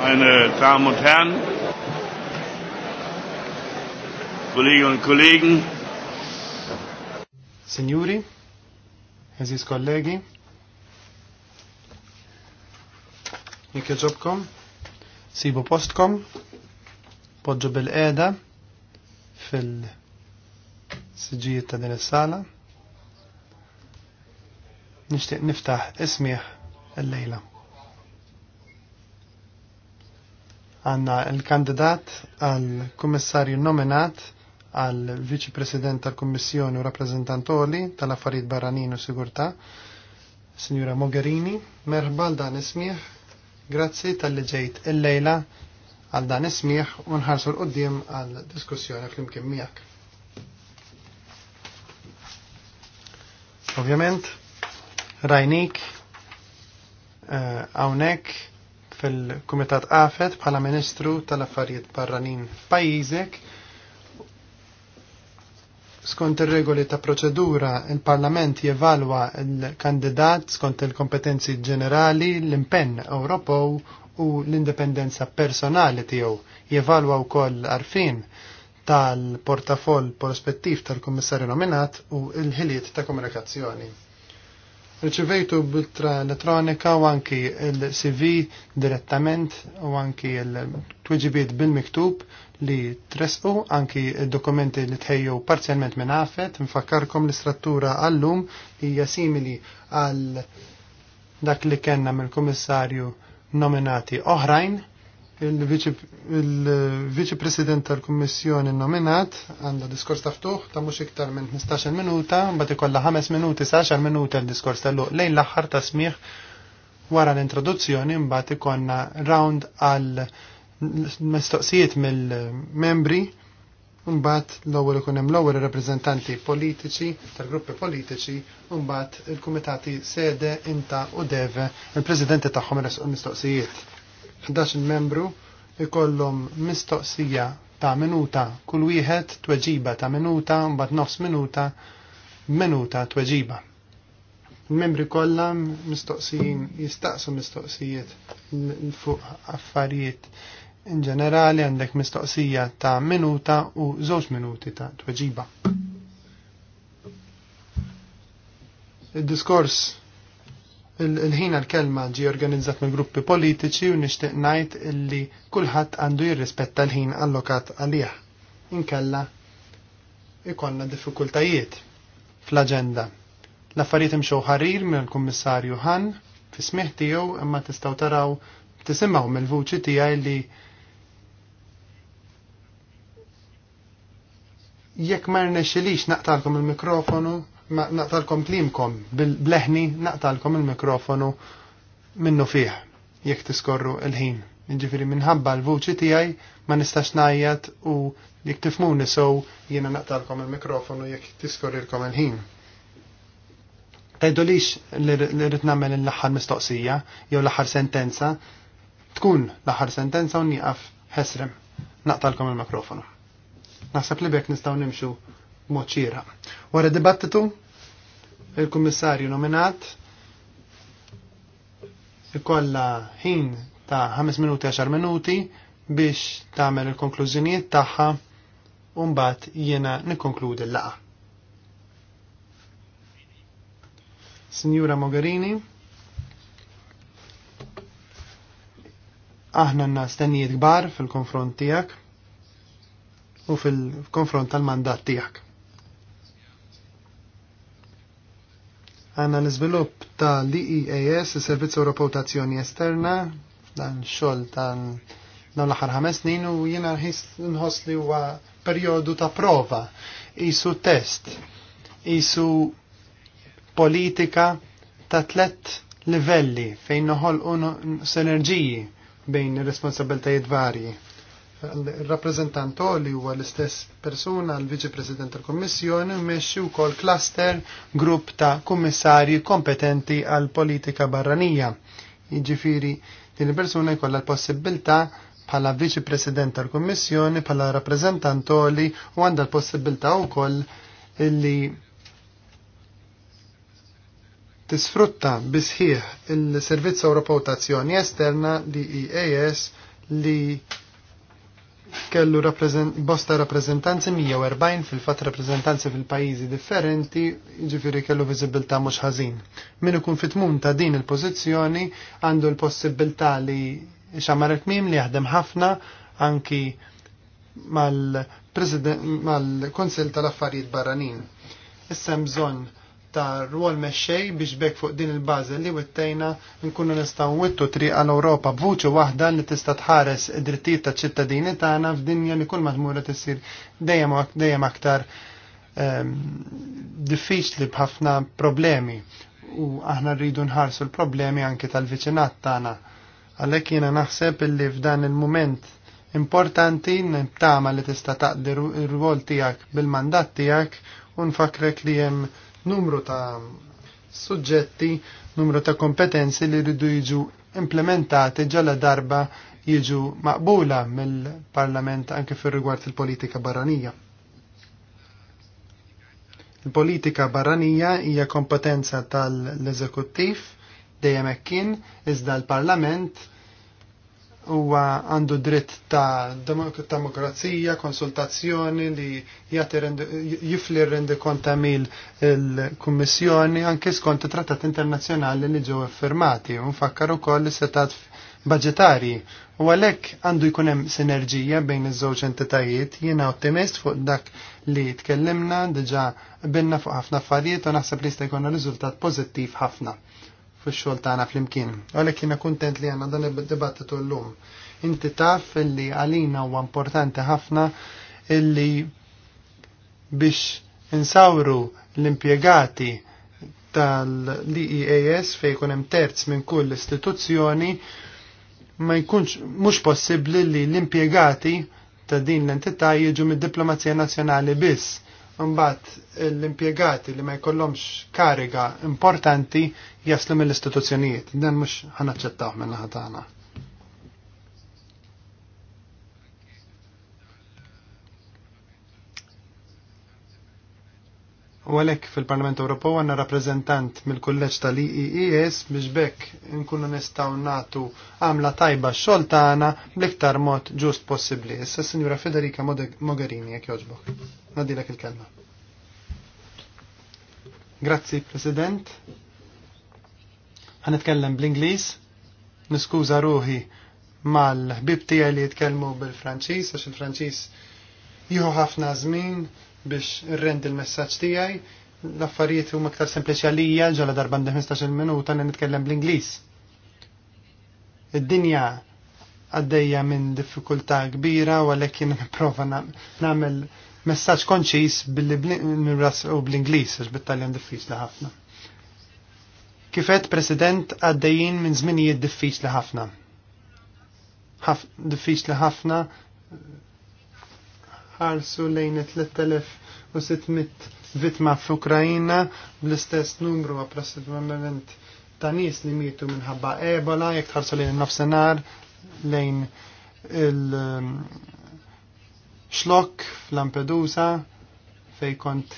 Meine Damen und Herren, Kolleginnen und Kollegen, Signori, Eżis kollegi, Nikke joġobkom, Sibo postkom, Poggio Bel Eda, fil-sġijiet ta' din is-sala. Nixtieq niftaħ ismih l-lejla. Għanna il-kandidat għal-kummissarju nominat għal-Viċi President tal-Kummissjoni u Rappresentantoli tal-Affarijiet Barranin u Sigurtà, signora Mogherini, merħba għal dan ismiħ, grazzi tal leġejt ġejt il-lejla għal dan ismiħ u nħarsu l-qoddim għal diskussjoni fl-imkien miegħek. Ovvjament, rajnik, eh, hawnhekk uh, fil-Kumitat Afet bħala Ministru tal-Affarijiet Barranin f'pajjiżek. Skont ir-regoli ta' proċedura, il-Parlament jevalwa l-kandidat skont il-kompetenzi ġenerali, l-impenn Ewropew u l-indipendenza personali tiegħu. Jevalwa wkoll arfin tal-portafoll prospettiv tal-Kummissarju nominat u l-ħiliet ta' komunikazzjoni. Riċivejtu bitra elettronika u anki il-CV direttament u anki il-tweġibiet bil-miktub li tresqu anki il-dokumenti li tħejju parzjalment minn għafet. Nfakkarkom l istrattura għallum hija simili għal dak li kenna mill-komissarju nominati oħrajn il-Viċi President tal-Kummissjoni nominat għandha diskors taftuħ ta' mhux iktar minn 15 minuta, mbagħad ikollha 5 minuti sa 10 minuti diskors tal-luq lejn l-aħħar ta' smih wara l-introduzzjoni mbagħad ikonna round għal mistoqsijiet mill-membri mbagħad l-ewwel ikun hemm l-ewwel rappreżentanti politiċi tal-gruppi politiċi u il-kumitati sede inta u deve il-presidenti tagħhom resqu mistoqsijiet 11 membru ikollhom mistoqsija ta' minuta kull wieħed tweġiba ta' minuta mbagħad nofs minuta minuta tweġiba. Il-membri kollha mistoqsijin jistaqsu mistoqsijiet fuq affarijiet in ġenerali għandek mistoqsija ta' minuta u żewġ minuti ta' tweġiba. Id-diskors il-ħin l kelma ġi organizzat minn gruppi politiċi u nixtieq ngħid li kulħadd għandu jirrispetta l-ħin allokat għalih. Inkella ikonna diffikultajiet fl-aġenda. L-affarijiet imxew ħarir minn kummissarju Han fi smih tiegħu imma tistgħu taraw tisimgħu mill-vuċi tiegħi li jekk ma rnexxilix naqtalkom il-mikrofonu naqtalkom klimkom bil-bleħni naqtalkom il-mikrofonu minnu fiħ jekk tiskorru il-ħin. Ġifiri minħabba l-vuċi tijaj ma nistax najjat u jekk tifmuni sow jiena naqtalkom il-mikrofonu jekk tiskorrilkom il-ħin. Tajdu lix li rritnamel l laħar mistoqsija jew l laħar sentenza tkun l laħar sentenza u nieqaf ħesrem naqtalkom il-mikrofonu. Naħseb li bek nistaw nimxu moċira. Wara dibattitu, il-kummissarju nominat ikolla ħin ta' 5 minuti 10 minuti biex tagħmel il-konklużjonijiet tagħha u mbagħad jiena nikkonkludi l laqgħa Signora Mogherini, aħna għanna stennijiet kbar fil-konfront tijak u fil-konfront tal-mandat tijak. Għanna l-izvilupp ta' l-EAS, il-Servizz Ewropew ta' Azzjoni Esterna, dan xogħol ta' dan l-aħħar ħames snin u jiena nħoss li huwa perjodu ta' prova, isu test, isu politika ta' tlet livelli fejn noħolqu sinerġiji bejn ir-responsabiltajiet varji il-rappresentant li huwa l-istess persuna l-Viċi President tal-Kommissjoni mmexxi wkoll cluster grupp ta' kummissarji kompetenti għal politika barranija. Jiġifieri din il-persuna jkollha l-possibilità bħala Viċi President tal-Kommissjoni bħala rappresentant li u għandha l-possibilità wkoll li tisfrutta bisħiħ il servizzo Ewropew Tazzjoni Esterna e li EAS li kellu bosta rappresentanzi 140 fil-fat rappresentanzi fil-pajizi differenti, ġifiri kellu vizibilta mux ħażin. Min ikun fitmun ta' din il-pozizjoni għandu l-possibilta li xamar kmim li jaħdem ħafna anki mal-Konsil mal tal-Affarijiet Barranin. Issa mżon ta' rwol mexxej biex bekk fuq din il-bażi li wittejna nkunu nistgħu wittu triq għal Ewropa bvuċu waħda li tista' tħares id-drittijiet taċ-ċittadini tagħna f'dinja li kull madmura tisir dejjem dejjem aktar diffiċli b'ħafna problemi u aħna rridu nħarsu l-problemi anke tal-viċinat tagħna. Għalhekk jiena naħseb illi f'dan il-mument importanti nibtama li tista' taqdi r-rwol tiegħek bil-mandat tiegħek u nfakrek li hemm numru ta' suġġetti, numru ta' kompetenzi li rridu jiġu implementati ġalla darba jiġu maqbula mill-Parlament anke fir rigward il-politika barranija. Il-politika barranija hija kompetenza tal-eżekuttiv dejjem hekk kien iżda l-Parlament huwa għandu dritt ta' demokrazija, konsultazzjoni li jifli rendi konta mil il-Kummissjoni anke skont trattat internazzjonali li ġew firmati u nfakkar ukoll setat budgetari u għalhekk għandu jkun hemm sinerġija bejn iż-żewġ entitajiet jiena ottimist fuq dak li tkellimna diġa' binna fuq ħafna affarijiet u naħseb li jista' jkun riżultat pożittiv ħafna fix-xogħol tagħna flimkien. Għalhekk jiena kuntent li għandna dan id-dibattitu llum. Inti taf li għalina huwa importanti ħafna illi biex insawru l-impjegati tal-DEAS e fej kunem hemm terz minn kull istituzzjoni ma jkunx mhux possibbli li l-impjegati ta' din l-entità jiġu mid-diplomazija nazzjonali biss Mbagħad l-impjegati li ma jkollhomx kariga importanti jaslu mill-istituzzjonijiet. Dan mhux ħanaċċettaw minn naħa tagħna. U għalek fil-Parlament Ewropew għanna rappresentant mill-kulleġġ tal-IEES biex bekk nkunu nistgħu nagħtu għamla tajba x-xogħol tagħna bl-iktar mod ġust possibbli. Issa Sinjura Federica Mogherini jekk jogħġbok. Nadilek il-kelma. Grazzi President. Ħanitkellem bl-Ingliż. Niskuża ruħi mal-ħbib tiegħi li jitkellmu bil-Franċiż għax il-Franċiż jieħu ħafna żmien biex rrend il-messaġġ tiegħi l-affarijiet huma aktar sempliċi għalija ġala darba 15-il minuta li nitkellem bl-Ingliż. Id-dinja għaddejja minn diffikultà kbira u għalhekk jien nipprova nagħmel messaġġ konċis billi u bl-Ingliż għax bit-Taljan diffiċli ħafna. Kifet President għaddejjin minn żminijiet diffiċli ħafna. Diffiċli ħafna ħarsu lejn 3600 vittma f'Ukrajina bl-istess numru approssimament ta' nies li mietu minħabba Ebola jekk tħarsu lejn nofsinhar lejn il um, xlok f'Lampedusa fej kont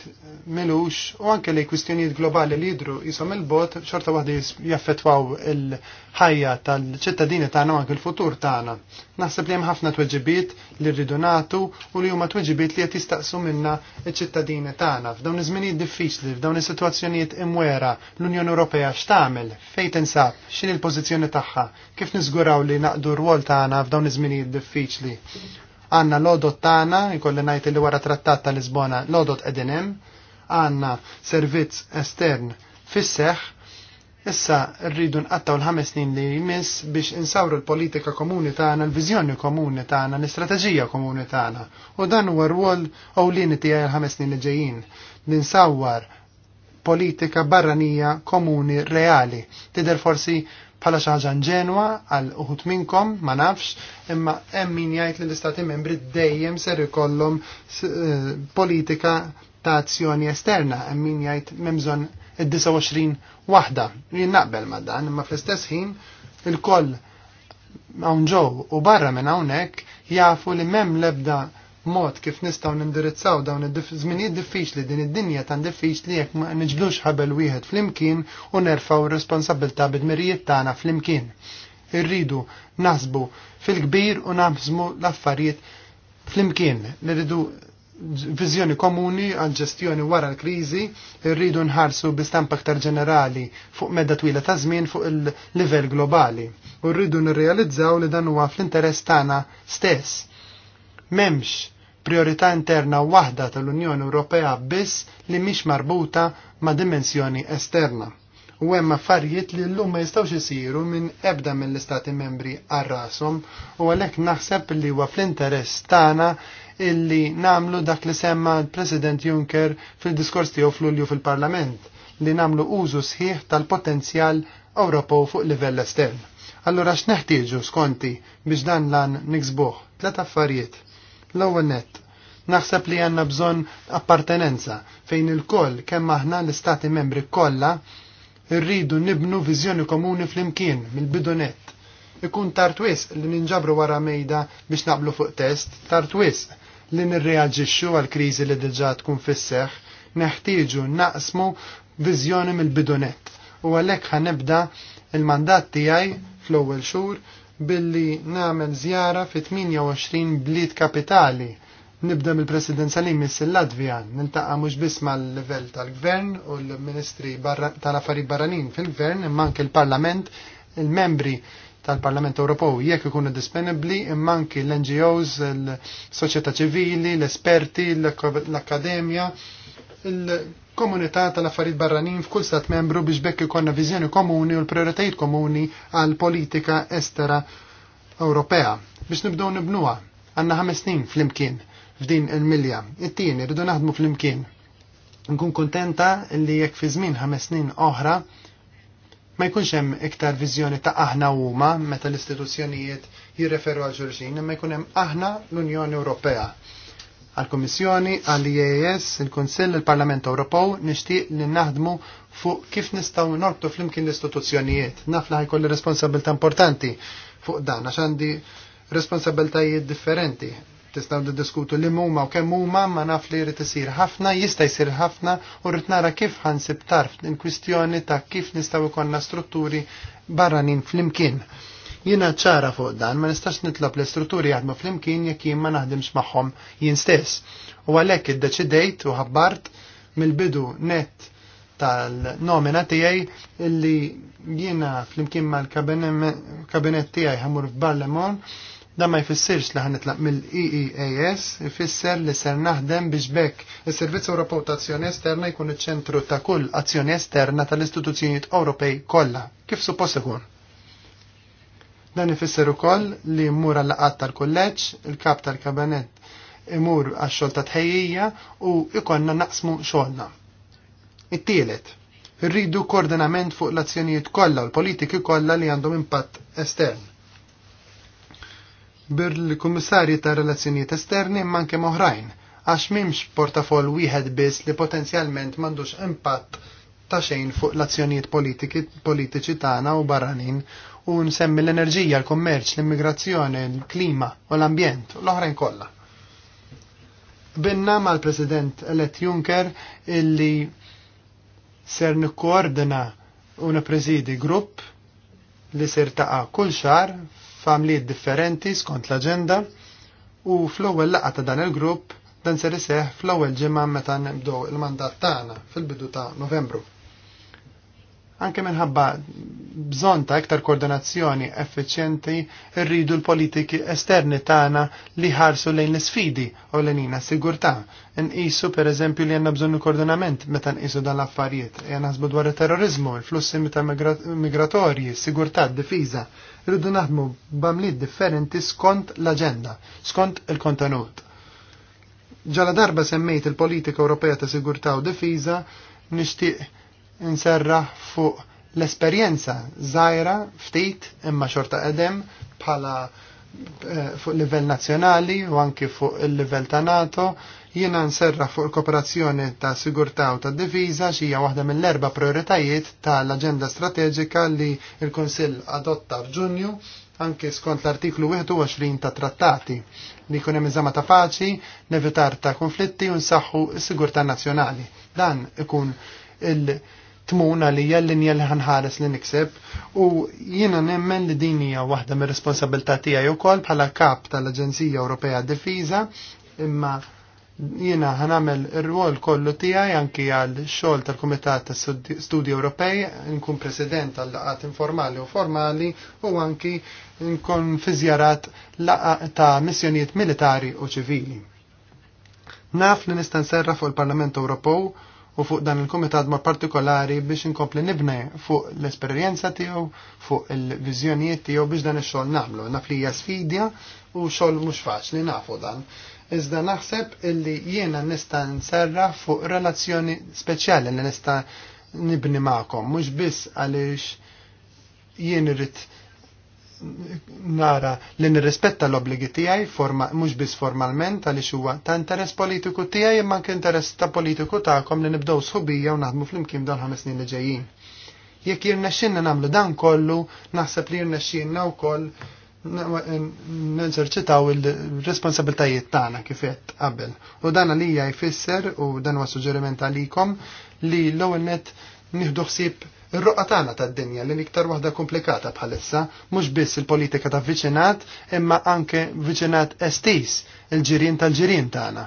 melux u anke li kwistjonijiet globali li jidru jisom il-bot xorta wahdi jaffetwaw il-ħajja tal-ċittadini tagħna anke il-futur tagħna. Naħseb li hemm ħafna tweġibiet li rridu nagħtu u li huma tweġibiet li qed jistaqsu minna ċ-ċittadini tagħna f'dawn iż-żminijiet diffiċli, f'dawn is-sitwazzjonijiet imwera l-Unjoni Ewropea x'tagħmel, fejn tinsab, x'in il-pożizzjoni tagħha, kif niżguraw li naqdu r-rwol tagħna f'dawn iż-żminijiet diffiċli għanna l-odot tana, jkolli najt li wara trattat ta' Lisbona l-odot edinem, għanna servizz estern fisseħ, issa rridu nqattaw l-ħames snin li jmiss biex insawru l-politika komuni tagħna, l-viżjoni komuni tagħna, l-istrateġija komuni tagħna. U dan huwa rwol ewlieni tiegħi l-ħames snin li ġejjin. Ninsawwar politika barranija komuni reali. Tidher forsi bħala xi ħaġa nġenwa għal uħut minnkom ma nafx, imma hemm min jgħid li l-istati membri dejjem ser ikollhom eh, politika ta' azzjoni esterna, hemm min jgħid memżon id-29 waħda. Jien naqbel ma' dan, imma fl-istess ħin il-koll hawn ġew u barra minn hawnhekk jafu li m'hemm l-ebda mod kif nistgħu nindirizzaw dawn iż-żminijiet diffiċli din id-dinja tan diffiċli jekk ma niġbdux ħabel wieħed flimkien u nerfaw ir-responsabilità bid-mirijiet tagħna flimkien. Irridu naħsbu fil-kbir u naħsmu l-affarijiet flimkien. Nirridu viżjoni komuni għal ġestjoni wara l-kriżi, rridu nħarsu stamp aktar ġenerali fuq medda twila ta' żmien fuq il-livell globali. U rridu nirrealizzaw li dan huwa fl-interess tagħna stess. Memx priorità interna waħda tal-Unjoni Ewropea biss li mhix marbuta ma' dimensjoni esterna. U hemm affarijiet li llum ma jistgħux isiru minn ebda mill-Istati membri għar rashom u għalhekk naħseb li huwa fl-interess tagħna illi namlu dak li semma l-President Juncker fil-diskors tiegħu fl-Ulju fil-Parlament li namlu użu sħiħ tal-potenzjal Ewropew fuq livell estern. Allura x'neħtieġu skonti biex dan lan niksbuh? Tlet affarijiet L-ewwel nett. Naħseb li għandna bżonn appartenenza fejn il-koll kemm aħna l-istati membri kollha rridu nibnu viżjoni komuni fl-imkien mill nett. Ikun tartwis li ninġabru wara mejda biex naqblu fuq test, tartwis li nirreaġixxu għal kriżi li diġà tkun fisseħ, neħtieġu naqsmu viżjoni mill nett. U għalhekk ħanibda il-mandat tiegħi fl-ewwel xhur billi namel zjara fi 28 bliet kapitali. Nibda mill-presidenza li miss il-Latvija, niltaqa mhux biss mal-livell tal-gvern u l-ministri tal affari barranin fil-gvern imma anke l-Parlament, il-membri tal-Parlament Ewropew jekk ikunu disponibbli imma l ngos l soċjetà ċivili l esperti l akkademja il-komunità tal-affarijiet barranin f'kull stat membru biex bekk ikonna viżjoni komuni u l-prioritajiet komuni għal politika estera Ewropea biex nibdew nibnuha. Għandna ħames snin flimkien f'din il-milja. It-tieni rridu naħdmu flimkien. Nkun kontenta li jekk fi żmien ħames snin oħra ma jkunx hemm iktar viżjoni ta' aħna huma meta l-istituzzjonijiet jirreferu għal xulxin, imma jkun hemm aħna l-Unjoni Ewropea għal-Komissjoni, għal-IAS, il-Konsill, il-Parlament Ewropew nixtieq li naħdmu fuq kif nistgħu nortu flimkien l-istituzzjonijiet. Naf li ħajkolli responsabilità importanti fuq dan għax għandi responsabiltajiet differenti. Tistgħu diskutu li huma u kemm huma ma naf li jrid isir ħafna, jista' jsir ħafna u rrid nara kif ħansib tarf in kwistjoni ta' kif nistgħu jkollna strutturi barranin flimkien. Jiena ċara fuq dan ma nistax nitlob l-istrutturi jaħdmu flimkien jekk jien ma naħdimx magħhom jien stess. U għalhekk iddeċidejt u ħabbart mill-bidu net tal-nomina tiegħi li jiena flimkien mal-kabinet tiegħi ħamur f'Barlemon Da ma jfissirx li ħanitlaq mill-EEAS, jfisser li ser naħdem biex bekk il servizzu Ewropew ta' Azzjoni Esterna jkun iċ-ċentru ta' kull azzjoni esterna tal-istituzzjonijiet Ewropej kollha, kif suppost ikun. Dan ifisser ukoll li mmur għal laqat tal-kulleġġ, il-kap tal-kabinet imur għax-xogħol ta' tħejjija u ikonna naqsmu xogħolna. It-tielet, irridu koordinament fuq l-azzjonijiet kollha u l-politiki kollha li għandhom impatt estern bir l-Kummissarji ta' Relazzjonijiet Esterni manke moħrajn, għax mimx portafol wieħed biss li potenzjalment m'għandux impatt ta' xejn fuq l-azzjonijiet politiċi tagħna u barranin u nsemmi l-enerġija, l-kommerċ, l-immigrazzjoni, l-klima u l-ambjent u l-oħrajn kollha. Binna mal-President elett Juncker illi ser nikkoordina u nippreżidi grupp li ser taqa' kull xar f'għamlijiet differenti skont l-aġenda u fl-ewwel laqgħa ta' dan il-grupp dan ser iseħħ fl-ewwel ġimgħa meta nibdew il-mandat tagħna fil-bidu ta' Novembru. Anke minħabba bżon ta' iktar koordinazzjoni effiċjenti rridu l-politiki esterni tagħna li ħarsu lejn l-sfidi u lejn sigurtà. Nqisu pereżempju li għandna bżonn koordinament meta nqisu dan l-affarijiet. Ejja naħsbu dwar it-terrorizmu, il-flussi meta migratorji, sigurtà, difiża. Rridu naħdmu b'għamliet differenti skont l-aġenda, skont il-kontenut. Ġala darba semmejt il-politika Ewropea ta' sigurtà u difiża nixtieq inserraħ fuq l-esperjenza żgħira ftit imma xorta qedem bħala eh, fuq livell nazzjonali u anki fuq il-livell ta' NATO jiena nserraħ fuq il-kooperazzjoni ta' sigurtà u ta' diviża xija waħda mill-erba prioritajiet tal-aġenda strateġika li l-Kunsill adotta f'Ġunju anke skont l-artiklu 21 ta' trattati li jkun hemm iżama ta' paċi, nevitar ta' konflitti u nsaħħu s-sigurtà nazzjonali. Dan ikun il- tmun li l-linja li ħanħares li nikseb u jiena nemmen li din hija waħda mir responsabilità tiegħi wkoll bħala kap tal-Aġenzija Ewropea Difiża imma jiena ħanamel ir-rwol kollu tiegħi anki għal xogħol tal-Kumitat tas Studi Ewropej, nkun president tal laqat informali u formali u anki nkun fiżjarat żjarat ta' missjonijiet militari u ċivili. Naf li nista' nserra fuq il-Parlament Ewropew u fuq dan il komitat ma partikolari biex inkompli nibne fuq l-esperjenza tiegħu, fuq il vizjonijiet tiegħu biex dan ix-xogħol nagħmlu. Naf li hija sfidja u xogħol mhux faċli nafu dan. Iżda naħseb illi jiena nista' nserra fuq relazzjoni speċjali li nista' nibni magħkom, mhux biss għaliex jien irrid nara li nirrispetta l-obligi tiegħi forma mhux biss formalment għaliex huwa ta' interess politiku tiegħi imma anke interess ta' politiku tagħkom li nibdew sħubija u naħdmu flimkien dan ħames snin li ġejjin. Jekk jirnexxinna nagħmlu dan kollu, naħseb li jirnexxinna wkoll neżerċitaw il-responsabiltajiet tagħna kif qed qabel. U dan għalija jfisser u dan huwa suġġeriment għalikom li l-ewwel net nieħdu ħsieb Ir-roqa tagħna tad-dinja li iktar waħda komplikata bħalissa mhux biss il-politika ta' viċinat imma anke viċinat estis il-ġirien tal-ġirien tagħna.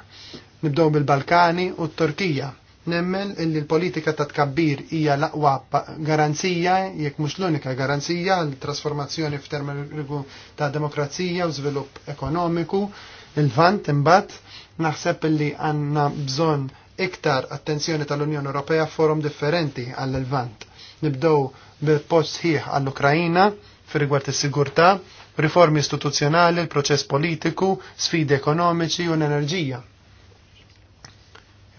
Nibdew bil-Balkani u t-Turkija. Nemmen illi l-politika ta' tkabbir hija l-aqwa garanzija, jekk mhux l-unika garanzija l-trasformazzjoni rigu ta' demokrazija u żvilupp ekonomiku. Il-vant imbagħad naħseb illi għandna bżonn iktar attenzjoni tal-Unjoni Ewropea f'forum differenti għall-Levant. Nibdow bil-post sħiħ għall-Ukrajina fir rigward is-sigurtà, riformi istituzzjonali, il-proċess politiku, sfidi ekonomiċi u l-enerġija.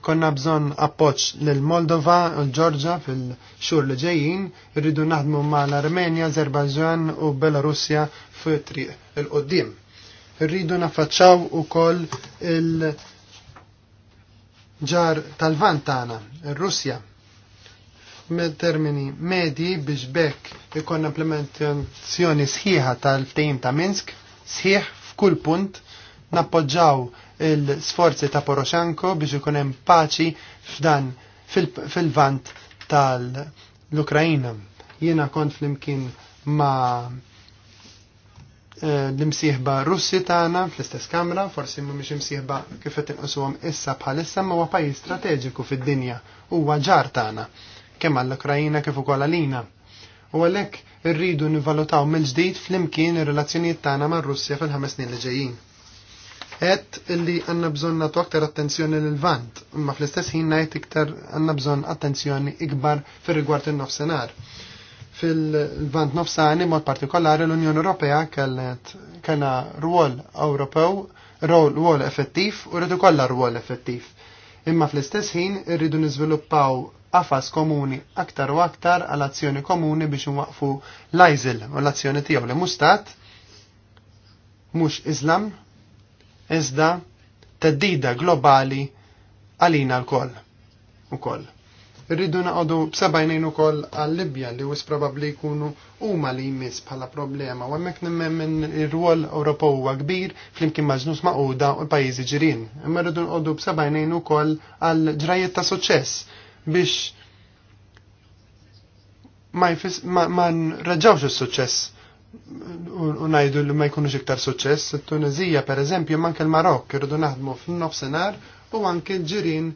Konna bżon appoċ l-Moldova u l-Ġorġa fil-xur li ġejjin, irridu naħdmu ma l-Armenja, Azerbajġan u Belarusja fit l qoddim Irridu naffaċċaw u koll il- ġar tal-vantana, il-Russja, termini medji biex bekk ikon implementazzjoni sħiħa tal-ftehim ta' Minsk, sħiħ f'kull punt nappoġġaw il-sforzi ta' Poroshenko biex ikun hemm paċi f'dan fil-vant tal-Ukrajina. Jiena kont flimkien ma' eh, l-imsieħba Russi tagħna fl-istess kamra, forsi mhumiex imsieħba kif qed inqosuhom issa bħalissa ma huwa pajjiż strateġiku fid-dinja huwa ġar tagħna kemm għall-Ukrajina kif ukoll għalina. U għalhekk irridu nivvalutaw mill-ġdid flimkien ir-relazzjonijiet tagħna mar-Russja fil-ħames snin li ġejjin. Et illi għanna bżon natu aktar attenzjoni l-vant, imma fl-istess ħin najt iktar għanna bżon attenzjoni ikbar fir rigward il-nofsenar. Fil-vant nofsani, mod partikolari l-Unjoni Ewropea kellet kena rwol Ewropew, rwol effettiv u rridu kollha rwol effettiv. Imma fl-istess ħin irridu niżviluppaw qafas komuni aktar u aktar għal azzjoni komuni biex nwaqfu l-ISIL u l-azzjoni tiegħu li mustat mhux Iżlam iżda teddida globali għalina l-koll ukoll. Irridu naqogħdu b'sebajnejn koll għal-Libja li wis probabbli jkunu huma li jmiss bħala problema u hemmhekk minn ir-rwol Ewropew huwa kbir flimkien maġnus maquda u l-pajjiżi ġirien. Imma rridu nqogħdu b'sebajnejn ukoll għal ġrajiet ta' suċċess biex ma, ma nraġawx il-suċess u najdu li ma jkunux iktar suċess. tunizija per eżempju, manke l-Marok, irridu naħdmu f'nofsenar u anke ġirin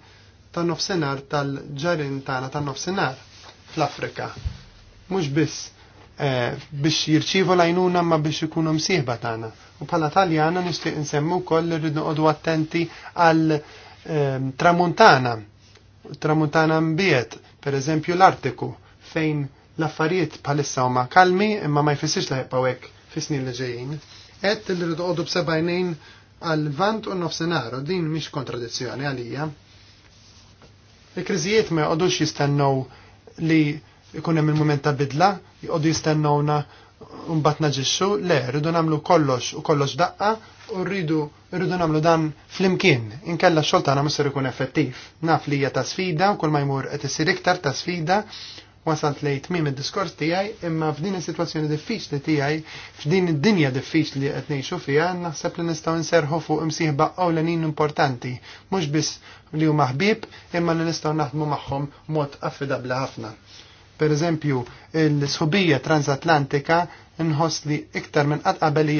ta' nofsenar tal-ġarin tagħna ta' nofsenar fl-Afrika. Mhux biss eh, biex jirċivu lajnuna ma biex ikunu msieħba tagħna. U bħala Taljana nixtieq insemmu wkoll li rridu attenti għal eh, tramuntana tramuntana mbiet, per eżempju l-Artiku, fejn l-affarijiet palissa huma kalmi imma ma jfissirx li jibqgħu hekk fis-snin li ġejjin. Qed li rridu qogħdu b'sebgħinejn għal vant u nofsenaru u din mhix kontradizzjoni għalija. Il-kriżijiet ma jqogħdux jistennew li jkun hemm il-mument ta' bidla, jqogħdu jistennewna mbagħad naġixxu, le, rridu nagħmlu kollox u kollox daqqa u rridu rridu nagħmlu dan flimkien. Inkella x-xogħol tagħna ikun effettiv. Naf li hija ta' sfida u kol majmur jmur qed isir iktar ta' sfida wasalt li tmiem id-diskors tiegħi imma f'din is-sitwazzjoni diffiċli tiegħi f'din id-dinja diffiċli li qed ngħixu fiha naħseb li nistgħu nserħu fuq imsieħba anin importanti mhux biss li huma ħbieb imma li nistgħu naħdmu magħhom mod affidabla ħafna. Per eżempju, l-sħubija transatlantika nħoss li iktar minn qatt qabel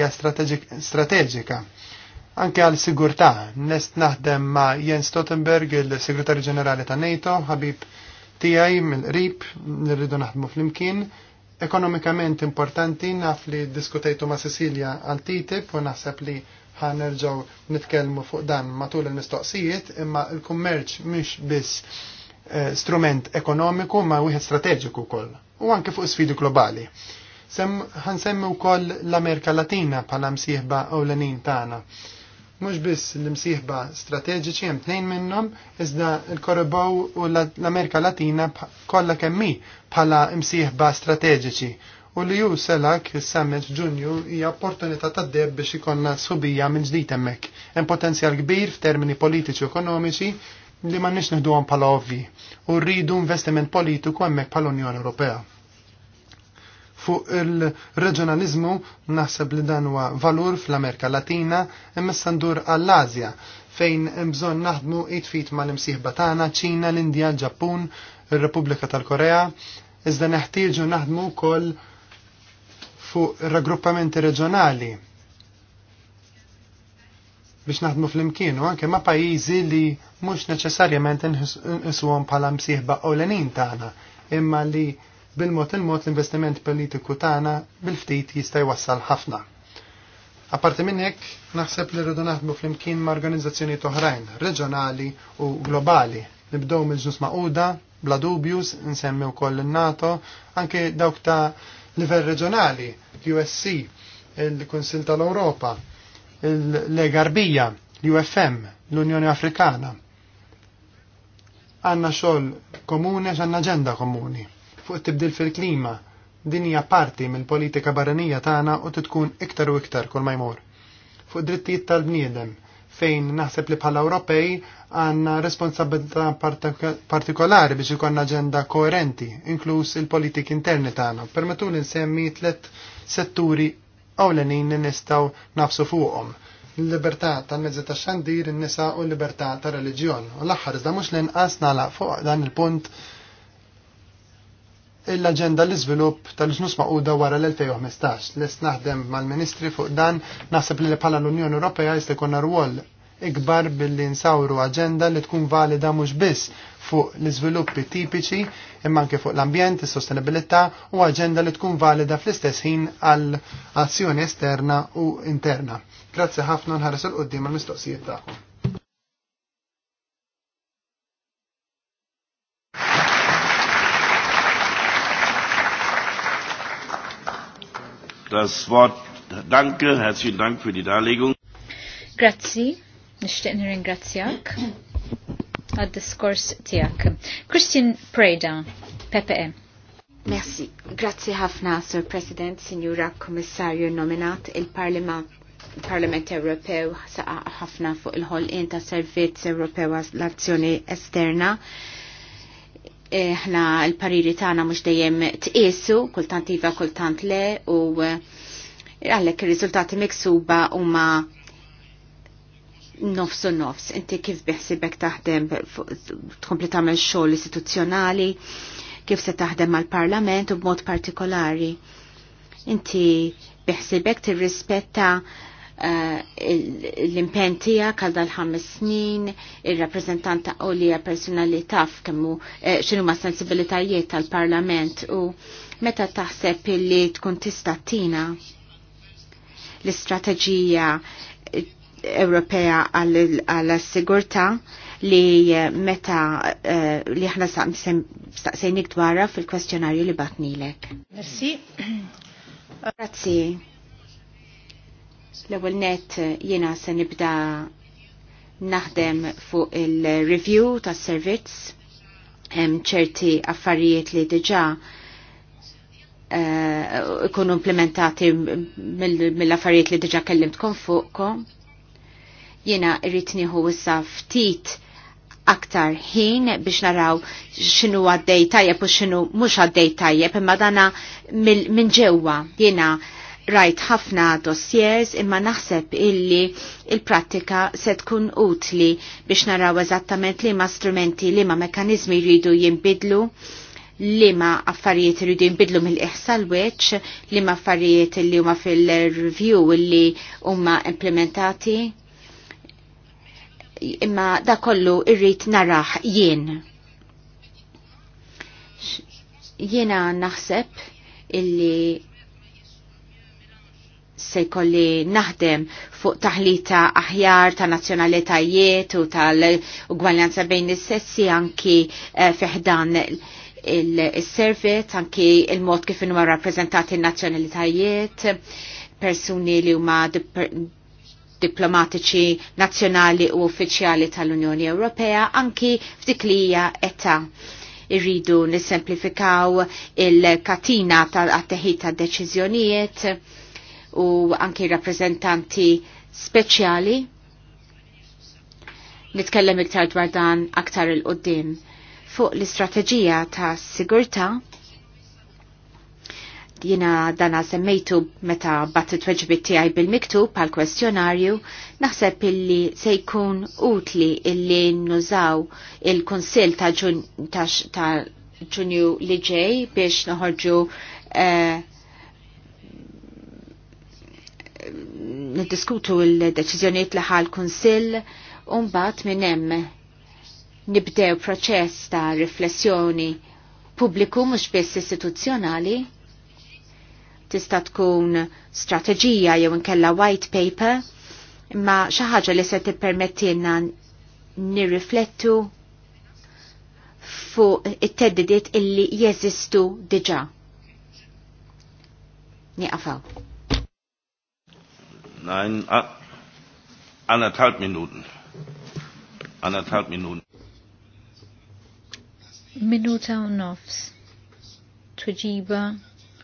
strateġika. Anke għal sigurtà nest naħdem ma' Jens Stoltenberg, il-Segretarju Ġenerali ta' NATO, ħabib tiegħi mill-qrib, nirridu naħdmu flimkien. Ekonomikament importanti naf li diskutejtu ma' Cecilia għal TTIP u naħseb li ħanerġaw nitkellmu fuq dan matul il-mistoqsijiet, imma il-kummerċ mhix biss Eh, strument ekonomiku ma wieħed strateġiku wkoll u anke fuq sfidi globali. Sem ħansemmi wkoll l-Amerika Latina bħala msieħba ewlenin tagħna. Mhux biss l-imsieħba strateġiċi hemm tnejn minnhom, iżda l-Korobow u l-Amerika Latina kollha kemm bħala imsieħba strateġiċi u li ju selak il-summit ġunju hija opportunità ta' deb biex ikonna subija minn ġdid hemmhekk. Hemm potenzjal kbir f'termini politiċi u ekonomiċi li ma nix għan bħala ovvi u rridu investiment politiku hemmhekk bħal Unjoni Ewropea. Fuq il-reġjonalizmu naħseb li dan huwa valur fl-Amerika Latina imma sandur għall azja fejn bżonn naħdmu it-fit mal-imsieħba tagħna Ċina, l-Indja, l-Ġappun, ir-Repubblika tal-Korea, iżda neħtieġu naħdmu wkoll fuq raggruppamenti reġjonali biex naħdmu fl-imkien u anke ma' pajjiżi li mhux neċessarjament inqisuhom bħala msieħba ewlenin tagħna, imma li bil-mod il-mod l-investiment politiku tagħna bil-ftit jista' jwassal ħafna. Apparti minn hekk naħseb li rridu naħdmu fl-imkien ma' organizzazzjonijiet oħrajn, reġjonali u globali. Nibdew mill-ġnus maquda, bla dubjus, nsemmi wkoll in-NATO, anke dawk ta' livell reġjonali, usc il-Kunsil tal-Ewropa, l legarbija l-UFM, l-Unjoni Afrikana. Għanna xogħol komuni għanna aġenda komuni fuq tibdil fil-klima din hija parti mill-politika barranija tagħna u titkun iktar u iktar kull ma Fuq drittijiet tal-bniedem fejn naħseb li bħala Ewropej għandna responsabilità partikolari biex ikon aġenda koerenti, inkluż il-politik interni tagħna. Permetu li nsemmi tliet setturi ewlenin li nistgħu nafsu fuqhom l-libertà tal-mezzi ta' xandir, n-nisa u l-libertà ta' religjon. U l-axħar, iżda mux l-inqas nalaq fuq dan il-punt l-agenda l-izvilup tal-ġnus maquda wara l-2015. Les naħdem mal-ministri fuq dan, naħseb li bħala l-Unjoni Ewropea jista' jkollna rwol ikbar billi nsawru aġenda li tkun valida mhux biss fuq l-iżviluppi tipiċi imma anke fuq l-ambjent, is-sostenibilità u aġenda li tkun valida fl-istess ħin għal azzjoni esterna u interna. Grazzi ħafna nħares il qudiem għal-mistoqsijiet tagħkom. Das Wort, danke, herzlichen Dank für die Darlegung. Grazie Nishtiq nirringrazzjak għad-diskors tijak. Christian Preda, PPE. Merci. Grazie ħafna, Sir President, Signora Kommissarju nominat il-Parlament Ewropew saqa ħafna fuq il-ħolqien ta' Servizz Ewropew l-azzjoni esterna. Aħna l-pariri tagħna mhux dejjem tqisu, kultant iva kultant le u għallek ir-riżultati miksuba huma nofs u nofs, inti kif biħsibek taħdem tkompli tagħmel xogħol istituzzjonali, kif se taħdem mal-Parlament u b'mod partikolari. Inti biħsibek tirrispetta eh, l-impen tiegħek għal dal-ħames snin, ir-rappreżentant u li personali taf kemmu eh, x'inhu ma' sensibilitajiet tal-Parlament u meta taħseb li tkun tista' tina l-istrateġija Ewropea għall-Sigurta li meta eh, li ħna staqsejnik dwarra fil-kwestjonarju li batnilek. Merci. Grazzi. L-ewwel net jiena se nibda naħdem fuq il-review tas-servizz hemm ċerti affarijiet li diġà eh, ikunu implementati mill-affarijiet li diġa kellimtkom fuqkom. Jena irrit nieħu issa ftit aktar ħin biex naraw xinu għaddej tajjeb u xinu mux għaddej tajjeb imma dana minn ġewwa jena rajt ħafna dossiers imma naħseb illi il-prattika se tkun utli biex naraw eżattament li ma strumenti, li ma mekanizmi jridu jimbidlu, li ma affarijiet rridu jimbidlu mill-iħsal weċ, li ma affarijiet li huma fil-review li huma implementati imma da kollu irrit narraħ jien. Jiena naħseb illi se kolli naħdem fuq taħlita aħjar ta' nazzjonalitajiet u tal-ugwaljanza bejn is-sessi anki eh, fiħdan il servet anki il-mod kif huma rappreżentati n-nazzjonalitajiet, persuni li huma diplomatiċi nazzjonali u uffiċjali tal-Unjoni Ewropea anki f'dik li hija età irridu nisemplifikaw il-katina tal-atteħid ta' deċiżjonijiet u anki rappresentanti speċjali. Nitkellem iktar dwar dan aktar il-qoddim fuq l-istrateġija ta' sigurta' jina dana semmejtu meta bat t tiegħi bil-miktub għal kwestjonarju naħseb illi se jkun utli illi nużaw il-konsil ta' ġunju li ġej biex noħorġu eh, l il-deċizjoniet li ħal konsil un-bat minnem nibdew proċess ta' riflessjoni pubbliku mhux biss istituzzjonali tista' tkun strategija jew inkella white paper, imma xi ħaġa li se tippermettilna nirriflettu fuq it-teddidiet illi jeżistu diġà. Nieqafaw. Nein, anderthalb Minuten. Anderthalb Minuten. Minuta u nofs. Tuġiba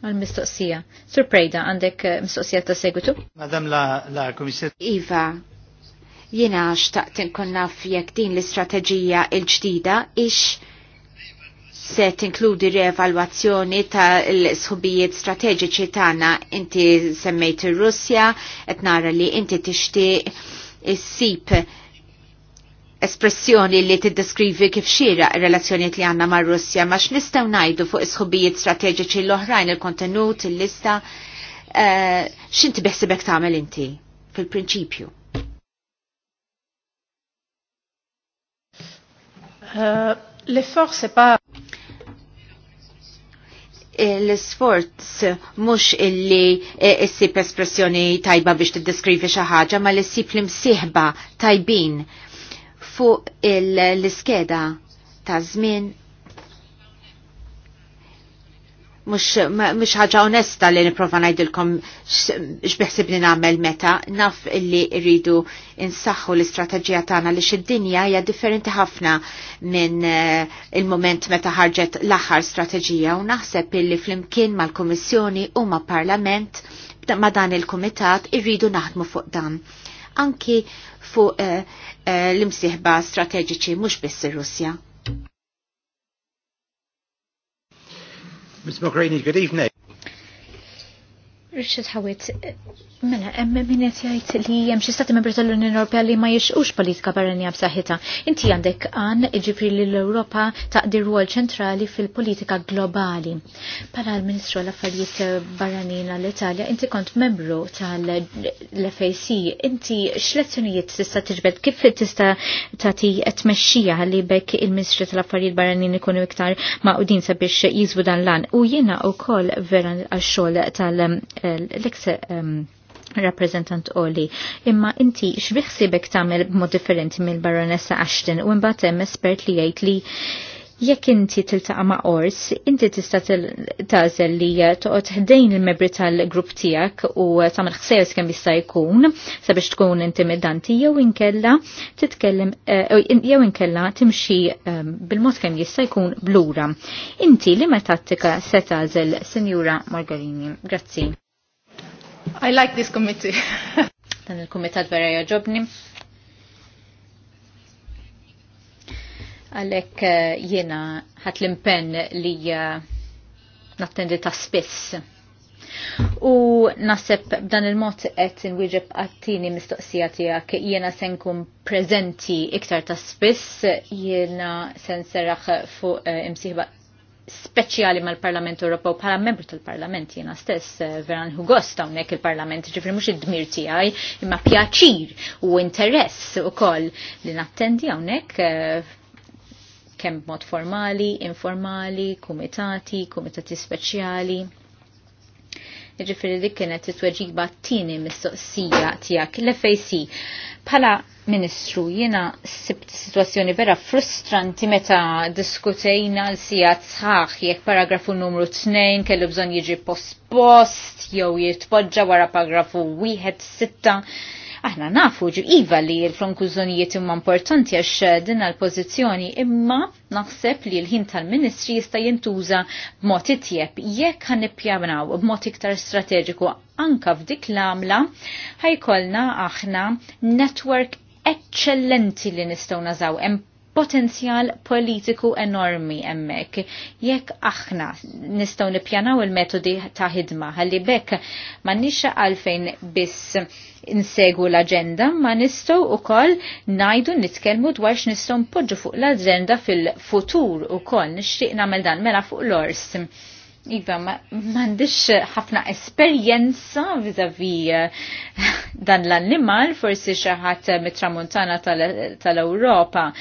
għal-mistoqsija. Sur Prejda, għandek eh, mistoqsija ta' segwitu? Madam la, la komissar. Iva, jena xtaqt nkun naf jekk din l-istrateġija il-ġdida ix se tinkludi re-evaluazzjoni ta' l-sħubijiet strateġiċi tagħna inti semmejt ir-Russja, qed nara li inti tixtieq is-sip espressjoni li tiddeskrivi kif xira relazzjoniet li għanna ma' Russja, ma' x'nistgħu ngħidu fuq is-ħubijiet strateġiċi l-oħrajn, il-kontenut, il-lista, eh, x'inti beħsibek tagħmel inti fil-prinċipju? Eh, l-effort se pa l-sforz mux illi eh, issib espressjoni tajba biex tiddeskrivi xi ħaġa ma l-issib l-imsieħba tajbin fuq l-iskeda ta' żmien mux ħaġa onesta li niprofa najdilkom li namel meta, naf li rridu insaxu l-istrategija tagħna li xid-dinja hija differenti ħafna minn eh, il-moment meta ħarġet l-aħħar strateġija u naħseb illi flimkien mal-Kummissjoni u ma' Parlament ma' dan il-Kumitat irridu naħdmu fuq dan. Anki fuq eh, eh, l-imsieħba strateġiċi mux biss il russja Ms. Mogherini, good evening. Richard Howitt, mela, emme minnet jajt li jem xistati membri tal-Unjoni Ewropea li ma jiexux politika barranija b'saħħitha. Inti għandek għan iġifri li l-Ewropa taqdi rwol ċentrali fil-politika globali. Pala l-Ministru l-Affarijiet Barranina l-Italja, inti kont membru tal-FAC, inti x'lezzjonijiet tista' tiġbed kif tista' tagħti tmexxija li bekk il-Ministru tal-Affarijiet Barranin ikunu iktar maqudin sabiex jiżwu dan lan. U jiena wkoll vera għax-xogħol tal- Eh, l-iksek rappresentant Oli, imma inti xbiħsibek tamil mod differenti mill baronessa Ashton u mbagħad hemm espert li jgħid li jekk inti tiltaqa' ma' ors, inti tista' tażel li eh, toqgħod ħdejn il-membri tal-grupp tiegħek u eh, tagħmel ħsejjes kemm jista' jkun sabiex tkun intimidanti jew inkella titkellem jew inkella timxi bil-mod kemm jista' jkun blura. Inti li ma tattika se tażel, Sinjura Margarini. Grazzi. I like this committee. Dan il-kumitat vera jaġobni. Għalek eh, jena ħat l-impen li eh, nattendi ta' spiss. U nasib b'dan il-mod qed wijġib għattini mistoqsija tiegħek jiena se nkun iktar ta' spiss jiena se serraħ fuq eh, imsiħba speċjali mal-Parlament Ewropew bħala membru tal-Parlament jiena stess eh, veran hu hawnhekk il-Parlament ġifri mhux id-dmir tiegħi imma pjaċir u interess ukoll li nattendi hawnhekk eh, kemm mod formali, informali, kumitati, kumitati speċjali Ġifiri dik kienet it-tweġiba t-tini mistoqsija tijak, l-FAC. Pala Ministru, jena sibt situazzjoni vera frustranti meta diskutejna l-sija sħaħ jekk paragrafu numru 2 kellu bżon jiġi post-post jew jitpoġġa wara paragrafu 1-6 Aħna nafu ġu iva li l-frankużonijiet imma importanti għax din għal pozizjoni imma naħseb li l-ħin tal-ministri jista' jintuża b'mod itjeb jekk ħan nippjanaw b'mod iktar strateġiku anka f'dik l-għamla ħajkolna aħna network eccellenti li nistgħu nażaw potenzjal politiku enormi emmek. Jekk aħna nistaw nipjanaw il-metodi ta' ħidma, għalli bekk ma nix għalfejn biss insegu l-agenda, ma nistaw u koll najdu nitkelmu dwar x'nistgħu npoġġu fuq l-agenda fil-futur u koll nixtieq nagħmel dan mela fuq l-ors. Iva, mandiċ ħafna esperienza vizavi eh, dan l-annimal, forsi xaħat mit-tramuntana tal-Europa. Tal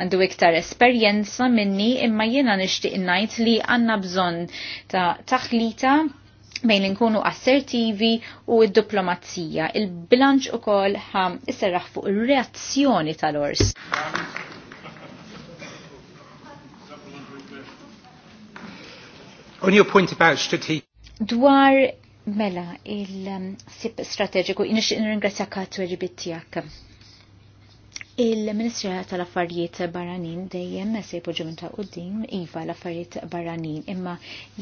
għandu iktar esperjenza minni imma jiena nishtiq najt li għanna bżon ta' taħlita bejn inkunu assertivi u id diplomazija Il-bilanċ u kol ħam isserraħ fuq il reazzjoni tal-ors. On your point about strategic Dwar mela il-sip strategiku, inix ringrazzja kattu ġibit Il-Ministra tal-Affarijiet Barranin dejjem se jpoġġu minn ta' qudiem iva l-affarijiet barranin imma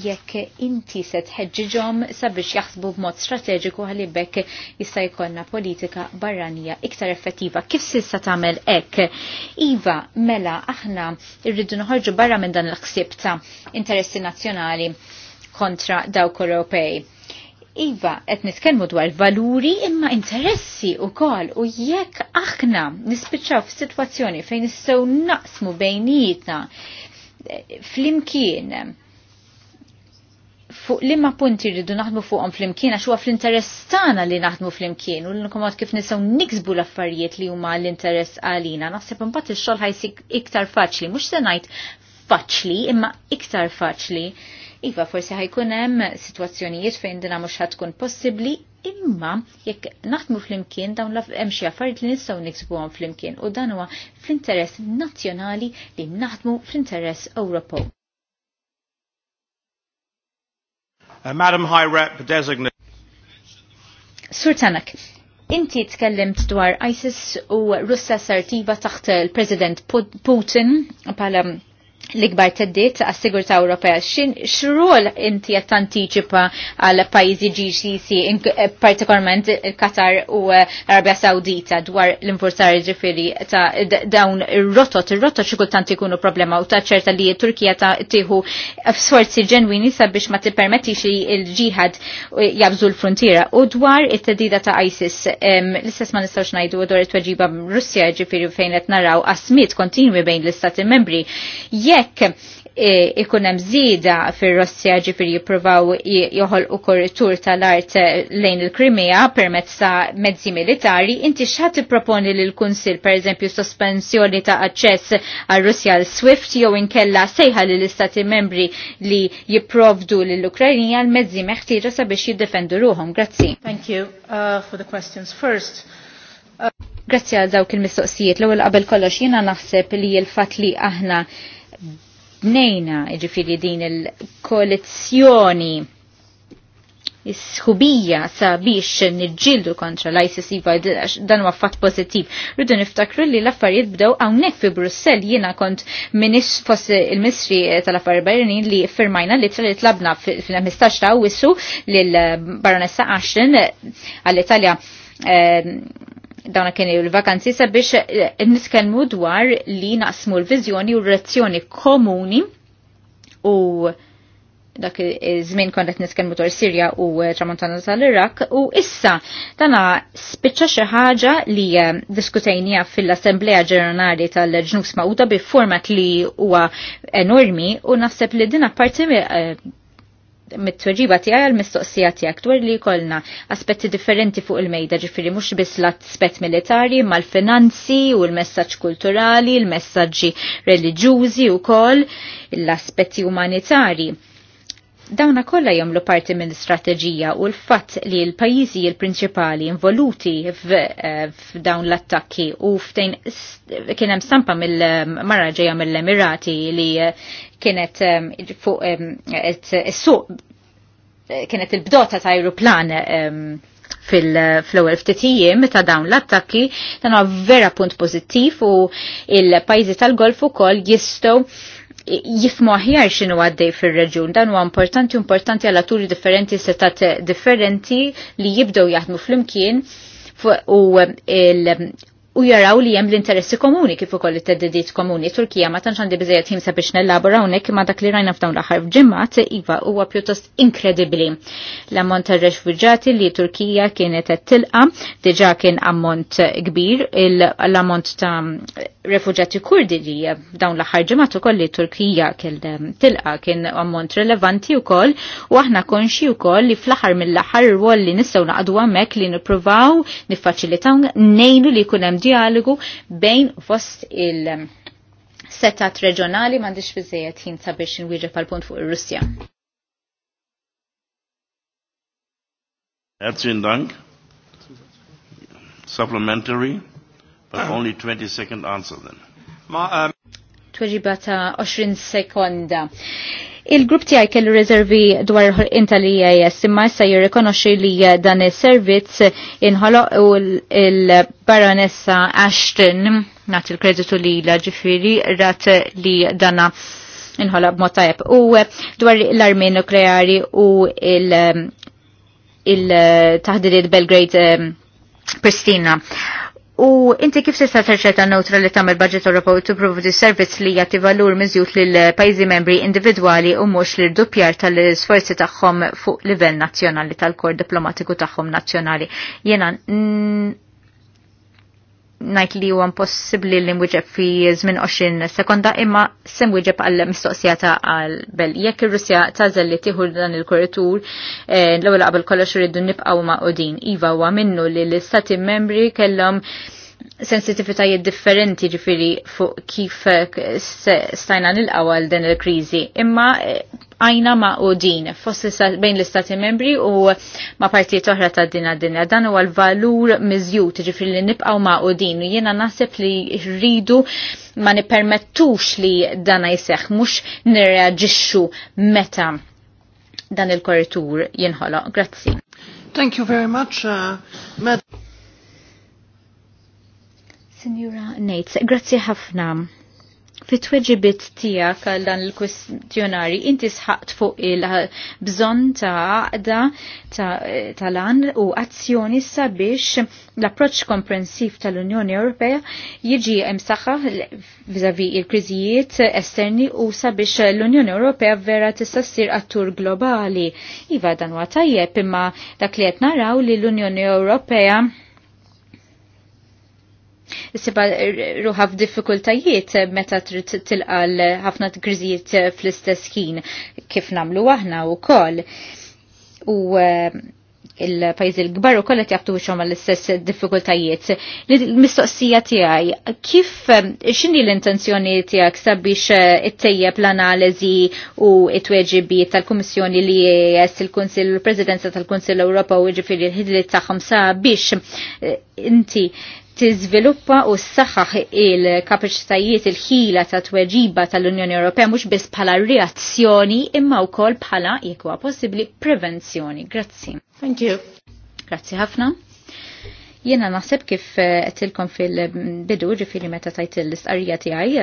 jekk inti se tħeġġiġhom sabiex jaħsbu b'mod strateġiku ħalibek jista' jkollna politika barranija iktar effettiva. Kif sissa tagħmel hekk? Iva, mela aħna rridu noħorġu barra minn dan l-ħsieb ta' interessi nazzjonali kontra dawk Ewropej Iva, qed nitkellmu dwar valuri imma interessi wkoll u jekk aħna nispiċċaw f'sitwazzjoni fejn nistgħu naqsmu bejnietna eh, flimkien fuq limma punti rridu naħdmu fuqhom flimkien għax huwa fl-interess tagħna li naħdmu flimkien u l-inkomod kif nisew niksbu l-affarijiet li huma l-interess għalina. Naħseb imbagħad ix-xogħol ħajsik iktar faċli, mhux se ngħid faċli imma iktar faċli Iva, forsi ħajkun hemm sitwazzjonijiet fejn dina mhux ħadkun possibbli, imma jekk naħdmu flimkien dawn hemm xi affarijiet li nistgħu niksbuhom flimkien u dan huwa fl-interess nazzjonali li naħdmu fl-interess Ewropew. Uh, Madam High Rep Designate. Sur Tanak, inti tkellimt dwar ISIS u Russa sartiba taħt il-President Putin pala l-ikbar teddit għas sigurta Ewropea. Xin xrol inti qed tantiċipa għal pajjiżi GCC, partikolarment Qatar u eh, Arabja Sawdita dwar l-infurzar ġifieri ta' dawn ir-rotot, ir-rotot xi kultant ikunu problema u ta' ċerta li Turkija ta' tieħu sforzi ġenwini sabiex ma tippermettix li l-ġihad eh, jabżu l-frontiera. U dwar it-tedida ta' ISIS, l-istess ma nistgħux ngħidu dwar it-tweġiba Russja ġifieri fejn qed naraw qasmiet kontinwi bejn l-istati membri. Yeah, jekk e, ikun hemm żieda fir-Rossja ġifieri jippruvaw joħol ukoll tal-art lejn il-Krimea permezz ta' mezzi militari, inti x'ħadd tipproponi lil kunsil pereżempju sospensjoni ta' aċċess għal Russja l Swift jew inkella sejħa lil istati membri li jipprovdu lil ukrainija l-mezzi meħtieġa sabiex jiddefendu ruhom. Grazzi. Thank you uh, for the questions. First, uh... Grazzi għal dawk il-mistoqsijiet. L-ewwel qabel kollox jiena naħseb li l-fatt li aħna Tnejna iġifiri din il-koalizzjoni isħubija sabiex nġildu kontra l-ISIS iva dan huwa fatt pozittiv. Rridu niftakru li l-affarijiet bdew hawnhekk fi Brussell jiena kont minis fos il-Misri tal-Affarijiet Barranin li firmajna li li tlabna fil-15 ta' li l Baronessa Ashton għall-Italja eh, dawna kien il-vakanzi sabiex eh, niskenmu dwar li naqsmu l-vizjoni u r razzjoni komuni u dak iż-żmien kont qed nitkellmu dwar Sirja u eh, tramontana tal-Irak u issa dana spiċċa xi ħaġa li eh, diskutejnija fil assemblea Ġenerali tal-Ġnus Mawda bi format li huwa enormi u naħseb li din apparti mit-tweġiba tiegħi għal mistoqsija tiegħek dwar li jkollna aspetti differenti fuq il-mejda ġifiri mhux biss l-aspett militari mal finanzi u l-messaġġ kulturali, l-messaġġi reliġjużi wkoll l-aspetti umanitari Dawna kollha jomlu parti minn strategija u l-fatt li l-pajjiżi l-prinċipali involuti eh, f'dawn l-attakki u ftejn kienem stampa mill-mara ġejja mill-Emirati li eh, kienet eh, fuq suq kienet il-bdota ta' aeroplan fil-ewwel ftitijiem ta' dawn l-attakki dan vera punt pozittif u il-pajjiżi tal-Golf ukoll jistgħu jifmu aħjar xinu għaddej fil-reġun. Dan huwa importanti, importanti għal differenti, setat differenti li jibdew jaħdmu fl-imkien u eh, u jaraw li jem l-interessi komuni kif ukoll it-teddidiet komuni. Turkija ma tantx għandi biżejjed ħimsa biex nellabora hawnhekk ma dak li rajna f'dawn l-aħħar ġimgħat iva huwa pjuttost inkredibbli. L-ammont tar-refuġġati li Turkija kienet qed tilqa diġà kien ammont kbir, l-ammont ta' refuġati kurdi li dawn l-aħħar ġimgħat ukoll li Turkija kien ehm, tilqa kien ammont rilevanti wkoll u aħna konxi wkoll li fl-aħħar mill-aħħar rwol li nistgħu naqdu hemmhekk li nippruvaw niffaċilitaw nejnu li jkun hemm dialogu bejn fost il- setat reġjonali m'għandix biżejjed ħin sabiex inwieġeb pal punt fuq ir-Russja. Herzlichen Dank. Supplementary, but only 20 second answer then. Ma, um... 20 sekonda. Il-grupp tiegħi kellu rezervi dwar inta li jes imma issa jirrikonoxxi li eh, dan is-servizz inħoloq u l-Baronessa Ashton nagħti l-kreditu li la rat li dana inħolo b tajjeb. U eh, dwar l-armi nukleari u il-taħdiriet eh, Belgrade Pristina. U inti kif tista' terċeta neutra li tagħmel budget Ewropew tipprovdi servizz li jagħti valur miżjut lil pajjiżi membri individwali u mhux l dupjar tal-isforzi tagħhom fuq livell nazzjonali tal-kor diplomatiku tagħhom nazzjonali. Jena najt li huwa impossibbli li nwieġeb fi żmien 20 sekonda imma se nwieġeb għal mistoqsijata għal bel. Jekk ir-Russja tażel li tieħu dan il-korritur eh, l-ewwel qabel kollox irridu nibqgħu ma' Iva huwa minnu li l-istati membri kellhom sensitivitajiet differenti ġifiri fuq kif eh, stajna nilqaw għal din il-krizi. Imma eh, għajna ma' u din, fossi bejn l-istati membri u ma' partijiet oħra ta' din dinja Dan huwa l-valur mizjut ġifiri li nibqaw ma' u din. U jena naħseb li rridu ma' nipermettux li dana jiseħ, mux nirraġiċu meta dan il-korritur jinħoloq. Grazzi. Thank you very much, uh, Matt. Signora Nates, grazzi ħafna. Fit tweġibit tijak għal dan il-kwestjonari, inti sħaqt fuq il-bżon ta' għaqda tal-għan u azzjoni sabiex l-approċ komprensiv tal-Unjoni Ewropea jiġi imsaħħa vizavi il-kriżijiet esterni u sabiex l-Unjoni Ewropea vera tista' ssir attur globali. Iva dan huwa tajjeb imma dak li qed naraw li l-Unjoni Ewropea Siba ruħa f'diffikultajiet meta trid tilqal ħafna grizijiet fl-istess ħin kif namlu aħna wkoll. U il-pajzi l-gbar u kollet jaftu xom l-istess diffikultajiet. L-mistoqsija tijaj, kif eh, xini l-intenzjoni tijak sabiex eh, it-tejjeb l-analizi u it-weġibi tal-Komissjoni li jess il-Konsil, l-Presidenza tal-Konsil Ewropa u ġifiri l-ħidli taħħom sabiex eh, inti tiżviluppa u s-saħħaħ il-kapaċitajiet il-ħila ta' tweġiba tal-Unjoni Ewropea mhux biss bħala reazzjoni imma wkoll bħala jekk huwa possibbli prevenzjoni. Grazzi. Thank you. Grazzi ħafna. Jiena naħseb kif qedtilkom eh, fil-bidu ġifieri meta tajt l-istqarrija tiegħi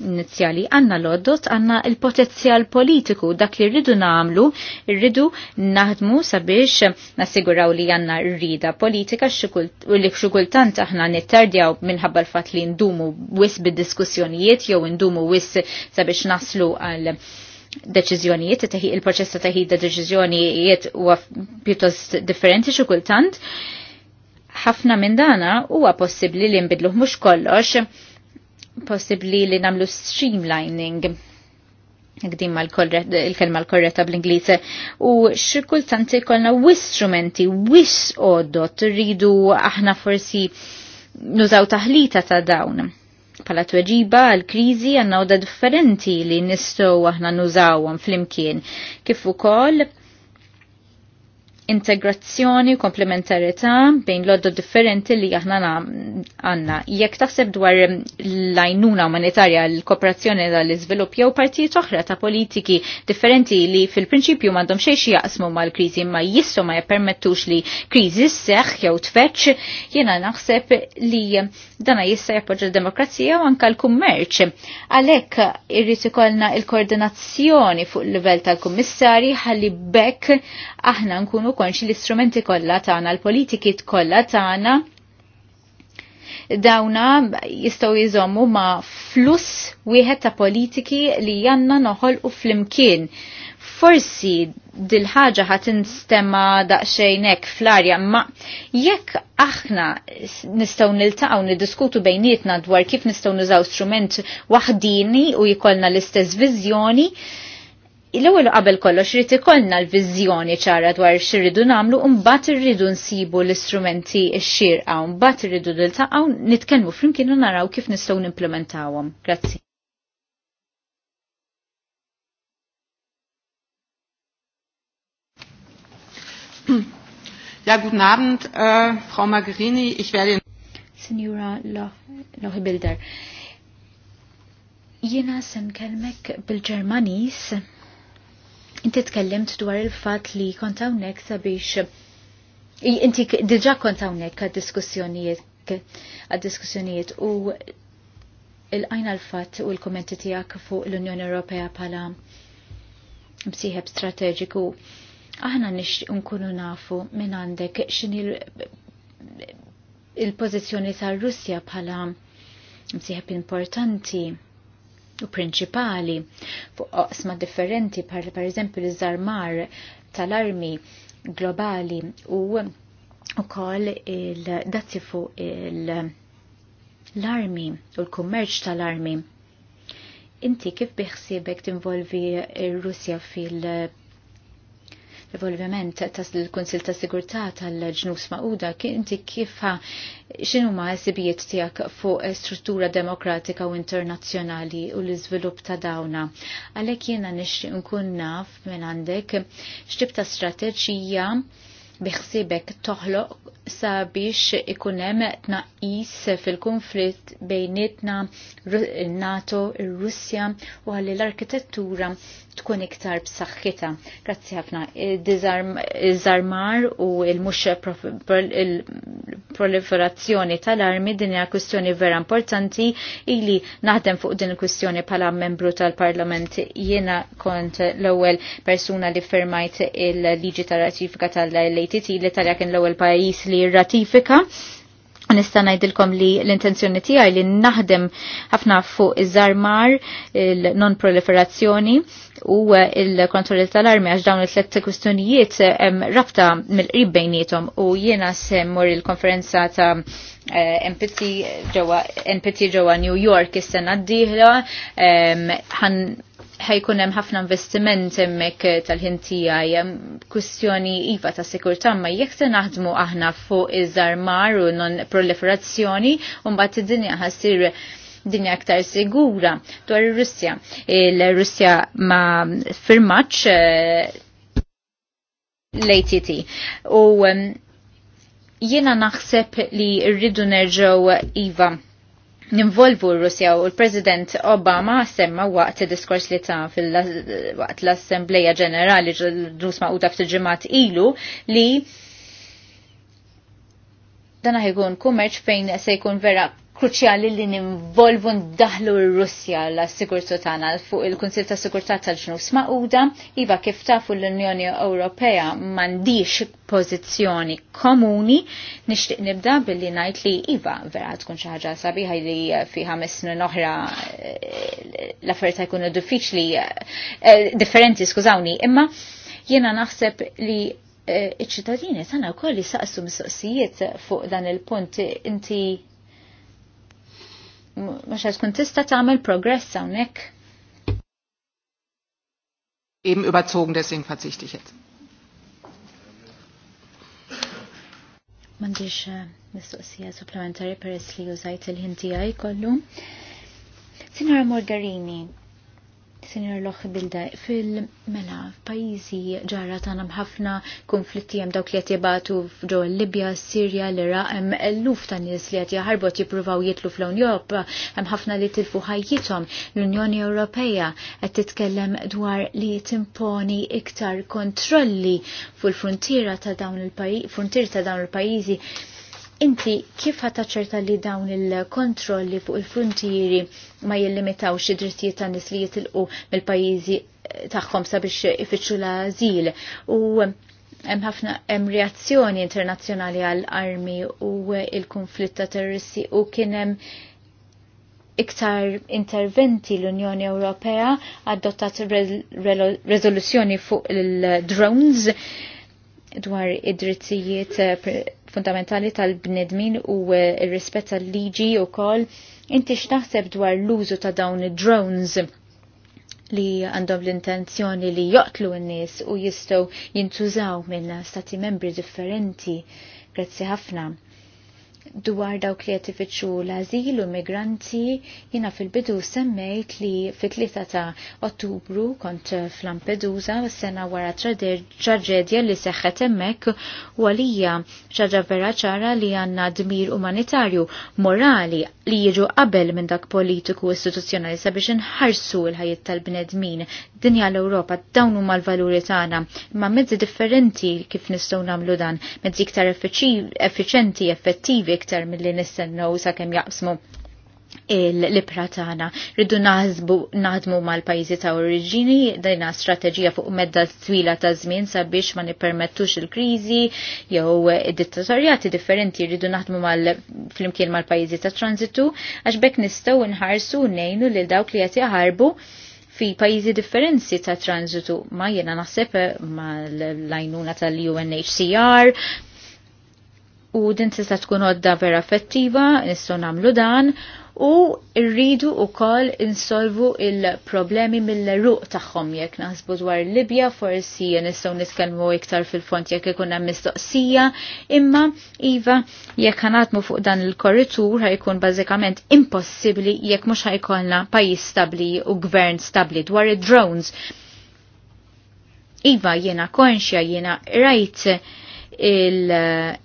inizjali għanna l-oddot għanna il-potenzjal politiku dak li rridu namlu, rridu naħdmu sabiex nassiguraw li għanna rrida politika u li xukultant aħna nittardjaw minħabba l-fat li ndumu wis bid-diskussjonijiet jew ndumu wis sabiex naslu għal deċizjonijiet, il-proċess ta' da deċizjonijiet huwa pjuttost differenti xi kultant. Ħafna minn dana huwa possibbli li nbidluh mhux kollox possibli li namlu streamlining għdim il-kelma l-korretta bl-Ingliż u xikultanti kolna w-istrumenti, wis oddot rridu aħna forsi nużaw taħlita ta' dawn. Pala tweġiba l krizi għanna da differenti li nistow aħna nużawhom fl-imkien kif ukoll integrazzjoni u komplementarità bejn l-oddu differenti li aħna għanna. Jekk taħseb dwar l ajnuna umanitarja l-kooperazzjoni tal-izvilupp jew partijiet oħra ta' politiki differenti li fil-prinċipju m'għandhom xejn jaqsmu mal-kriżi ma jissu ma jippermettux li kriżi seħħ jew tfeċċ, jiena naħseb li dana jista' jappoġġa l demokrazija u anke l-kummerċ. Għalhekk irrid ikollna l-koordinazzjoni fuq il-livell tal-kummissarji ħalli bekk aħna nkunu konx l-istrumenti kollha tagħna, l-politiki kollha tagħna dawna jistaw jizommu ma fluss wieħed ta' politiki li janna noħol u flimkien. Forsi dil-ħaġa ħat instemma daqxejnek fl-arja, ma jekk aħna nistaw niltaw nidiskutu bejnietna dwar kif nistaw nużaw strument waħdini u jikolna l-istess vizjoni, il ewwel qabel kollox rid ikollna l-viżjoni ċara dwar x'irridu nagħmlu u mbagħad irridu nsibu l-istrumenti x-xirqa u mbagħad irridu niltaqgħu nitkellmu flimkien u naraw kif nistgħu nimplementawhom. Grazzi. Ja, guten Abend, äh, Frau Margherini. Ich werde... Signora Lohibilder, Loh jena sem kelmek bil-Germanis Inti tkellimt dwar il-fat li kont hawnhekk sabiex inti diġà kont hawnhekk għad-diskussjonijiet għad-diskussjonijiet u il-għajna l-fat u l-kommenti tijak fuq l-Unjoni Ewropea pala msiħeb strateġiku. Aħna nix unkunu nafu minn għandek xin il-pozizjoni il pozizjoni tal russja pala msiħeb importanti u prinċipali fuq oqsma differenti par, par eżempju l-żarmar tal-armi globali u ukoll il-dazzi fuq l-armi u l-kummerċ tal-armi. Inti kif biħsibek tinvolvi Russja fil- evolviment tas-Kunsil ta' sigurtà tal-Ġnus Mauda inti kif x'inhu ma esibijiet tiegħek fuq struttura demokratika u internazzjonali u l-iżvilupp ta' dawna. Għalhekk jiena nixtieq nkun naf minn għandek x'tib ta' strateġija biħsibek toħloq sabiex ikunem tnaqis fil-konflitt bejnietna NATO, il-Russja u għalli l-arkitettura tkun iktar b'saħħitha. Grazzi ħafna. Iż-żarmar u l-mhux proliferazzjoni tal-armi din hija kwistjoni vera importanti ili naħdem fuq din il-kwistjoni bħala membru tal-Parlament jiena kont l-ewwel persuna li firmajt il-liġi tar ratifika tal latt li tal-jakin l-ewwel pajjiż li rratifika. ratifika Nista' ngħidilkom li l-intenzjoni tiegħi li naħdem ħafna fuq iż-żarmar, il-non proliferazzjoni u il-kontroll tal-armi għax dawn it-tlet kwistjonijiet rabta mill-qrib bejnietom u jiena semmur il-konferenza ta' NPT eh, ġewwa New York is-sena d-dieħla ħajkun hemm ħafna investiment hemmhekk eh, tal-ħintija hemm kwistjoni iva ta' sikurtà ma jekk se naħdmu aħna fuq iż-żarmar u non proliferazzjoni u mbagħad id-dinja ħassir dinja aktar sigura dwar ir-Russja. Il-Russja ma firmaċ eh, l-ATT. U jiena naħseb li rridu nerġgħu iva ninvolvu r-Russja u l-President Obama semma waqt diskors li ta' fil-waqt l-Assembleja Ġenerali ġus maquda fil-ġimat ilu li dan ħajkun kummerċ fejn se jkun vera kruċjali li ninvolvu ndaħlu r-Russja la sigurtu tagħna fuq il-Kunsil ta' Sigurtà tal-Ġnus Maquda, iva kif tafu l-Unjoni Ewropea m'għandix pożizzjoni komuni, nixtieq nibda billi ngħid li iva vera tkun xi ħaġa sabiħa li fi ħames snin oħra eh, l-affarijiet jkunu diffiċli eh, eh, differenti skużawni, imma jiena naħseb li iċ-ċittadini tagħna wkoll jisaqsu mistoqsijiet fuq dan il-punt inti mux kun tista tagħmel progress hawnhekk. Eben überzogen, deswegen verzichte ich jetzt. Mandiċ eh, mistoqsija supplementari per li użajt il-ħinti għaj kollu. Signora Morgarini, Senjor Loch Bilda, fil-mela, pajizi ġarra tana mħafna konflitti jem dawk li jatibatu ġo Libja, Sirja, l-Iraq, jem l-luf ta' nis li jatjaharbu jipruvaw jitlu fl Europa, jem ħafna li tilfu ħajjitom. L-Unjoni Ewropeja għed titkellem dwar li timponi iktar kontrolli fil frontira ta' dawn il-pajizi, inti kif ċerta li dawn il-kontrolli fuq il-frontieri ma jillimitawx id-drittijiet tan nies li jitilqu mill-pajjiżi eh, tagħhom sabiex ifittxu l-azil u hemm ħafna hemm reazzjoni internazzjonali għall armi u il-konflitt ta' terroristi u kien hemm iktar interventi l-Unjoni Ewropea adottat rezoluzzjoni fuq il-drones dwar id-drittijiet eh, fundamentali tal-bnedmin u eh, il-rispet tal-liġi u kol. Inti x'naħseb dwar l-użu ta' dawn drones li għandhom l-intenzjoni li joqtlu n-nies u jistgħu jintużaw minn stati membri differenti. Grazzi ħafna dwar dawk li jtifittxu l-azil u migranti, jina fil-bidu semmejt li fit tlita ta' ottubru kont fl-Lampedusa sena wara traġedja li seħħet emmek u għalija ċaġa vera ċara li għanna dmir umanitarju morali li jiġu qabel minn dak politiku istituzzjonali sabiex nħarsu l-ħajiet tal-bnedmin. Dinja l-Ewropa dawn huma l-valuri tagħna, ma' mezzi differenti kif nistgħu nagħmlu dan, mezzi iktar effiċenti, effettivi, iktar mill-li nistennew sakemm jaqsmu l-libra tagħna. Rridu naħsbu naħdmu mal-pajjiżi ta' oriġini dejna strateġija fuq medda twila ta' żmien sabiex ma nippermettux il-kriżi jew dittatorjati differenti rridu naħdmu mal flimkien mal-pajjiżi ta' transitu għax bekk nistgħu nħarsu nejnu lil dawk li qed jaħarbu fi pajjiżi differenzi ta' transitu ma jiena naħseb l lajnuna tal-UNHCR, u din tista' tkun għodda vera effettiva, nistgħu nagħmlu dan u rridu wkoll insolvu il-problemi mill-ruq tagħhom jekk naħsbu dwar Libja forsi nistgħu niskellmu iktar fil-font jekk ikun hemm mistoqsija, imma iva jekk ħanatmu fuq dan il-korritur ħajkun bażikament impossibbli jekk mhux ħajkollna pajjiż stabbli u gvern stabbli dwar id-drones. Iva jiena konxja jiena rajt il-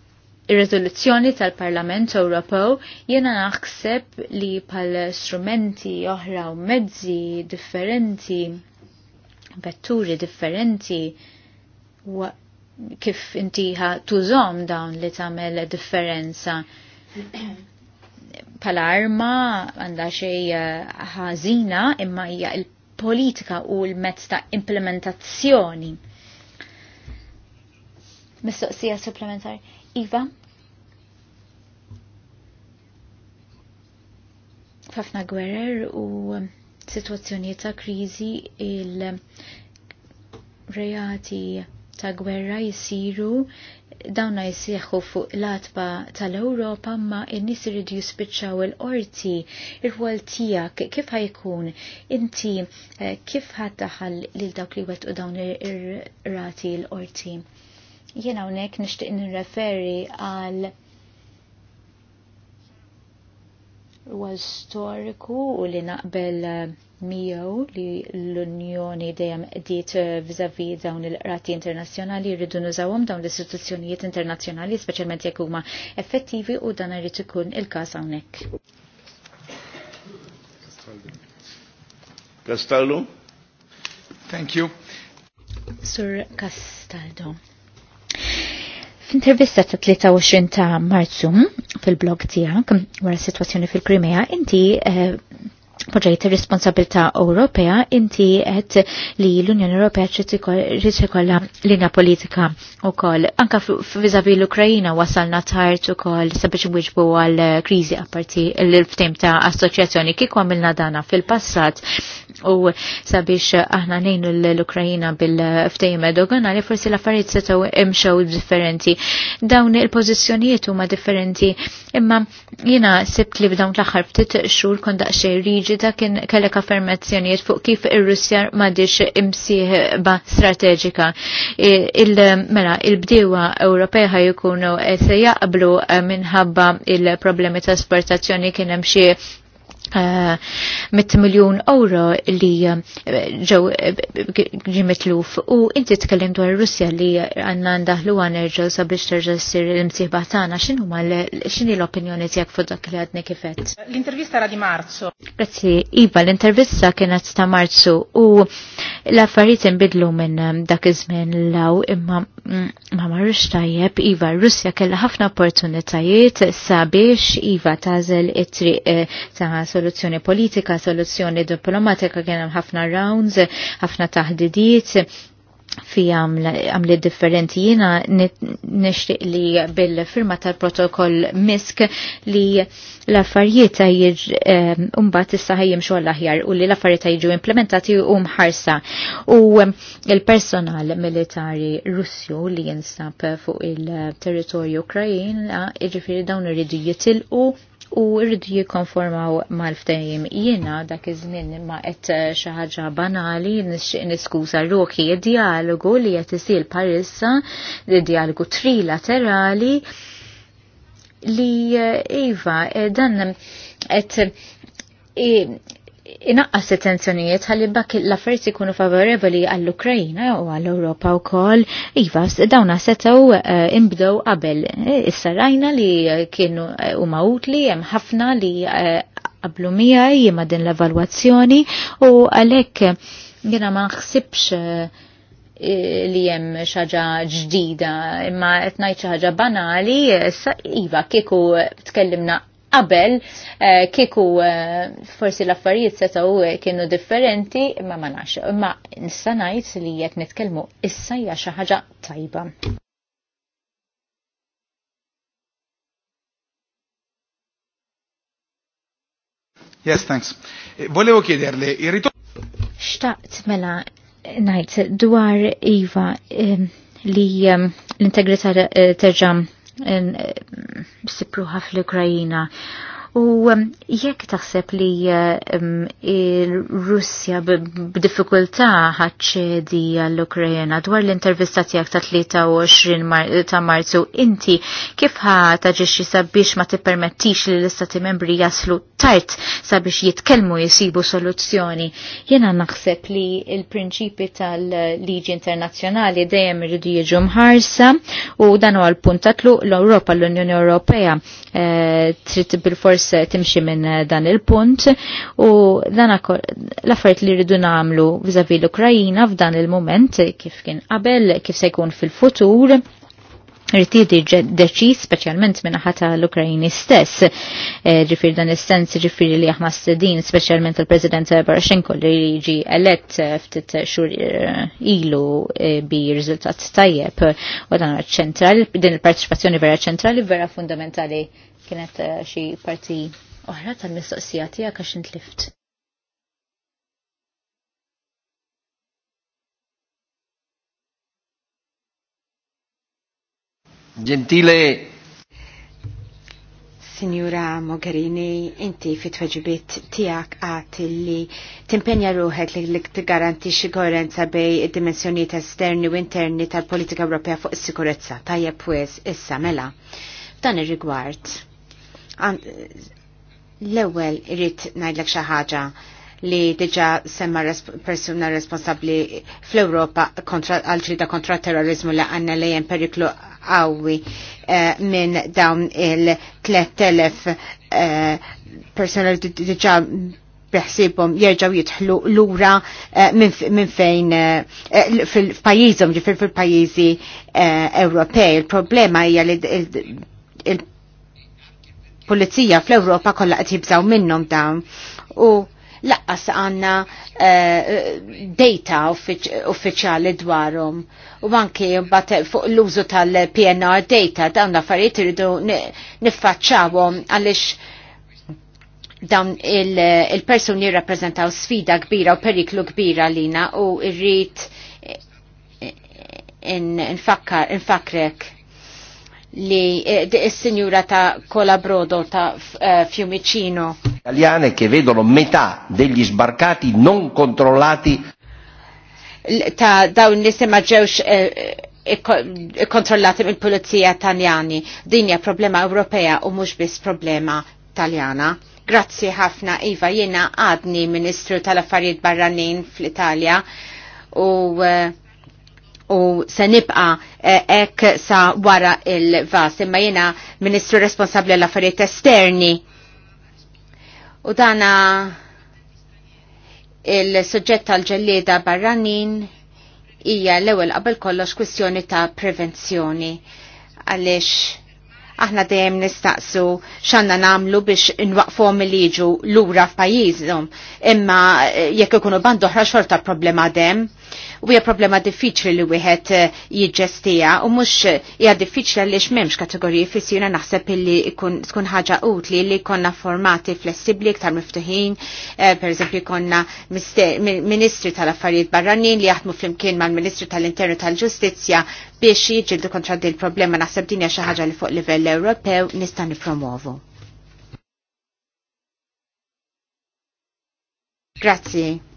Ir-riżoluzzjoni tal-Parlament Ewropew jiena naħseb li pal strumenti oħra u mezzi differenti, vetturi differenti, kif intiħa tużom dawn li tagħmel differenza. pal arma għandha xej eh, ħażina imma hija il-politika u l-mezz ta' implementazzjoni. Mistoqsija supplementari Iva. Fafna gwerer u um, situazzjonijiet ta' kriżi il-reati ta' gwerra jisiru dawna jisieħu fuq l-atba tal-Europa ma n-nis iridu jispiċċaw il-qorti il rwol tijak kif ħajkun inti eh, kif ħaddaħal lil dawk li wet u dawn ir-rati l-qorti. Jena unek nishtiq nirreferi għal rwal storiku u li naqbel eh, miegħu li l-Unjoni dejjem qdiet eh, viżavi dawn il-qrati internazzjonali jridu nużawhom dawn l-istituzzjonijiet internazzjonali speċjalment jekk huma effettivi u dan irid ikun il-każ hawnhekk. Castaldo. Thank you. Sir Castaldo. F'intervista ta' 23 ta' Marzu fil-blog tijak wara situazzjoni fil-Krimea, inti eh, ir responsabilta Ewropea, inti qed li l-Unjoni Ewropea trid ikollha linja politika wkoll. Anka viżavi l-Ukrajina wasalna tard ukoll sabiex wiġbu għal kriżi apparti l ftim ta' assoċjazzjoni kieku għamilna dana fil-passat u sabiex aħna nejnu l-Ukrajina bil-ftejim doganali forsi l-affarijiet setgħu imxew differenti. Dawn il-pożizzjonijiet huma differenti imma jiena sibt li b'dawn l-aħħar ftit xhur kont daqsxejn riġida kien kellek affermazzjonijiet fuq kif ir-Russja m'għadix imsieħba strateġika. Il-mela il-bdiewa Ewropej ħajkunu se jaqblu minħabba il-problemi ta' sportazzjoni kien hemm xi Eh, mit miljon euro li eh, ġew eh, ġimitluf u inti tkellem dwar Russja li għanna ndaħlu għanerġaw sabiex terġa' ssir l-imsieħba tagħna x'inhu x'inhi l-opinjoni tiegħek fuq dak li għadni kifet. L-intervista ra di Marzu. Grazie, Iva, l-intervista kienet ta' Marzu u l-affarijiet inbidlu minn um, dak iż-żmien law imma mm, ma marrux tajjeb iva r Russja kellha ħafna opportunitajiet sabiex iva tażel it-triq eh, ta' soluzzjoni politika, soluzzjoni diplomatika kien hemm ħafna rounds, ħafna taħdidiet fi għamli differenti jina nishtiq li bil-firma tal-protokoll MISK li l-affarijiet jir eh, umbat issa ħajjimxu għall-aħjar u li l-affarijiet jiġu implementati u mħarsa u eh, il-personal militari Russju li jinsab fuq il-territorju Ukrajin iġifiri dawn irridu jitilqu u rridu jikkonformaw mal-ftehim. Jiena dak iż-żmien ma qed eh, xi ħaġa banali niskuża ruki id-dialogu li qed isil parissa, id-dialogu trilaterali li eh, iva eh, dan qed inaqqas it-tensjonijiet ħalli l-affarijiet ikunu favorevoli għall ukrajina u għall-Ewropa wkoll. Iva, dawn setgħu eh, imbdow qabel. Eh, issa rajna li kienu eh, huma utli hemm ħafna li qablu miegħi ma' din l-evalwazzjoni u għalhekk jiena ma nħsibx li jem xaġa ġdida, imma etnajt ħaġa banali, sa' iva kieku tkellimna qabel eh, kieku eh, forsi l-affarijiet setgħu eh, kienu differenti imma ma nafx. Imma nista' ngħid li jekk nitkellmu issa hija xi ħaġa tajba. Yes, thanks. Volevo chiederle, il ritorno... Xtaqt mela najt dwar Iva li l-integrità terġam Eh, sipruħa fl-Ukrajina U um, jekk taħseb li uh, um, Russja b'diffikultà ħaċċedi għall ukrajina dwar l-intervista tiegħek ta' 23 ta' Marzu, inti kif ħata taġixxi sabiex ma tippermettix li l-istati membri jaslu tard sabiex jitkellmu jisibu soluzzjoni. Jiena naħseb li l-prinċipi tal-liġi internazzjonali dejjem irridu jiġu mħarsa u dan huwa l-punt tatluq l-Ewropa l-Unjoni Ewropea eh, trid bil-forsi flus timxi minn eh, dan il-punt u dan l-affert li rridu namlu vizavi l-Ukrajina f'dan il-moment kif kien qabel, kif se jkun fil-futur rtidi deċis specialment minna ħata l-Ukrajini stess. Eh, ġifir dan istens ġifir li aħna sedin specialment il-President Barashenko li jiġi elett eh, ftit xur ilu bi rizultat tajjeb u dan ċentrali, din il-parteċipazzjoni vera ċentrali, vera fundamentali kienet eh, xi parti oħra tal-mistoqsija tiegħek għax intlift. Gentile. Signora Mogherini, inti fit tweġibiet tijak għat li timpenja ruħek li li t-garanti bej id-dimensjoniet esterni u interni tal-politika Ewropea fuq is-sikurezza. Tajjeb wis issa mela. F'dan ir-rigward, L-ewwel irrid ngħidlek xi ħaġa li diġa semma persuna responsabli fl-Europa għal-ċrida kontra terrorizmu la għanna li jen periklu għawi eh, minn dawn il-3000 eh, persuna li diġa biħsibhom jirġaw jitħlu lura ura eh, minn fejn f'pajjiżhom ġifir fil-pajjiżi Ewropej. Il-problema hija li pulizija fl-Ewropa kollha qed jibżaw minnhom dawn. U laqqas għanna uh, eh, data uffiċjali dwarhom. U anke mbagħad fuq l-użu tal-PNR data dawn l-affarijiet iridu niffaċċawhom għaliex dawn il-persuni il jirrappreżentaw sfida kbira u periklu kbira lina u irrid infakrek. In li eh, is-sinjura ta' Colabrodo ta' eh, Fiumicino. Italiane che vedono metà degli sbarcati non controllati ta' dawn nies ma ġewx ikkontrollati eh, mill pulizija Taljani. Din hija problema Ewropea u mhux biss problema Taljana. Grazzi ħafna Iva, jiena għadni Ministru tal-Affarijiet Barranin fl-Italja u uh, u se nibqa eh, ek sa wara il-vas imma jena ministru responsabli għall affarijiet esterni u dana il suġġett tal-ġellieda barranin hija l-ewwel qabel kollox kwistjoni ta' prevenzjoni għaliex aħna dejjem nistaqsu x'għandna nagħmlu biex nwaqfom li jiġu lura f'pajjiżhom imma eh, jekk ikunu band oħra xorta problema dem u hija problema diffiċli li wieħed eh, jiġġestija u mhux eh, hija diffiċli għaliex m'hemmx kategoriji fissi jiena naħseb illi tkun ħaġa utli li jkollna formati flessibbli iktar miftuħin, eh, pereżempju jkollna ministri tal-affarijiet barranin li jaħdmu flimkien mal-Ministri tal-Internu tal-Ġustizzja biex jiġġieldu kontra din il-problema naħseb din hija xi ħaġa li fuq livell Ewropew nista' nippromovu. Grazie.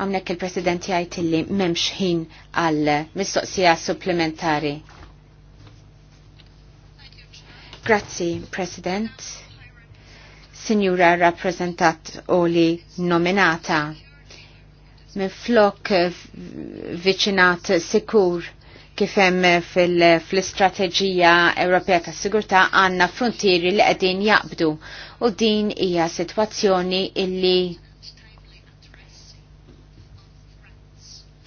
Għamnek il-President jgħajt li memx ħin għal mistoqsija supplementari. Grazzi, President. Signora rappresentat u li nominata minn flok viċinat sikur kifem fil strategija Ewropea ta' Sigurta għanna frontieri li qegħdin jaqbdu u din hija sitwazzjoni illi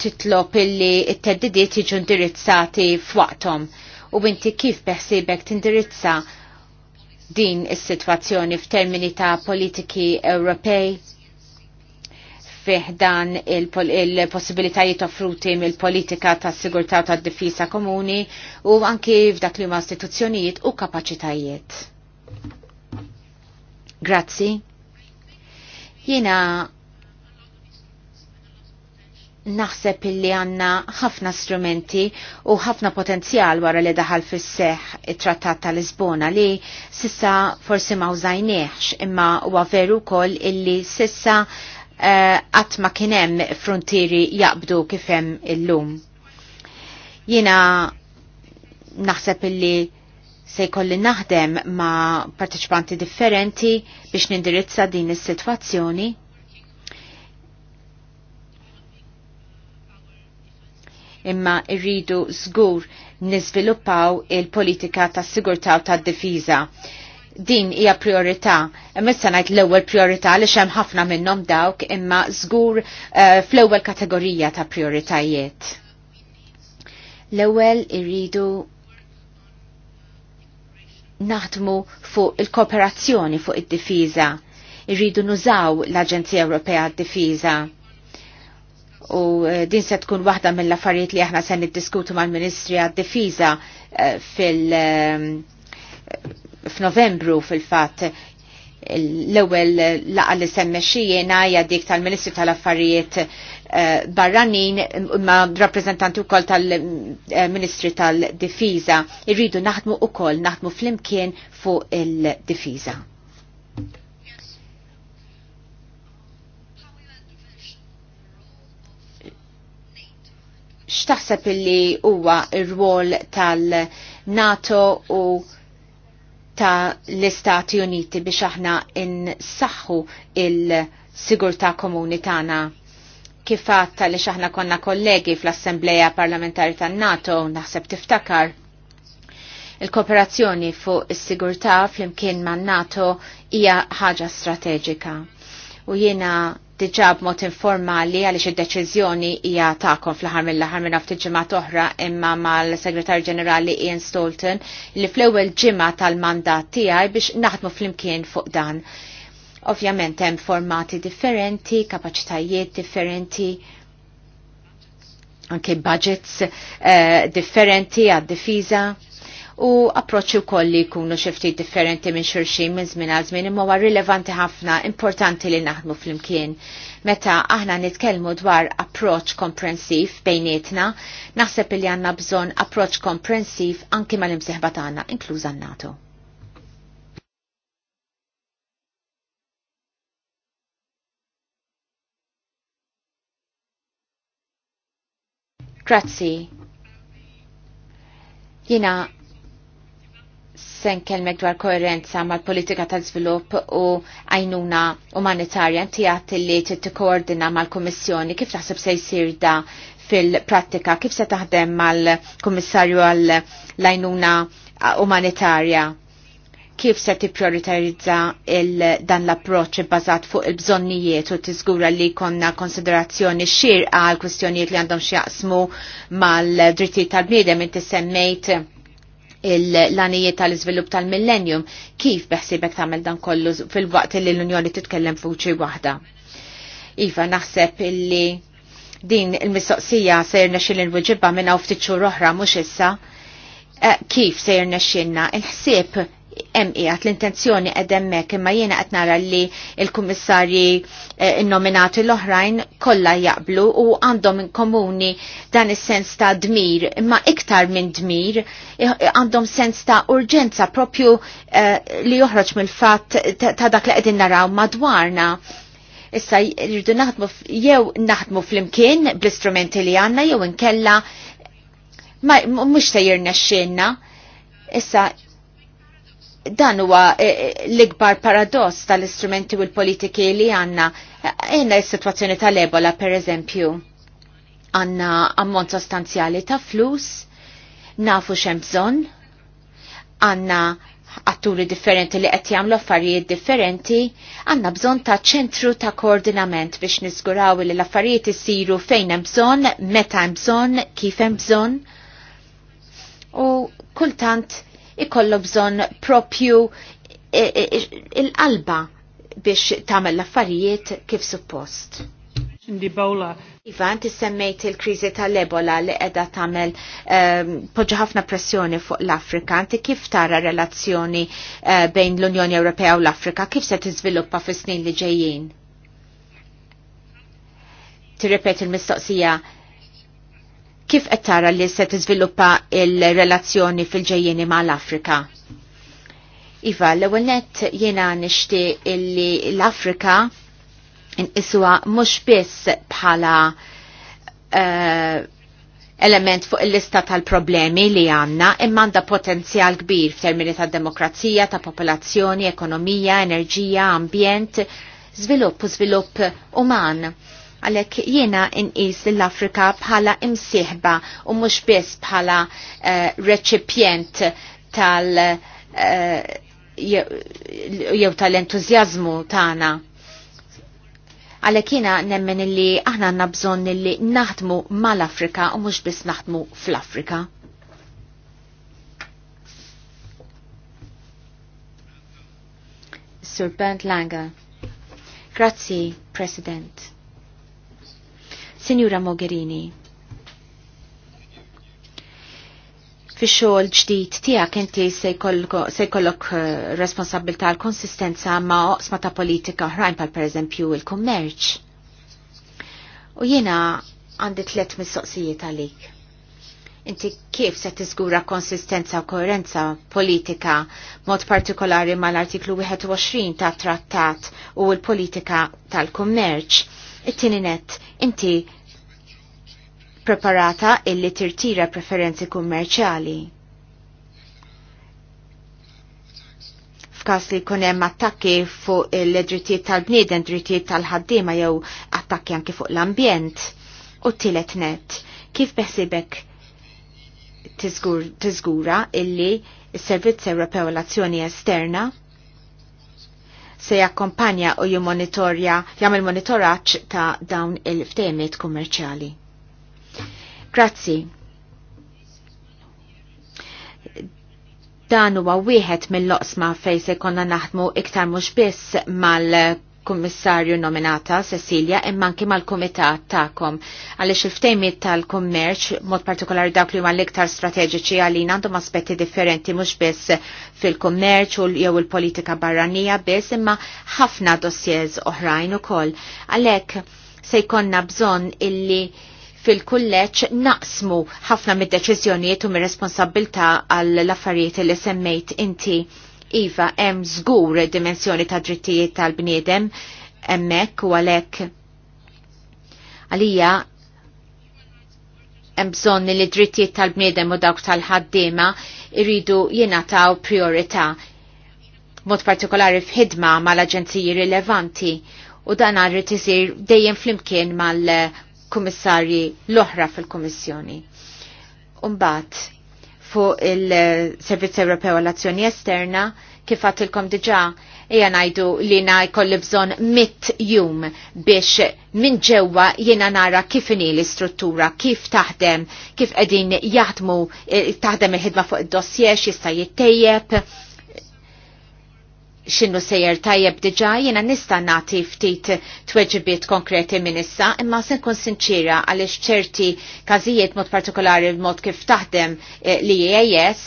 titlob illi it-teddidiet jiġu indirizzati f'waqthom u inti kif beħsibek tindirizza din is-sitwazzjoni f'termini ta' politiki Ewropej fih dan il-possibilitajiet offruti mill-politika ta' sigurtà ta' difisa komuni u anki f'dak li huma istituzzjonijiet u kapaċitajiet. Grazzi. Jiena naħseb illi għanna ħafna strumenti u ħafna potenzjal wara li daħal fis seħ it-trattat ta' Lisbona li sissa forsi ma użajnieħx imma huwa veru kol illi sissa eh, qatt uh, ma kienem frontieri jaqbdu kifem illum. Jina naħseb illi se jkolli naħdem ma' parteċipanti differenti biex nindirizza din is-sitwazzjoni imma rridu żgur niżviluppaw il-politika tas sigurtà u tad-difiża. Din hija priorità. issa ngħid l-ewwel priorità li hemm ħafna minnhom dawk imma żgur uh, fl-ewwel kategorija ta' prioritajiet. L-ewwel irridu naħdmu fuq il-kooperazzjoni fuq id-difiża. Irridu nużaw l-Aġenzija Ewropea d-Difiża u eh, din se tkun waħda mill-affarijiet li aħna se niddiskutu mal-Ministri għad-Difiża eh, fil- eh, f'Novembru fil-fatt l-ewwel laqa li semmexxijiena hija dik tal-Ministri tal-Affarijiet barranin ma rappreżentanti wkoll tal-Ministri tal-Difiża irridu naħdmu wkoll naħdmu flimkien fuq il-Difiża. x'taħseb illi huwa r-rwol tal-NATO u tal istati Uniti biex aħna insaħħu il-sigurtà komuni tagħna kifat li xaħna konna kollegi fl-Assembleja Parlamentari tan-NATO naħseb tiftakar il-kooperazzjoni fuq is-sigurtà flimkien man-NATO hija ħaġa strateġika. U jiena diġa b'mod informali għaliex id-deċiżjoni hija tagħkom fl-aħħar mill-aħħar minn ftit ġimgħa oħra imma mal-Segretarju Ġenerali Ian Stolten li fl-ewwel ġimgħa tal-mandat tiegħi biex naħdmu flimkien fuq dan. Ovvjament hemm formati differenti, kapaċitajiet differenti, anke budgets uh, differenti għad-difiża u approċċi wkoll li jkunu xi ftit differenti minn xurxin minn żmien għal żmien imma huwa rilevanti ħafna, importanti li naħdmu flimkien. Meta aħna nitkellmu dwar approċċ komprensiv bejnietna, naħseb li għandna bżonn approċċ komprensiv anki mal-imsieħba tagħna, inkluża n-NATO. Grazzi. Jina se nkellmek dwar koerenza mal-politika tal svilupp u għajnuna umanitarja inti t li tikkoordina mal-Kummissjoni kif taħseb se jisir da fil-prattika, kif se taħdem mal-Kummissarju għall-għajnuna umanitarja? Kif se tipprioritizza dan l-approċċ bbażat fuq il-bżonnijiet u tiżgura li konna konsiderazzjoni xirqa għal kwistjonijiet li għandhom xjaqsmu mal-drittijiet tal-bniedem inti semmejt l-lanijiet tal-iżvilupp tal-millennium, kif beħsibek tagħmel dan kollu fil-waqt li l-Unjoni titkellem fuċi waħda? Iva, naħseb illi din il-mistoqsija sejr nexil il-wġibba minna uftiċu roħra mux issa, eh, kif sejr nexilna il-ħsieb emqijat l-intenzjoni edemmek imma jiena qed nara li il-kummissarji eh, innominati nominati l-oħrajn kollha jaqblu u għandhom komuni dan is-sens ta' dmir imma iktar minn dmir eh, għandhom sens ta' urġenza propju eh, li joħroġ mill-fatt ta, dak li qegħdin naraw madwarna issa rridu naħdmu jew naħdmu fl-imkien bl-istrumenti li għanna jew inkella mhux se xienna issa dan huwa eh, eh, l-ikbar paradoss tal-istrumenti u l-politiki li għanna. Għanna il-situazzjoni tal-ebola, per eżempju, għanna ammont sostanzjali ta' flus, nafu xem bżon, għanna atturi differenti li qed jagħmlu affarijiet differenti, għandna bżonn ta' ċentru ta' koordinament biex nisguraw li l-affarijiet isiru fejn hemm bżonn, meta hemm bżonn, kif hemm bżonn. U kultant ikollu bżon propju il-qalba biex tagħmel l-affarijiet kif suppost. Ebola. Ivan, tissemmejt il-krizi tal-Ebola li edha tamel eh, poġġa ħafna pressjoni fuq l-Afrika. Anti kif tara relazzjoni eh, bejn l-Unjoni Ewropea u l-Afrika? Kif se tiżviluppa fis snin li ġejjin? Tirrepet il-mistoqsija Kif qed tara li se tiżviluppa il-relazzjoni fil-ġejjeni mal-Afrika? Iva, l-ewwel nett jiena nixtieq illi l-Afrika inqisuha mhux biss bħala uh, element fuq il-lista tal-problemi li għanna għandha potenzjal kbir f'termini ta' demokrazija, ta' popolazzjoni, ekonomija, enerġija, ambjent, zvilupp u svilupp uman. Għalek jiena inqis l-Afrika bħala imsieħba u mhux biss bħala uh, eh, reċipjent tal uh, jew tal-entużjażmu tagħna għalek jiena nemmen illi aħna għanna bżon illi naħdmu mal-Afrika u mux bis naħdmu fl-Afrika. Sir Bernd Langer. Grazie, President. Signora Mogherini. fi xogħol ġdid tiegħek inti se jkollok eh, responsabilità l konsistenza ma' oqsma ta' politika oħrajn pal pereżempju il-kummerċ. U jiena għandi tliet mistoqsijiet għalik. Inti kif se tiżgura konsistenza u koerenza politika mod partikolari mal-artiklu 21 ta' trattat u l-politika tal-kummerċ It-tieni net, inti preparata illi tirtira preferenzi kummerċali. F'każ li jkun hemm attakki fuq il-drittijiet tal-bniedem, drittijiet tal-ħaddiema jew attakki anki fuq l-ambjent. U tilet net, kif beħsibek tiżgura illi s-Servizz Ewropew l-Azzjoni Esterna se jakkompanja u jimmonitorja jagħmel monitoraġġ ta' dawn il ftemiet kummerċjali. Grazzi. Dan huwa wieħed mill-loqsma fejn se konna naħdmu iktar mhux biss mal kummissarju nominata Cecilia imma anki mal-kumitat ta'kom għaliex il-ftejmiet tal-kummerċ mod partikolari dak li huma l-iktar strateġiċi għalina għandhom aspetti differenti mhux biss fil-kummerċ jew il-politika barranija biss imma ħafna dossiers oħrajn ukoll. Għalhekk se jkollna bżonn illi fil-kulleċ naqsmu ħafna mid-deċizjonijiet u mir-responsabilta għall-affarijiet li semmejt inti Iva, hemm żgur dimensjoni ta' drittijiet tal-bniedem hemmhekk u għalhekk għalija hemm bżonn li drittijiet tal-bniedem u dawk tal-ħaddiema irridu jingħataw priorità mod partikolari f'ħidma mal-aġenziji rilevanti u dan għarri isir dejjem flimkien mal-kummissarji l-oħra fil-Kummissjoni. Umbat, fuq il-Servizz Ewropew għall-Azzjoni Esterna kif għatilkom diġa ija najdu li na jkolli bżon mit jum biex minn ġewwa jiena nara kif inhi l-istruttura, kif taħdem, kif qegħdin jaħdmu eh, taħdem il-ħidma fuq id-dossier x'jista' jittejjeb xinnu sejjer tajjeb diġa jina nista nati ftit tweġibiet konkreti minn issa, imma se nkun sinċira għaliex ċerti każijiet mod partikolari mod kif taħdem eh, li EAS,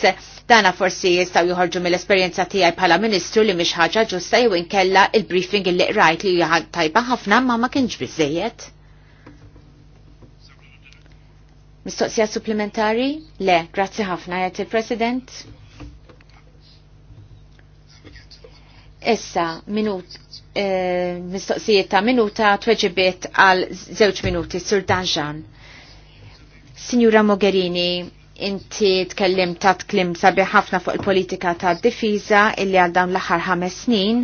dana forsi jistgħu joħorġu mill-esperjenza tiegħi bħala ministru li miex ħaġa ġusta jew inkella il-briefing li rajt li hija tajba ħafna ma ma kienx biżejjed. Mistoqsija supplementari? Le, grazzi ħafna, jgħet il-President. Issa, minut, eh, mistoqsijiet ta' minuta tweġibiet għal żewġ minuti, Sur Danjan. Signora Mogherini, inti tkellim ta' tklim sabi ħafna fuq il-politika ta' difiża illi għal dawn l-aħħar ħames snin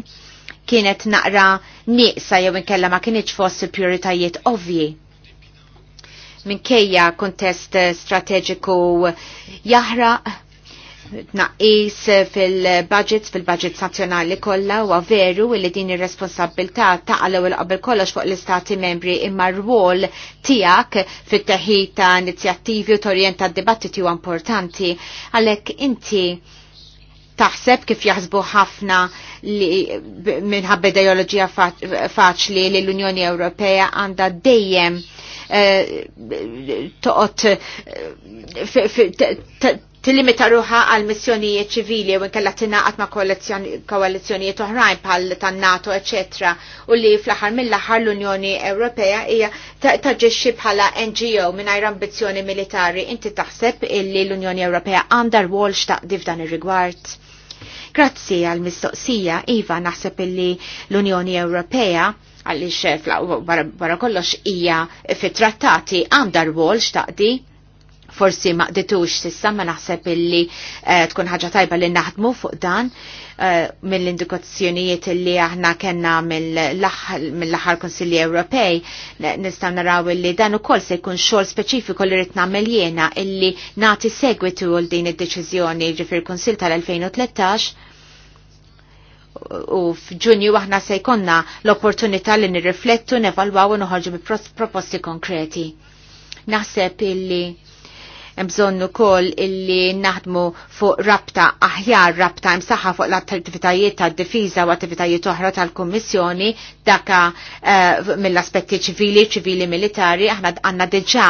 kienet naqra nieqsa jew inkella ma kienx fost il-prioritajiet ovvi. Minkejja kontest strateġiku jaħraq tnaqqis fil-budgets, fil-budgets nazjonali kollha huwa veru li din ir-responsabilità taqalew il qabel kollox fuq l-istati membri imma r-rwol tiegħek fit-teħid ta' inizjattivi u torjenta d-dibattiti huwa importanti għalhekk inti taħseb kif jaħsbu ħafna li minħabba ideoloġija faċli li l-Unjoni Ewropea għandha dejjem eh, toqgħod eh, tillimita ruħa għal missjonijiet ċivili u nkella tingħaqad ma' koalizzjonijiet oħrajn bħal tan-NATO, eċetera, u li fl-aħħar mill-aħħar l-Unjoni Ewropea hija taġġixxi bħala NGO mingħajr ambizzjoni militari. Inti taħseb illi l-Unjoni Ewropea għandha rwol x'taqdi f'dan ir-rigward? Grazzi għal mistoqsija Iva naħseb illi l-Unjoni Ewropea għaliex barra kollox hija fit-trattati għandha rwol x'taqdi forsi ma qditux sissa ma naħseb illi eh, tkun ħaġa tajba li naħdmu fuq dan eh, mill-indikazzjonijiet illi aħna kellna mill-aħħar Konsilji Ewropej nistgħu naraw illi dan ukoll se jkun xogħol speċifiku li rid nagħmel jiena illi nagħti segwitu għal din id-deċiżjoni ġifier Kunsil tal-2013 u f'Ġunju aħna se jkollna l-opportunità li nirriflettu, nevalwaw u noħorġu bi proposti konkreti. Naħseb illi bżonnu kol illi naħdmu fuq rabta aħjar rabta imsaħħa fuq l-attivitajiet ta' difiża u attivitajiet oħra tal-Kommissjoni daka uh, mill-aspetti ċivili, ċivili militari, aħna għanna deġa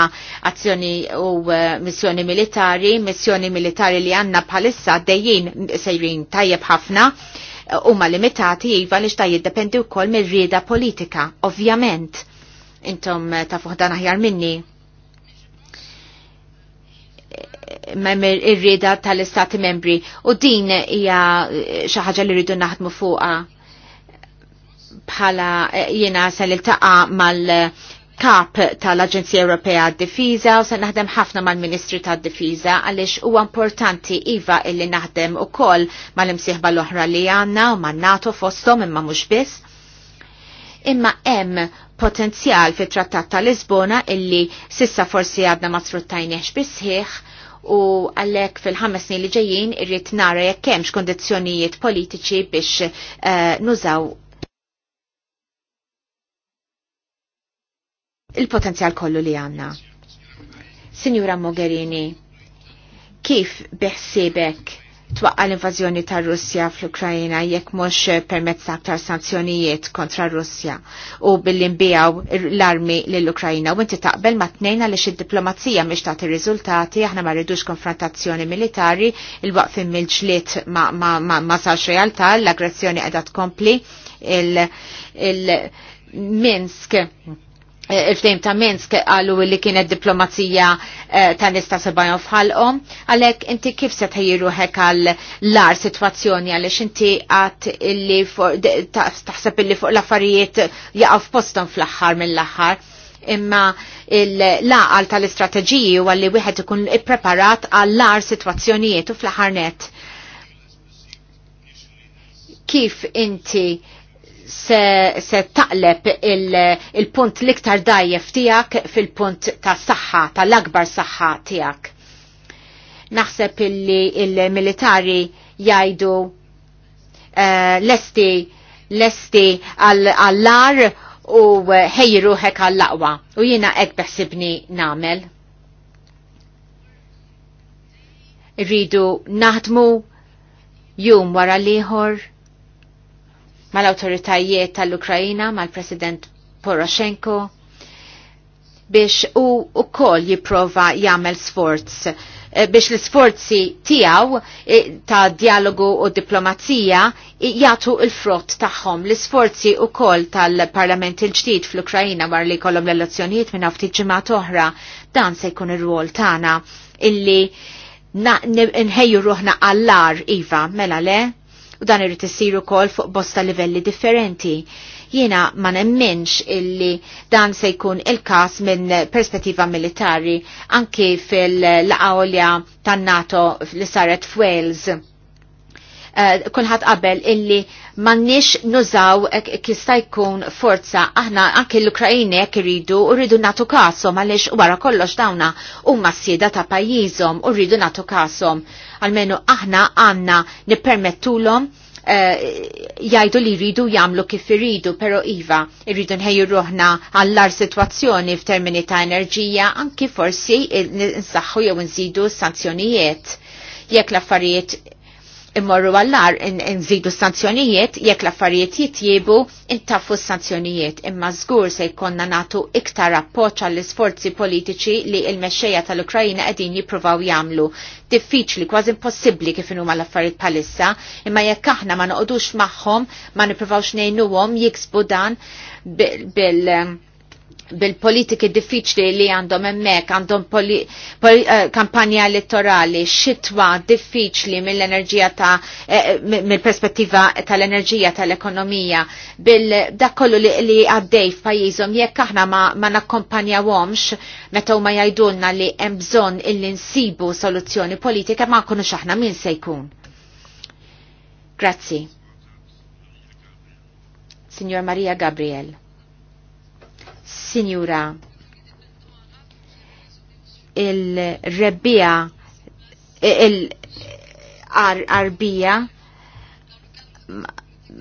azzjoni u uh, missjoni militari, missjoni militari li għanna bħalissa dejjin sejrin tajjeb ħafna huma limitati iva li xta jiddependi wkoll mir-rieda politika, ovvjament. Intom eh, ta' fuħdan aħjar minni memmer ir tal-istati membri u din hija eh, xi ħaġa li rridu naħdmu fuqha bħala eh, jiena se niltaqa' mal-kap tal-Aġenzija Ewropea għad-Difiża u se naħdem ħafna mal-Ministri tad-Difiża għaliex huwa importanti iva illi naħdem ukoll mal-imsieħba l-oħra li għandna u man-NATO fosthom imma mhux biss. Imma hemm potenzjal fit trattat ta' Lisbona illi sissa forsi għadna ma sfruttajniex bisħiħ u għallek fil-ħames snin li ġejjin irrid nara jekk hemmx kondizzjonijiet politiċi biex eh, nużaw il-potenzjal kollu li għanna. Sinjura Mogherini, kif beħsibek twaqqa l-invażjoni ta' Russja fl-Ukrajina jekk mhux permezz aktar sanzjonijiet kontra Russja u billi nbijaw l-armi lill-Ukrajina u inti taqbel ma tnejn għaliex id-diplomazija mhix tagħti riżultati aħna ma rridux konfrontazzjoni militari il-waqf mill-ġlied ma, sarx realtà l-aggressjoni qiegħda tkompli il-Minsk il, il minsk il fdejm ta' Minsk għallu li kienet diplomazija eh, ta' nista' sebajon fħalqom, għalek inti kif se tħejjiru hekk għal lar situazzjoni għalix inti għat illi taħseb illi fuq l-affarijiet jaqaw f'postom fl-axħar mill-axħar, imma l-laqal tal-istrateġiji u għalli wieħed ikun ippreparat għal lar situazzjonijiet u fl axħarnet net. Kif inti se, se taqleb il-punt il liktar dajjef tijak fil-punt ta' saħħa, tal-akbar saħħa tijak. Naħseb illi il-militari jajdu uh, lesti lesti għall-lar u ħejru hekk għall-laqwa. U jina ek beħsibni namel. Rridu naħdmu jum wara liħor mal-autoritajiet tal-Ukrajina, mal-President Poroshenko, biex u ukoll jipprova jagħmel sforz eh, biex l-sforzi tiegħu eh, ta' dialogu u diplomazija eh, jagħtu il-frott tagħhom. L-sforzi ukoll tal-Parlament il-ġdid fl-Ukrajina war li jkollhom l-elezzjonijiet minn ftit ġimat oħra dan se jkun ir-rwol tagħna illi nħejju ruħna għallar iva mela le dan irrid isir ukoll fuq bosta livelli differenti. Jiena ma nemminx illi dan se jkun il-każ minn perspettiva militari anki fil-laqgħolja tan-NATO li saret f'Wales Eh, kulħadd qabel illi m'għandniex nużaw eh, kista jkun forza aħna anke l-Ukrajini jekk iridu u rridu nagħtu kasom għaliex wara kollox dawna huma s ta' pajjiżhom u rridu nagħtu kasom. għalmenu aħna għandna nippermettulhom eh, jajdu li rridu jamlu kif irridu, pero Iva, irridu nħejju ruħna għallar situazzjoni f'termini ta' enerġija, anki forsi nsaħħu jew nżidu sanzjonijiet. Jekk l-affarijiet immorru għallar nżidu sanzjonijiet jekk l-affarijiet jitjibu intaffu sanzjonijiet imma żgur se jkollna natu iktar appoġġ għall isforzi politiċi li l-mexxejja tal-Ukrajina qegħdin jippruvaw jagħmlu. Diffiċli kważi impossibbli kif inhuma l-affarijiet bħalissa, imma jekk aħna ma noqogħdux magħhom ma nippruvawx ngħinuhom jiksbu dan bil-, bil bil-politiki diffiċli li għandhom emmek, għandhom eh, kampanja elettorali, xitwa diffiċli mill-enerġija ta' eh, mill-perspettiva tal-enerġija tal-ekonomija, bil-dakollu li, li għaddej f'pajjiżhom jekk aħna ma, ma meta huma jgħidulna li hemm bżonn illi nsibu soluzzjoni politika ma nkunux aħna min se jkun. Grazzi. Signor Maria Gabriel. Sinjura, il-rebbija, il-arbija,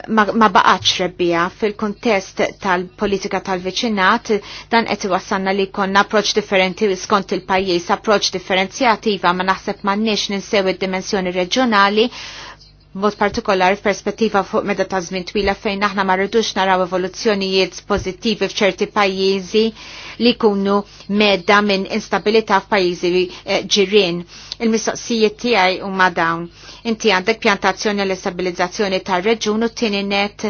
ma, ma baqax rebbija fil-kontest tal-politika tal-veċinat dan qed iwassalna li konna approċ differenti skont il-pajjiż, approċ differenzjattiva ma naħseb m'għandniex ninsew id-dimensjoni reġjonali mod partikolar f'perspettiva fuq meta ta' żmien twila fejn aħna ma rridux naraw evoluzzjonijiet pożittivi f'ċerti pajjiżi li jkunu medda minn instabilità f'pajjiżi eh, ġirien. Il-mistoqsijiet tiegħi huma dawn. Inti għandek pjantazzjoni l istabilizzazzjoni tar-reġun u tieni net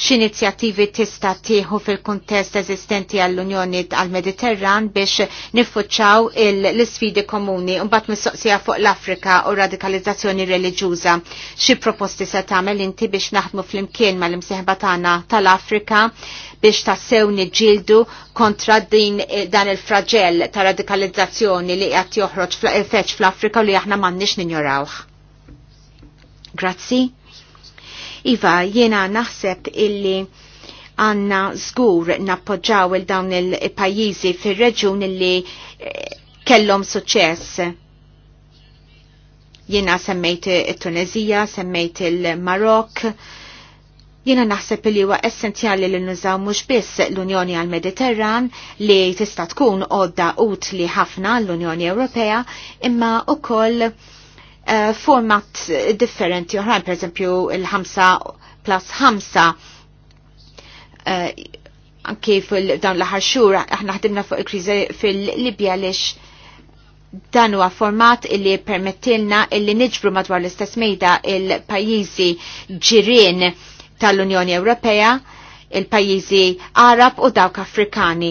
x'inizjattivi tista' tieħu fil-kuntest eżistenti għall-Unjoni għall-Mediterran biex niffuċċaw l-isfidi komuni u mbagħad mistoqsija fuq l-Afrika u radikalizzazzjoni reliġjuża. Xi proposti se tagħmel inti biex naħdmu flimkien mal-imsieħba tagħna tal-Afrika biex tassew niġġieldu kontra din dan il-fraġell ta' radikalizzazzjoni li qed joħroġ feċ fl-Afrika u li aħna m'għandniex ninjorawh. Grazzi. Iva, jiena naħseb illi għanna zgur nappoġġaw il-dawn il-pajizi fil-reġun illi eh, kellom suċess. Jiena semmejt il-Tunezija, semmejt il-Marok, Jiena naħseb li huwa essenzjali li nużaw mhux biss l-Unjoni għall mediterran li tista' tkun għodda utli ħafna l-Unjoni Ewropea imma wkoll uh, format differenti oħrajn, per eżempju il-5 plus 5 uh, eh, anki fil dan l-ħar xhur aħna ħdimna fuq il-kriżi fil-Libja lix dan huwa format illi permettilna illi niġbru madwar l-istess mejda il-pajjiżi ġirien tal-Unjoni Ewropea, il-pajjiżi Arab u dawk Afrikani.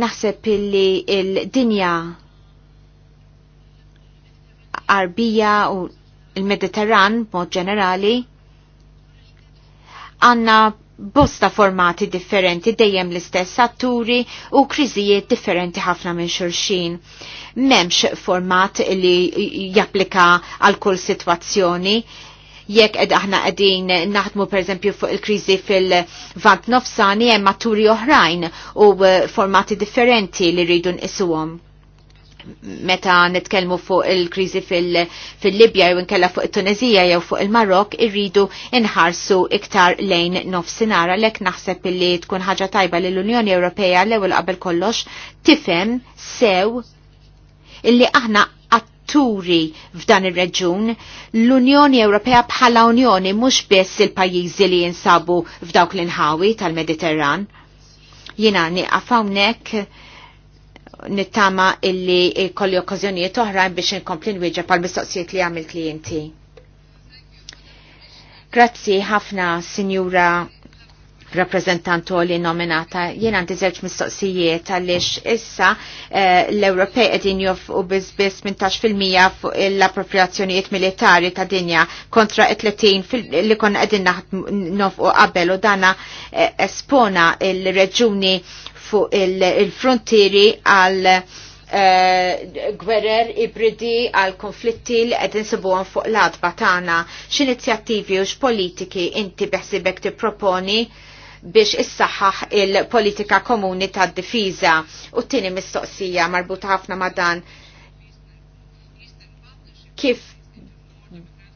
Naħseb illi il-dinja il dinja arbija u il-Mediterran mod ġenerali għanna bosta formati differenti dejjem l-istess atturi u kriżijiet differenti ħafna minn xulxin. Memx format li japplika għal kull sitwazzjoni. Jekk ed aħna qegħdin naħdmu pereżempju fuq il-kriżi fil-vant nofsani hemm atturi oħrajn u eh, formati differenti li rridu nqisuhom meta nitkellmu fuq il-kriżi fil-Libja jew inkella fuq it-Tunezija jew fuq il-Marok irridu inħarsu iktar lejn nofsinara, għalhekk naħseb illi tkun ħaġa tajba li l-Unjoni Ewropea l-ewwel qabel kollox tifhem sew illi aħna atturi f'dan ir-reġun, l-Unjoni Ewropea bħala Unjoni mhux biss il-pajjiżi li jinsabu f'dawk l-inħawi tal-Mediterran. Jiena nieqaf hawnhekk nittama illi kolli okkazjonijiet oħrajn biex nkompli nwieġa pal-mistoqsijiet li għamil klienti. Grazzi ħafna, Sinjura rappresentantu li nominata. Jien għandi żewġ mistoqsijiet għaliex issa eh, l-Ewropej qegħdin u bizbis 18% fuq l-appropriazzjonijiet militari ta' dinja kontra 30 li konna qegħdin nofqu qabel u dana eh, espona il-reġuni fuq il-frontieri għal eh, gwerer ibridi għal konflitti li qed insibuhom fuq l batana. tagħna. X'inizjattivi u x'politiki inti beħsibek tipproponi biex issaħħaħ il-politika komuni tad-difiża u t-tieni mistoqsija marbuta ħafna ma' dan kif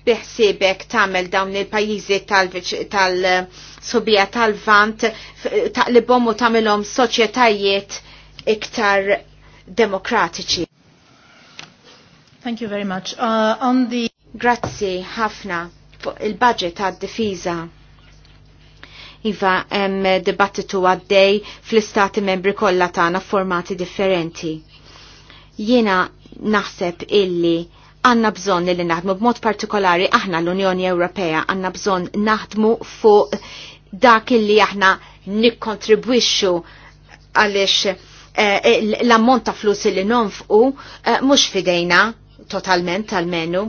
biħsibek tamel dawn il-pajizi tal-subija tal-vant taqlibom u tamilom soċjetajiet iktar demokratiċi. Thank you very much. Uh, on the... Grazzi ħafna il-budget għad difiża Iva, hemm dibattitu għaddej fl-istati membri kollha tagħna formati differenti. Jiena naħseb illi għanna bżon li naħdmu b'mod partikolari aħna l-Unjoni Ewropea għanna bżon naħdmu fuq dak li aħna nikkontribwixxu għaliex eh, l-ammont ta' flus li nonfqu eh, mhux fidejna totalment tal-menu.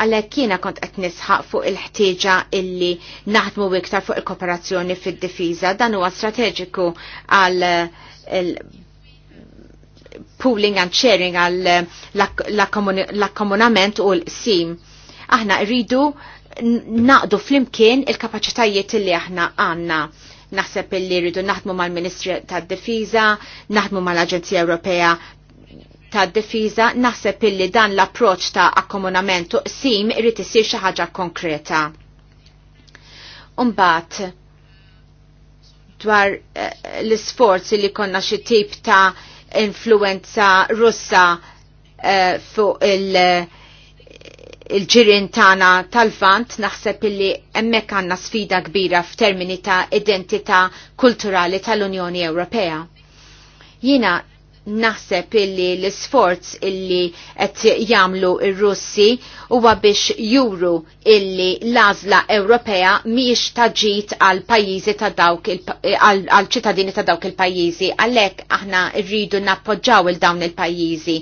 Għalhekk jiena kont qed nisħaq fuq il-ħtieġa illi naħdmu iktar fuq il-kooperazzjoni fid-difiża dan huwa strateġiku għal pooling and sharing għal eh, l-akkomunament u l-sim. Aħna rridu naqdu flimkien il-kapacitajiet li aħna għanna. Naħseb li rridu naħdmu mal-Ministri tad difiża naħdmu mal-Aġenzija Ewropea tad difiża naħseb illi dan l-approċ ta' akkomunament u sim irrid isir xi ħaġa konkreta. Umbat, dwar eh, l-sforzi li konna xi tip ta' influenza russa uh, fuq il- il-ġirin tana tal fant naħseb illi emmek għanna sfida kbira f'termini ta' identità kulturali tal-Unjoni Ewropea. Jina naħseb illi l-sforz illi qed jagħmlu ir-Russi huwa biex juru illi l-għażla Ewropea mhijiex taġit għal pajjiżi ta' dawk għal ċittadini ta' dawk il-pajjiżi għalhekk aħna rridu nappoġġaw il dawn il-pajjiżi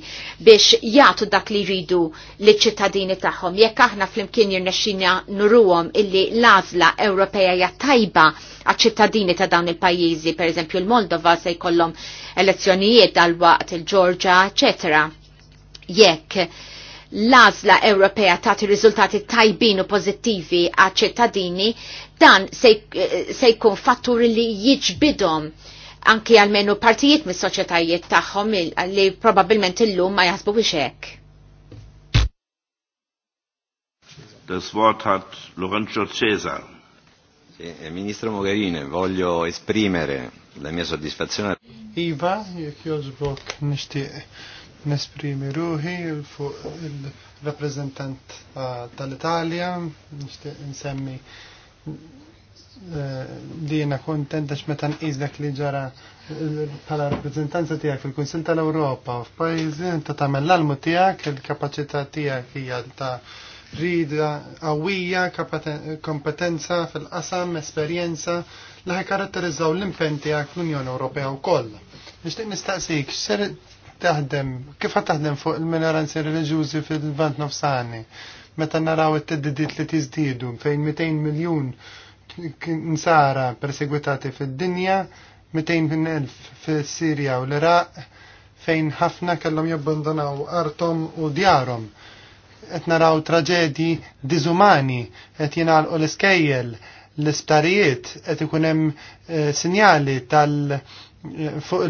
biex jagħtu dak li jridu l ċittadini tagħhom jekk aħna flimkien jirnexxina nuruhom illi l-għażla Ewropea hija tajba għacċittadini ċittadini ta' dawn il-pajjiżi, per eżempju il-Moldova se jkollhom elezzjonijiet dal-waqt il-Ġorġa, eċetera. Jekk l-azla Ewropea tagħti riżultati tajbin u pożittivi għacċittadini, ċittadini dan se jkun fatturi li jiġbidhom anki għalmenu partijiet mis soċjetajiet tagħhom li probabilment illum ma jasbu biex hekk. Das Wort hat Lorenzo Cesar. Eh, Ministro Mogherini, voglio esprimere la mia soddisfazione. Iva, jek joġbok nishtiq nesprimi ruħi fuq il-rappresentant tal-Italja, nishtiq nsemmi e, li jena kontenta x'meta nqisdak li ġara e, bħala rappreżentanza tiegħek fil-Kunsil tal-Ewropa f'pajjiżi ta' tagħmel l-almu tiegħek il-kapaċità tiegħek hija ta' rida għawija, kompetenza fil-qasam, esperjenza li karatterizzaw l impenti tiegħek fl-Unjoni Ewropea wkoll. Nixtieq nistaqsik xer taħdem, kif taħdem fuq il-minoranzi reliġjużi fil-Vant Nofsani? Meta naraw it-teddidiet li tiżdiedu fejn 200 miljun nsara persegwitati fid-dinja, 200.000 fis-Sirja u l-Iraq, fejn ħafna kellhom jabbandonaw artom u djarhom qed naraw traġedji diżumani qed jingħalqu l-iskejjel l-isptarijiet qed ikun hemm eh, sinjali tal eh, fuq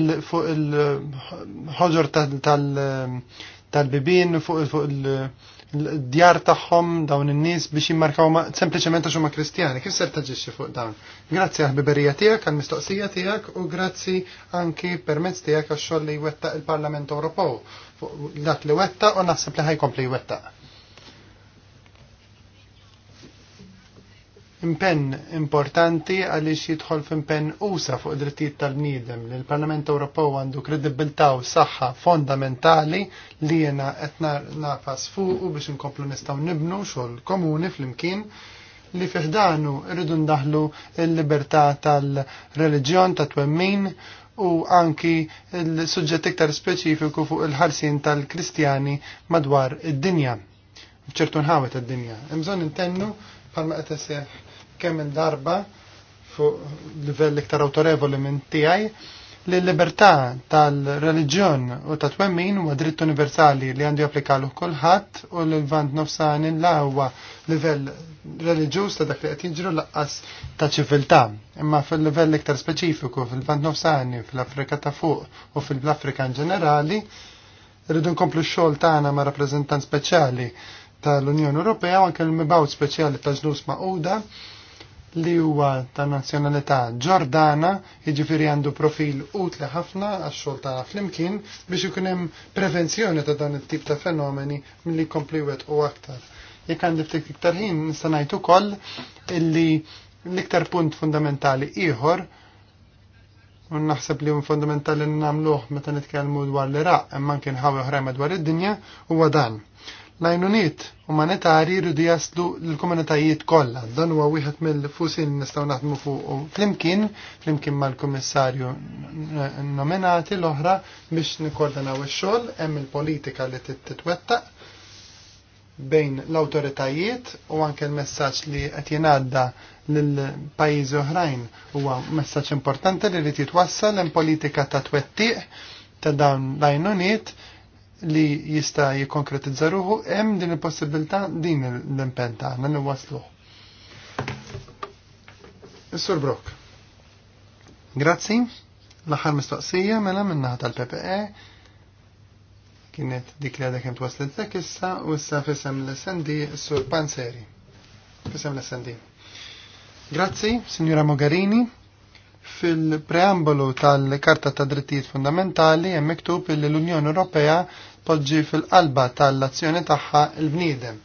il-ħoġor tal-bibin fuq il-djar tagħhom dawn in-nies biex jimmarkaw sempliċement għax huma Kristjani. Kif ser taġixxi fuq dawn? Grazzi għal biberija tiegħek, għal mistoqsija tiegħek u grazzi anki permezz tiegħek għax-xogħol li jwettaq il-Parlament Ewropew fuq dak li wetta u naħseb li li jwettaq. impenn importanti għaliex jidħol f'impenn usa fuq id-drittijiet tal-bniedem li l-Parlament Ewropew għandu kredibilità u saħħa fondamentali li jiena qed nafas fuq u biex inkomplu nistgħu nibnu xogħol komuni flimkien li fiħdanu rridu ndaħlu l-libertà tal-reliġjon ta' twemmin u anki l-suġġett iktar speċifiku fuq il-ħarsin tal-Kristjani madwar id-dinja. F'ċertu nħawet id-dinja. Imżon intennu palma qed kemm il-darba fuq livell iktar autorevoli minn tiegħi li l-libertà tal-reliġjon u ta' twemmin huwa dritt universali li għandu japplikalu kulħadd u l-vant nofsani la huwa livell reliġjuż ta' dak li qed jiġru laqqas ta' ċiviltà. Imma fil-livell iktar speċifiku fil-vant nofsani fl-Afrika ta' fuq u fil-Afrika in ġenerali rridu nkomplu x-xogħol tagħna ma' rappreżentant speċjali tal-Unjoni Ewropea u anke l-mibgħut speċjali ta' ġlus ma' li huwa ta' nazzjonalità ġordana, jiġifieri għandu profil utli ħafna għax-xogħol ta' flimkien biex ikun hemm prevenzjoni ta' dan it-tip ta' fenomeni milli jkompli u aktar. Jekk għandi ftit iktar ħin nista' ngħid ukoll illi l-iktar punt fundamentali ieħor u naħseb li fundamentali nagħmluh meta nitkellmu dwar l-Iraq imma kien ħawi oħrajn madwar id-dinja huwa dan Najnuniet umanitari jridu jaslu l-komunitajiet kollha. Dan huwa wieħed mill-fusin nistgħu naħdmu fuq flimkien, flimkien mal-kummissarju nominati l-oħra biex nikkordanaw ix-xogħol hemm il-politika li titwettaq bejn l-awtoritajiet u anke l-messaġġ li qed jingħadda lill-pajjiżi oħrajn huwa messaġġ importanti li rid jitwassal hemm politika ta' twettiq ta' dawn l-għajnuniet li jista' jikkonkretizza ruħu hemm din il-possibilità din l-impenn tagħna niwasluh. Is-Sur Brock. Grazzi. L-aħħar mistoqsija mela minnaħa tal-PPE kienet dik li għadha kemm twaslitlek issa u issa fisem l-SND sur Panzeri. Fisem l-SND. Grazzi, Signora Mogherini. Fil-preambolu tal-Karta ta' Drittijiet Fundamentali hemm miktub li l-Unjoni Ewropea poġġi fil-qalba tal-azzjoni tagħha l-bniedem.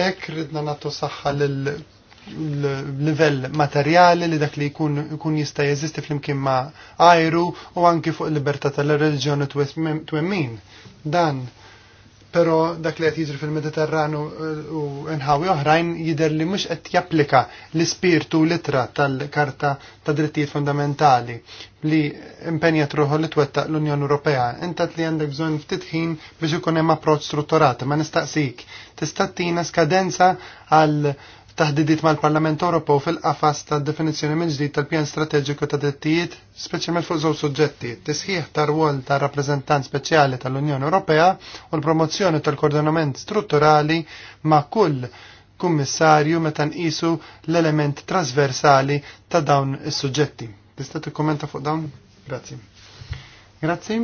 Bekk ridna nagħtu saħħa lill livell materjali li dak li jkun jista' jeżisti flimkien ma' ajru u anki fuq libertà tal-reliġjoni twemmin. Dan però dak li qed jiġri fil-Mediterranu eh, u nħawi oħrajn jidher li mhux qed japplika l-ispirtu l-itra tal-Karta ta' Drittijiet Fundamentali li impenja truħu li twettaq l-Unjoni Ewropea. Intat li għandek bżonn ftit ħin biex ikun hemm approċċ strutturat, ma nistaqsik. Tista' tina skadenza għal taħdidiet mal-Parlament Ewropew fil-qafas tad definizzjoni minn ġdid tal-pjan strateġiku ta' dettijiet, speċjalment fuq żewġ suġġetti, tisħiħ tar rwol ta' rappreżentant speċjali tal-Unjoni Ewropea u l-promozzjoni tal-koordinament strutturali ma' kull kummissarju meta nqisu l-element trasversali ta' dawn is-suġġetti. Tista' tikkumenta fuq dawn? Grazzi. Grazzi.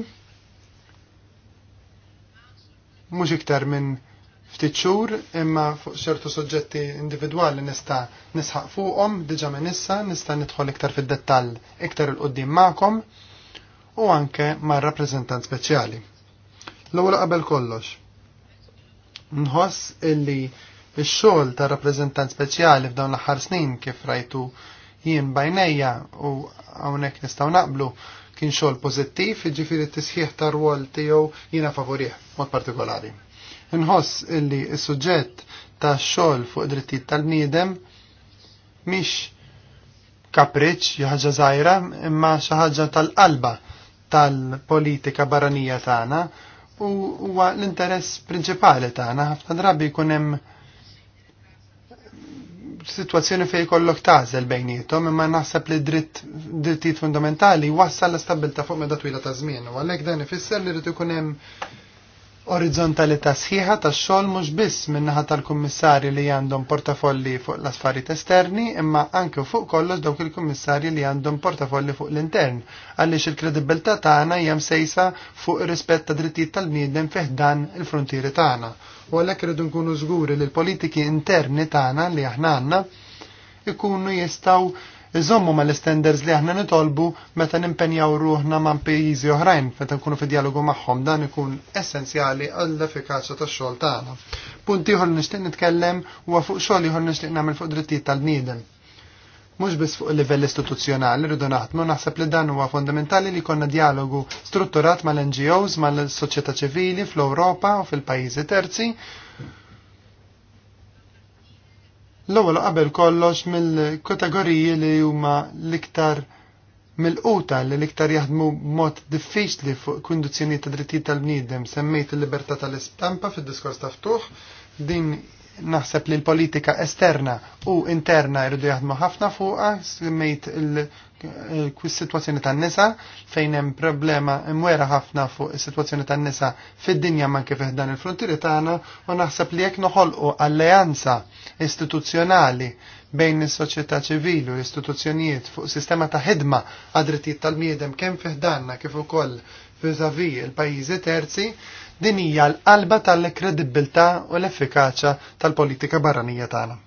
Mhux iktar minn ftit xhur imma fuq ċertu soġġetti individwali nista' nisħaq fuqhom diġà minn issa nista' nidħol iktar fid-dettall iktar il qudiem magħkom u anke mar-rappreżentant speċjali. L-ewwel qabel kollox. Nħoss illi x-xogħol ta' rappreżentant speċjali f'dawn l-aħħar snin kif rajtu jien bajnejja u hawnhekk nistgħu naqblu kien xogħol pożittiv, jiġifieri t-tisħiħ tar-rwol tiegħu jiena favorih mod partikolari. Inħoss illi s-suġġett ta' xogħol fuq drittijiet tal-bniedem mhix kapriċ ħaġa żgħira imma xi ħaġa tal-qalba tal-politika barranija tagħna u huwa l-interess prinċipali tagħna ħafna drabi jkun hemm situazzjoni fej kollok tażel bejnietom, imma naħseb li dritt drittijiet fundamentali wassal l-istabilta fuq meta twila ta' żmien. U għalhekk dan ifisser li rid ikun hemm orizzontalità sħiħa tax-xogħol mhux biss min-naħa tal-kummissarji li għandhom portafolli fuq l-affarijiet esterni, imma anke fuq kollox dawk il-kummissarji li għandhom portafolli fuq l-intern, għaliex il-kredibilità tagħna hija msejsa fuq ir-rispett ta' drittijiet tal-bniedem fih dan il-frontieri tagħna. U għalhekk irridu nkunu żguri li l-politiki interni tagħna li aħna għandna ikunu jistgħu iżommu mal istenders li aħna nitolbu meta nimpenjaw ruħna ma' pajjiżi oħrajn meta nkunu fi dialogu magħhom dan ikun essenzjali għall effikaċja tax-xogħol tagħna. Punt ieħor nixtieq nitkellem huwa fuq xogħol ieħor nixtieq nagħmel fuq drittijiet tal-bniedem. Mhux biss fuq livell istituzzjonali rridu naħdmu naħseb li dan huwa fondamentali li jkollna dialogu strutturat mal-NGOs, mal-soċjetà ċivili fl-Ewropa u fil-pajjiżi terzi L-ewwel qabel kollox mill-kategoriji li huma l-iktar mill-quta li l-iktar jaħdmu mod diffiċli fuq kundizzjonijiet ta' drittijiet tal-bniedem semmejt il-libertà tal-istampa fid-diskors ta' ftuħ din naħseb li l-politika esterna u interna jridu jaħdmu ħafna fuqa, semmejt il-situazzjoni tan nisa fejn hemm problema imwera ħafna fuq is-sitwazzjoni tan nisa fid-dinja ma kif dan il-frontieri tagħna u naħseb li jekk noħolqu alleanza istituzzjonali bejn is-soċjetà ċivili u l-istituzzjonijiet fuq sistema ta' ħidma għad-drittijiet tal-miedem kemm fiħdanna kif ukoll viżavi il-pajjiżi terzi, Din hija l-qalba tal-kredibilità u l-effikaċja tal-politika barranija tagħna.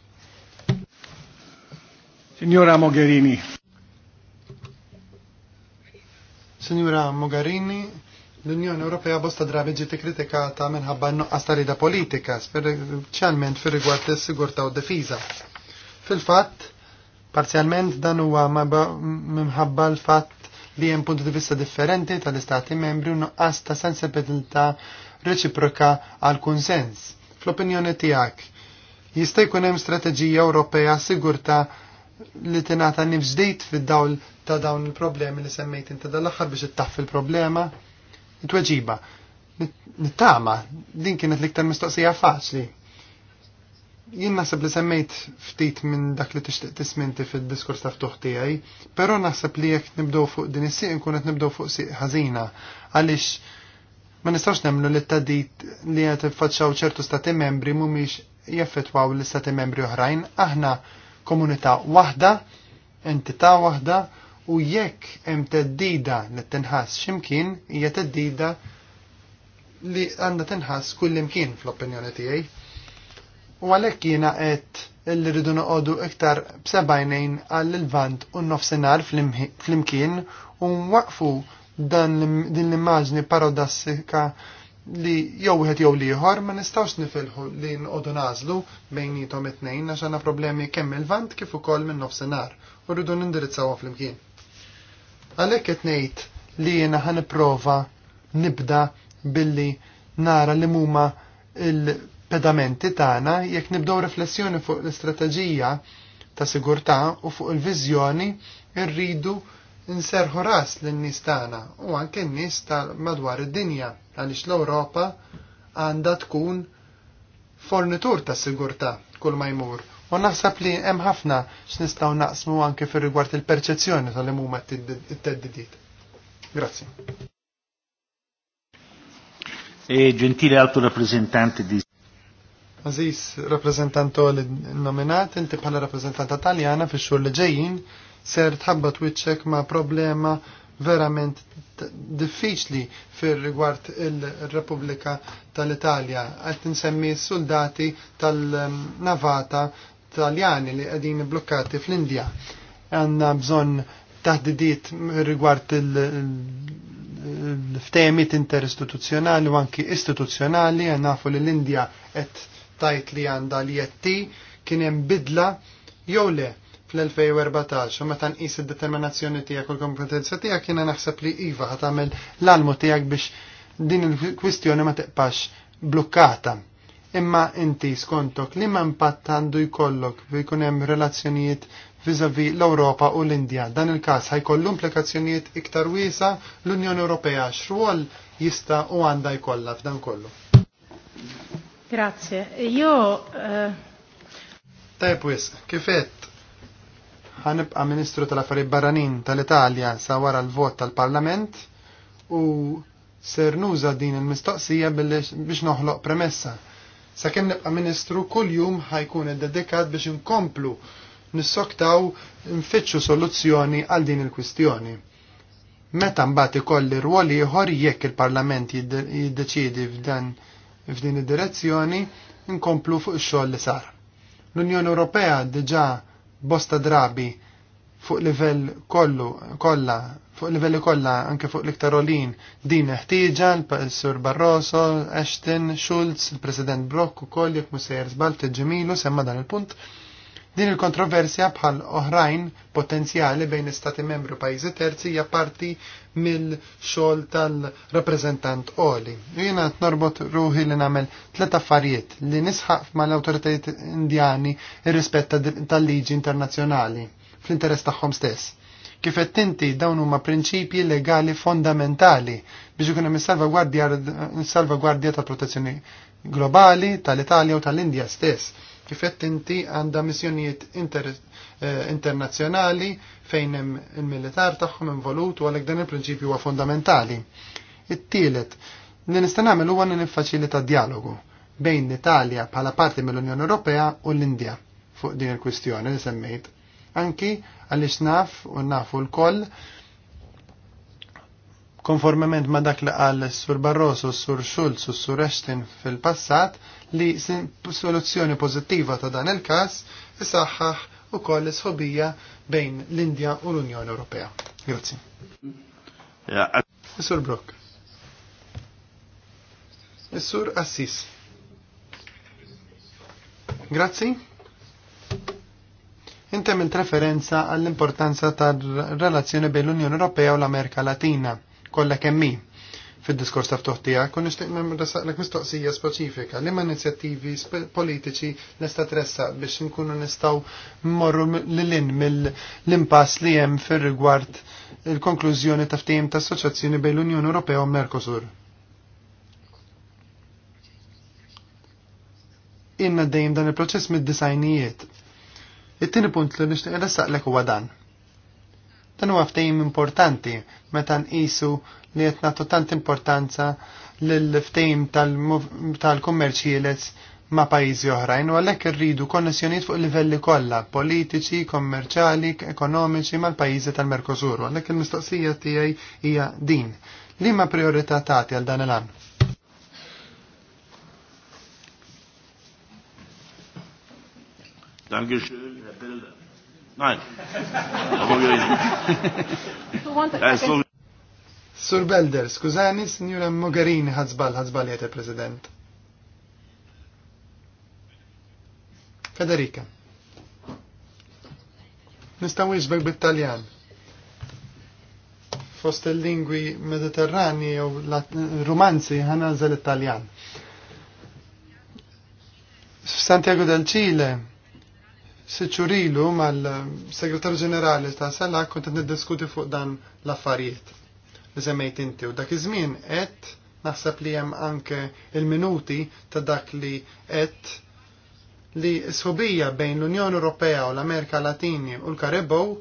Signora Mogherini. Signora Mogherini, l-Unjoni Ewropea bosta drabi ġiet kritikata minħabba nuqqas tarida politika, speċjalment fir rigward is-sigurtà u d-difiża. Fil-fatt, parzjalment dan huwa minħabba l-fatt li hemm punti di vista differenti tal-istati membri u nuqqas ta' sensibilità reċiproka għal kunsens. Fl-opinjoni tiegħek, jista' jkun hemm strateġija Ewropea sigurta li tingħata nibżdejt fid-dawl ta' dawn il-problemi li semmejt inti dal-aħħar biex ittaf il-problema? Tweġiba, nittama, din kienet l-iktar mistoqsija faċli jien naħseb li semmejt ftit minn dak li tixtieq tisminti fid-diskors ta' ftuħ tiegħi, però naħseb li jekk nibdew fuq din is-sieq nkun qed nibdew fuq sieq ħażina għaliex Ma nistax nemlu li t taddit li għet faċċaw ċertu stati membri mumiex jaffetwaw l-istati membri oħrajn, aħna komunità wahda, entità wahda, u jekk hemm teddida li tinħass x'imkien hija teddida li għandha tinħass kull imkien fl-opinjoni tiegħi. U għalhekk jiena qed li rridu noqogħdu iktar b'sebajnejn għall vant u nofsinhar fl-imkien u nwaqfu dan din l-immaġni parodassika li jew wieħed jew liħor ma nistgħux nifilħu li nqogħdu nażlu bejnietom it-tnejn għax għandna problemi kemm il-vant kif ukoll minn nofsinhar u rridu nindirizzawha flimkien. Għalhekk qed ngħid li jiena ħa nipprova nibda billi nara li huma il-pedamenti tagħna jekk nibdew riflessjoni fuq l-istrateġija ta' sigurtà u fuq il-viżjoni rridu il inserħu ras lin-nies tagħna u anke n-nies ta' madwar id-dinja għaliex l-Ewropa għandha tkun fornitur ta' sigurtà kull ma jmur. U naħseb li hemm ħafna x'nistgħu naqsmu anke fir-rigward il-perċezzjoni tal-imuma t-teddidiet. Grazzi. Ġentili e altu rappresentanti di Aziz, rappresentanto nominat, inti bħala rappresentanta taljana fi xogħol li ġejjin ser tħabbat wiċċek ma' problema verament diffiċli fir rigward il-Repubblika tal-Italja. Għed nsemmi soldati tal-navata taljani li għedin blokkati fl-Indja. Għanna bżon taħdidiet rigward il-ftemiet interistituzjonali u anki istituzjonali. Għannafu li l-Indja għed tajt li għanda li jetti kien hemm bidla jew le fl-2014 u meta nqis id-determinazzjoni tiegħek u l-kompetenza tiegħek jiena naħseb li iva ħad tagħmel l-almu tiegħek biex din il-kwistjoni ma teqpax blukkata. Imma inti skontok li ma impatt għandu jkollok bi jkun hemm relazzjonijiet viżavi l-Ewropa u l-Indja. Dan il-każ ħajkollu implikazzjonijiet iktar wiesa l-Unjoni Ewropea x'rwol jista' u għandha jkollha f'dan kollu. Grazie. Jo uh... Eh, Tajb wis, kifet ħanibqa' Ministru tal-Affarijiet Barranin tal-Italja sa wara l-vot tal-Parlament u ser nuża din il-mistoqsija biex noħloq premessa. Sakemm nibqa' Ministru kull jum ħajkun iddedikat biex inkomplu nissoktaw nfittxu soluzzjoni għal din il-kwistjoni. Meta mbagħad ikolli rwol ieħor jekk il-Parlament jiddeċiedi f'dan f'din id-direzzjoni, inkomplu fuq ix-xogħol li sar. L-Unjoni Ewropea diġà bosta drabi fuq livell kollu kollha fuq livelli kollha anke fuq l-iktar olin din ħtieġa l-Sur Barroso, Ashton, Schulz, il-President Brock ukoll jekk Musejers Balt ġemilu semma dan il-punt. Din il-kontroversja bħal oħrajn potenzjali bejn istati membri u pajjiżi terzi hija parti mill-xogħol tal-rappreżentant qoli. Jiena qed norbot ruħi li nagħmel tliet affarijiet li nisħaq mal-awtoritajiet indjani ir-rispett tal-liġi internazzjonali fl-interess tagħhom stess. Kif qed inti dawn huma prinċipji legali fondamentali biex ikun hemm is-salvagwardja tal-protezzjoni globali tal-Italja u tal-Indja stess Kifett inti għandha missjonijiet inter, eh, internazzjonali fejn hemm il-militar tagħhom involut u għalhekk dan il-prinċipju huwa fundamentali. It-tielet, li nista' nagħmel huwa li niffaċilita dialogu bejn l-Italja bħala parti mill-Unjoni Ewropea u l-Indja fuq din il-kwistjoni li semmejt. Anki għaliex naf u nafu l-koll konformement ma dak li qal sur Barroso, sur Schulz u sur Eshtin fil-passat, li soluzzjoni pożittiva ta' dan il-każ isaħħaħ ukoll koll isħobija bejn l-Indja u l-Unjoni Ewropea. Grazzi. Is-Sur Brock. Is-Sur Assis. Grazzi. Intem il-referenza għall-importanza tar relazzjoni bejn l-Unjoni Ewropea u l-Amerika Latina, kollha kemm fil-diskors ta' ftuħ tiegħek u nixtieq ek mistoqsija speċifika liema inizjattivi politiċi nista' tressaq biex nkunu nistgħu mmorru lilin mill-impass li hemm fir-rigward il-konklużjoni ta' ftehim ta' assoċjazzjoni bejn l-Unjoni Ewropea u Mercosur. Inna dejjem dan il-proċess mid-disajnijiet. It-tieni punt li nixtieq nressaqlek huwa dan. Dan huwa ftehim importanti meta nqisu li qed nagħtu tant importanza lill ftehim tal-kummerċ ma' pajjiżi oħrajn u għalhekk irridu konnessjonijiet fuq livelli kollha politiċi, kommerċjali, ekonomiċi mal-pajjiżi tal-Merkosur. Għalhekk il-mistoqsija tiegħi hija din. Liema priorità tagħti għal dan il-għan? Dankeschön. Sur Belder, skużani, signora Mogherini ħazbal, ħazbal jete president Federica. Nistaw iġbek bit-Taljan. Fost il-lingwi mediterrani u romanzi ħana il-Taljan. Santiago del Cile, Siċurilu mal-Segretarju Ġenerali ta' Sala kontet niddiskuti fuq dan l-affarijiet li semmejt inti u dak iż-żmien qed naħseb li hemm anke il-minuti ta' dak li qed li s s-sobija bejn l-Unjoni Ewropea u l-Amerika Latini u l karibow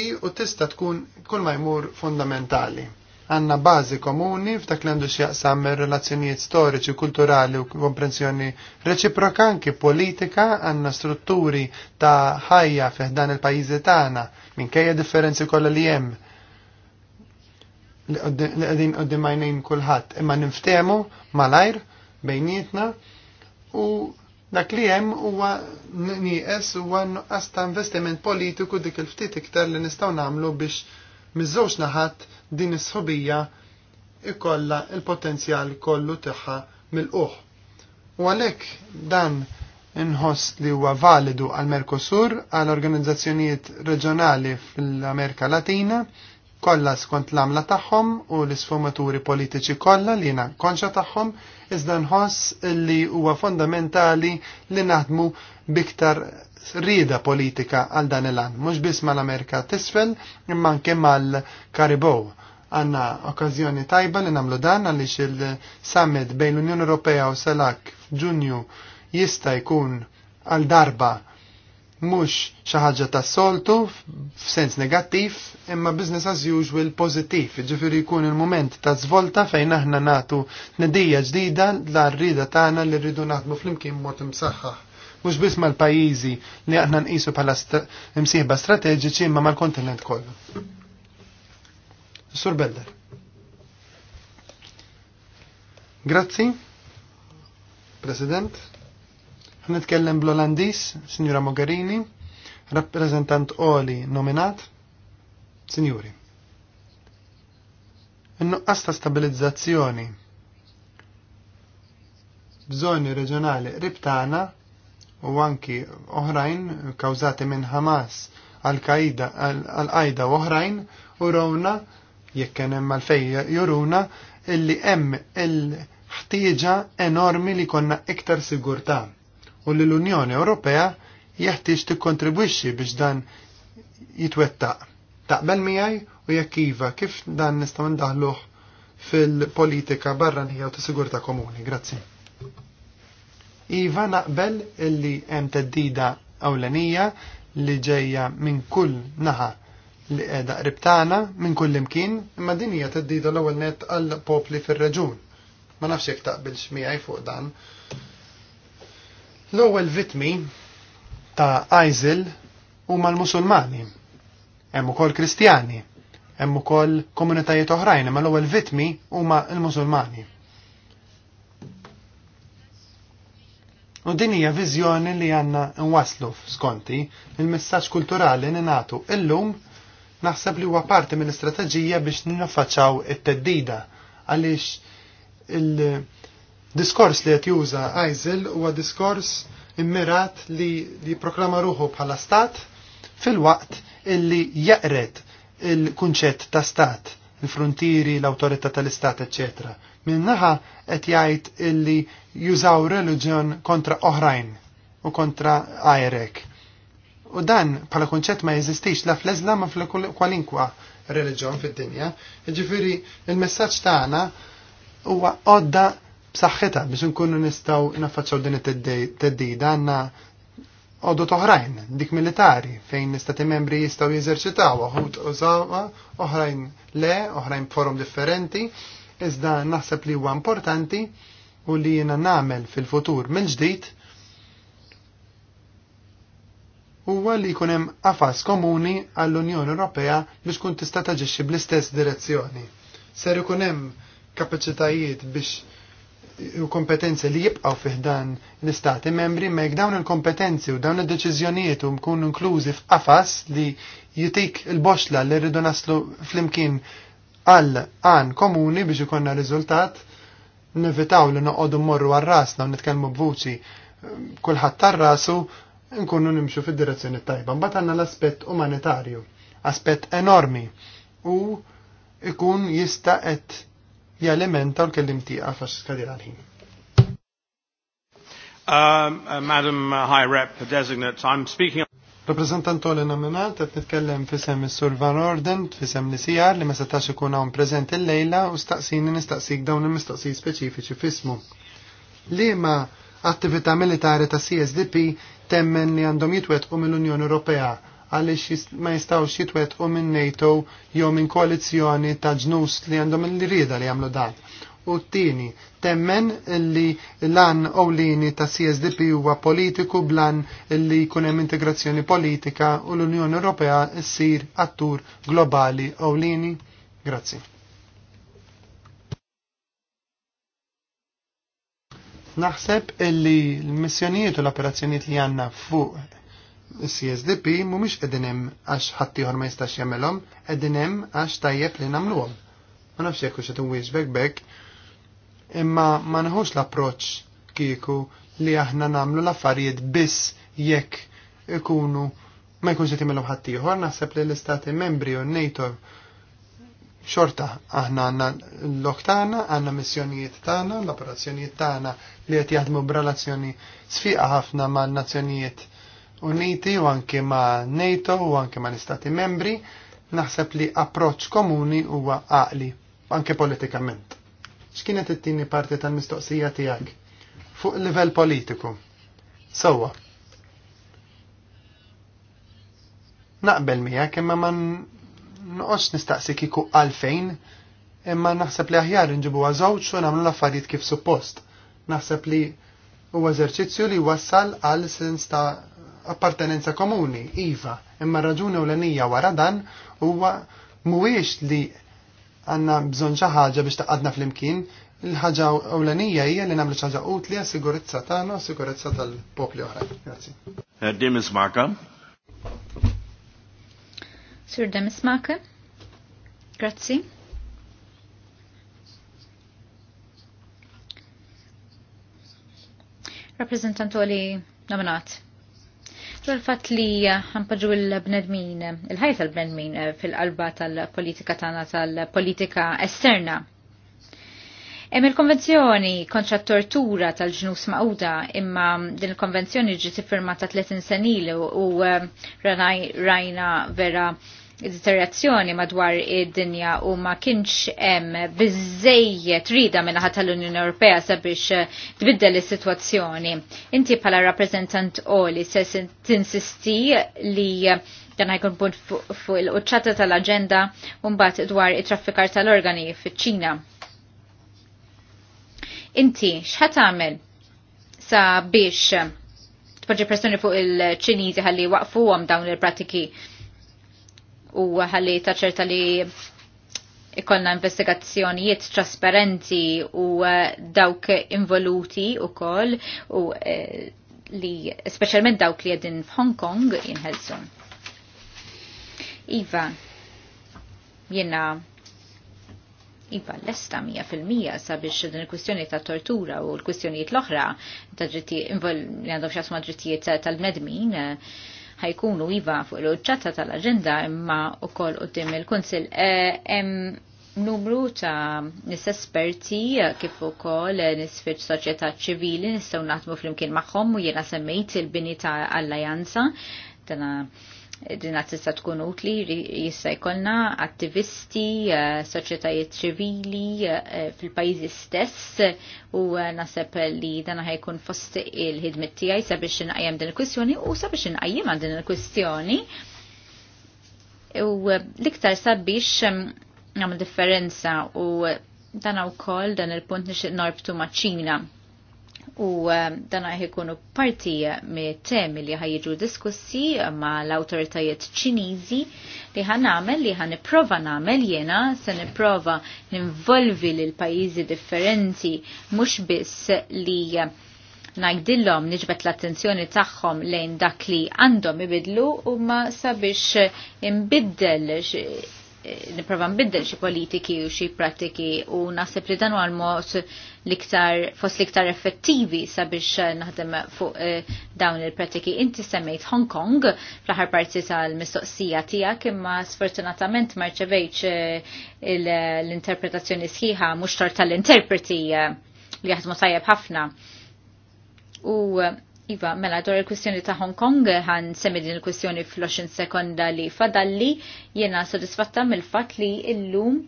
i u tista' tkun kull ma jmur fundamentali għanna bażi komuni f'dak li għandu x'jaqsam relazzjonijiet storiċi, kulturali u komprensjoni reċiproka anki politika għanna strutturi ta' ħajja f'dan il-pajjiżi tagħna minkejja differenzi kollha li hemm li qegħdin qudiem għajnejn kulħadd imma niftehmu malajr bejnietna u dak li hemm huwa nieqes huwa nuqqas ta' investiment politiku dik il-ftit iktar li nistgħu nagħmlu biex miż naħat din is-sħobija ikolla il-potenzjal kollu tagħha mill-qoħ. U għalhekk dan inħoss li huwa validu għal Mercosur għal organizzazzjonijiet reġjonali fl-Amerika Latina kollha skont l-amla tagħhom u l-isfumaturi politiċi kollha li jiena konxa tagħhom iżda nħoss li huwa fondamentali li naħdmu biktar rida politika għal dan il an mux bis mal-Amerika t-isfel, imman kem mal-Karibow. Għanna okkazjoni tajba li namlu dan għalix il-summit bejn l-Unjoni Ewropea u Selak f'Ġunju jista jkun għal darba mux xaħġa ta' soltu f'sens negattiv imma business as usual pozittiv ġifiri jkun il-moment ta' zvolta fejn aħna natu nedija ġdida l-rrida tagħna li rridu naħdmu fl-imkien mod imsaħħaħ mhux biss mal-pajjiżi li aħna nqisu bħala msiħba strateġiċi imma mal-kontinent kollu. Sur Belder. Grazzi, President. Nitkellem bl-Olandis, Signora Mogherini, rappresentant Oli nominat, Signori. Innuqqas ta' stabilizzazzjoni f'żoni reġjonali ribtana u anki oħrajn kawżati minn Hamas għal-qajda u oħrajn u rawna jekk kien hemm malfejja juruna illi hemm il-ħtieġa enormi li konna iktar sigurtà u li l-Unjoni Ewropea jeħtieġ tikkontribwixxi biex dan jitwettaq. Taqbel miegħi u jekk iva kif dan nistgħu ndaħluh fil-politika barranija u ta' sigurtà komuni. Grazzi. Iva naqbel illi hemm teddida Ewlenija li ġejja minn kull naħa li qiegħda qrib tagħna minn kull imkien, imma din hija teddida l-ewwel net għall popli fir-reġun. Ma nafx jekk taqbilx miegħi fuq dan. L-ewwel vitmi ta' ISIL huma l-Musulmani, hemm ukoll Kristjani, hemm ukoll komunitajiet oħrajn, imma l-ewwel vitmi huma l-Musulmani. U din hija viżjoni li għandna nwaslu f'skonti il-messaġġ kulturali li nagħtu illum naħseb li huwa parti mill-istrateġija biex ninnaffaċċaw it-teddida għaliex il-diskors li qed juża ISIL huwa diskors immirat li jipproklama ruħu bħala stat fil-waqt illi jaqret il-kunċett ta' stat, il-frontieri, l-autorità tal-istat, ecc. Minnaħa qed jgħid illi jużaw religion kontra oħrajn u kontra ajrek. U dan pala kunċett ma jeżistix la fl-eżla ma fl-kwalinkwa reliġjon fid-dinja. Ġifiri, il-messaġġ tagħna huwa għodda b'saħħitha biex nkunu nistgħu naffaċċaw din it-teddida għanna għoddu toħrajn, dik militari, fejn istati membri jistgħu jeżerċitaw, uħud użawa, oħrajn le, oħrajn forum differenti, iżda naħseb li huwa importanti u li jiena nagħmel fil-futur mill-ġdid huwa li jkun hemm komuni għall-Unjoni Ewropea biex tkun tista' taġixxi bl-istess direzzjoni. Ser ikun hemm kapaċitajiet biex u kompetenzi li jibqgħu fih dan l-istati membri ma dawn il-kompetenzi u dawn id-deċiżjonijiet u mkun inklużi f'qafas li jitik il-boxla li rridu naslu flimkien għal għan komuni biex ikonna riżultat nevitaw li noqogħdu mmorru għar-rasna u nitkellmu b'vuċi kulħadd tar-rasu nkunu nimxu fid-direzzjoni tajba. Mbagħad għandna l-aspett umanitarju, aspett enormi u ikun jista' qed jalimenta l-kellim tiegħek fax skadir għal-ħin. Um, uh, Madam High Rep Designate, I'm speaking Rappresentant li nominat qed nitkellem fisem is-Sur Van Orden fissem li sijar li ma setax ikun hawn preżenti llejla u staqsini nistaqsik dawn il mistaqsij speċifiċi fismu. Li ma attività militari ta' CSDP temmen li għandhom jitwetqu mill-Unjoni Ewropea għaliex ma jistawx u minn NATO jew minn koalizjoni ta' ġnus li għandhom il-rida li jagħmlu dan. U t-tieni, temmen li lan ewlieni ta' CSDP huwa politiku blan li jkun hemm integrazzjoni politika u l-Unjoni Ewropea ssir attur globali ewlieni. Grazzi. Naħseb illi l-missjonijiet u l-operazzjonijiet li għanna fuq CSDP mumiex edinem għax ħattijħor ma jistax jamelom, edinem għax tajjeb li namluwom. Ma nafx jekku xa tuwiġ bek bek, imma ma nħux l-approċ kieku li aħna namlu l-affarijiet biss jekk ikunu ma jkunx qed imilhom ħaddieħor, naħseb li l-istati membri u NATO xorta aħna għandna l-lok tagħna, għandna missjonijiet tagħna, l-operazzjonijiet tagħna li qed jaħdmu b'relazzjoni sfiqa ħafna mal-Nazzjonijiet Uniti u anke ma' NATO u anke ma' l-istati membri, naħseb li approċċ komuni huwa għaqli, anke politikament x'kienet it-tieni parti tal-mistoqsija tiegħek fuq livell politiku. Sewwa. Naqbel miegħek imma ma noqos nistaqsi kieku għalfejn imma naħseb li aħjar nġibu żewġ u nagħmlu l-affarijiet kif suppost. Naħseb li huwa eżerċizzju li wassal għal sens ta' appartenenza komuni, iva, imma raġuni u l-nija wara dan huwa mhuwiex li għanna bżon xi ħaġa biex taqadna fl-imkien, il-ħaġa ewlenija hija li nagħmlu ħaġa utli għas-sigurezza tagħna u sigurezza tal-popli oħra. Grazzi. Demis Maka. Sir Demis Maka. Grazzi. Rappresentantu li nominat dwar fatt li ħampaġu l-bnedmin, il-ħajja l bnedmin fil-qalba tal-politika tagħna tal-politika esterna. Hemm il-konvenzjoni kontra tortura tal-ġnus maquda imma din il-konvenzjoni ġiet firmata 30 senil u eh, rajna vera deterjazzjoni madwar id-dinja u ma kienx hemm biżejjed rida ħadd tal-Unjoni Ewropea sabiex tbiddel is-sitwazzjoni. Inti bħala rappreżentant oli se tinsisti li dan ħajkun punt fuq il-quċċata tal-aġenda u mbagħad dwar it-traffikar tal-organi fiċ-Ċina. Inti x'ħad tagħmel sabiex tpoġġi pressjoni fuq il-Ċiniżi ħalli waqfuhom dawn il-pratiki u ħalli taċerta li ikonna investigazzjonijiet trasparenti u eh, dawk involuti u koll u eh, li specialment dawk li għedin f'Hong Kong jinħelsu. Iva, jena Iva, l-esta mija fil-mija sabiex din il-kwistjoni ta' tortura u l-kwistjonijiet l-oħra ta' dritti, li għandhom xasma drittijiet tal-medmin, ta eh, ħajkunu iva fuq il-ċatta tal-agenda imma u koll u il konsil Hemm eh, numru ta' nis-esperti eh, kif ukoll eh, nisfiċ soċjetà ċivili nistgħu naħdmu flimkien magħhom u jiena semmejt il-bini ta' allajanza tana Dina tista tkun utli jista jkollna attivisti, eh, soċjetajiet ċivili eh, fil-pajjiżi stess u eh, naseb li dana ħajkun fost il-ħidmet tiegħi sabiex inqajjem din il-kwistjoni u sabiex inqajjem din il-kwistjoni. U l-iktar sabiex ehm, nagħmel differenza u dan ukoll dan il-punt nix norbtu ma' Ċina u eh, dan għaj ikunu parti me temi li ħajġu diskussi ma l-autoritajiet ċinizi li ħan għamel li ħan niprofa namel jena se niprofa ninvolvi l-pajizi differenti mux biss li eh, najdillom niġbet l-attenzjoni tagħhom lejn dak li għandhom ibidlu u ma sabiex eh, imbiddel niprofa nbiddel xi politiki u xi pratiki u naħseb li dan huwa l-mod l-iktar fost l-iktar effettivi sabiex eh, naħdem fuq eh, dawn il-pratiki. Inti semmejt Hong Kong fl-aħħar parti tal-mistoqsija tiegħek imma sfortunatament ma eh, l-interpretazzjoni sħiħa mhux tal-interpreti li jaħdmu tajjeb ħafna. U Iva, mela dwar il-kwistjoni ta' Hong Kong għan semmi din il-kwistjoni fl-20 sekonda li fadalli jena sodisfatta mill-fat li illum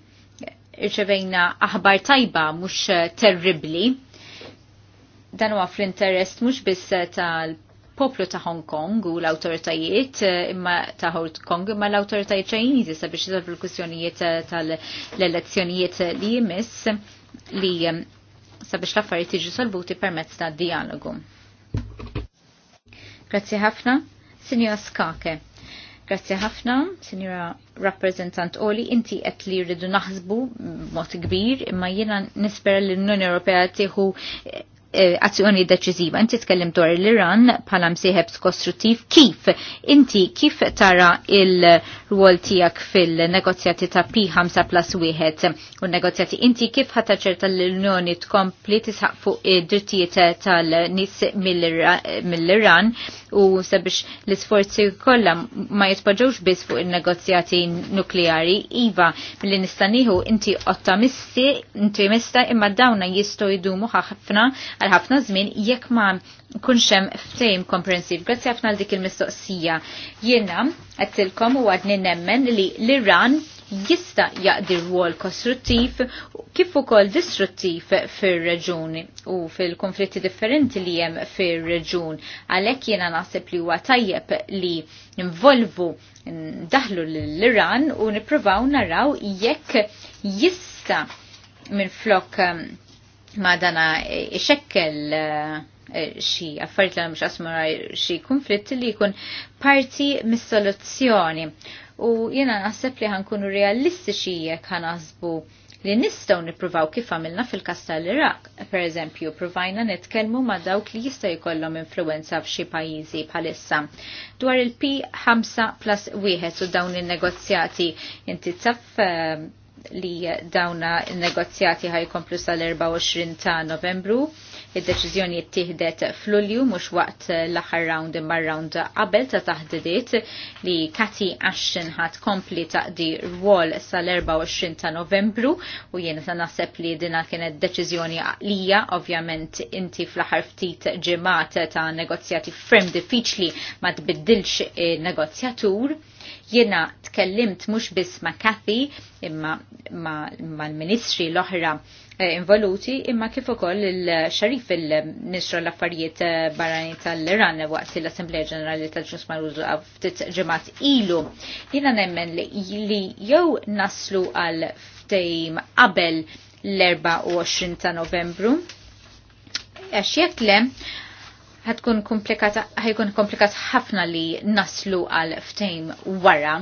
irċevejna aħbar tajba mhux terribli. Dan huwa fl-interess mhux biss tal-poplu ta' Hong Kong u l-awtoritajiet imma ta' Hong Kong imma l-awtoritajiet ċajnizi sabiex jisolvu l-kwistjonijiet tal-elezzjonijiet li jmiss li sabiex l-affarijiet jiġu solvuti permezz ta' dialogu. Grazzi ħafna, Sinjora Skake. Grazzi ħafna, Sinjora Rappresentant Oli, inti qed li rridu naħsbu mm, mod kbir, imma jiena nispera li l-Unjoni Ewropea tieħu eh, Eh, azzjoni deċiżiva. Inti tkellim dwar l-Iran bħala msieħeb skostruttiv. Kif? Inti kif tara il-rwol tiegħek fil-negozjati ta' P5 plus 1 u negozjati inti kif ħata ċerta l-Unjoni tkompli tisħaq fuq id-drittijiet tal-nis mill-Iran u sabiex l-isforzi kollha ma jitpoġġewx biss fuq il-negozjati nukleari. Iva, mill nistaniħu inti ottamisti, inti mista imma dawna jistgħu jdumu ħafna għal ħafna żmien jekk ma kunx hemm ftehim komprensiv. Grazzi ħafna għal dik il-mistoqsija. Jiena għedtilkom u għadni nemmen li l-Iran jista jaqdi wol kostruttiv kif ukoll distruttiv fir-reġuni u fil-konflitti differenti li hemm fir-reġun. Għalhekk jiena naħseb li huwa tajjeb li involvu daħlu l-Iran u nippruvaw naraw jekk jista minn flok um, ma dana eh, ixekkel eh, eh, xi affarijiet li mhux asmura xi konflitt li jkun parti mis-soluzzjoni. U jiena naħseb li ħankunu realistiċi jekk ħanaħsbu li nistgħu nippruvaw kif għamilna fil-kas tal-Iraq. Per eżempju, provajna nitkellmu ma dawk li jista' jkollhom influenza f'xi pajjiżi bħalissa. Dwar il-P5 plus 1 u dawn in-negozjati inti taf li dawna il-negozjati ħajkomplu sal-24 ta' novembru. Id-deċizjoni jittieħdet f'Lulju mhux waqt l-aħħar round imma round qabel ta' taħdidiet li Kati Ashton ħadd kompli taqdi rwol sal-24 ta' Novembru u jiena ta' naħseb li dina kienet deċiżjoni għalija, ovvjament inti fl-aħħar ftit ġimgħat ta' negozjati ferm diffiċli ma tbiddilx eh, negozjatur Jiena tkellimt mhux biss ma' Kathy imma ma' l-ministri l-oħra eh, involuti imma kif ukoll il-xarif il-Ministru l-Affarijiet eh, Barrani tal-Iran waqt l-Assembleja Ġenerali tal-Ġus marużu ftit ġemat ilu. Jiena nemmen li jew naslu għal ftejm qabel l-24 ta' Novembru għax jekk le ħatkun komplikat, ħajkun komplikat ħafna li naslu għal ftejm wara.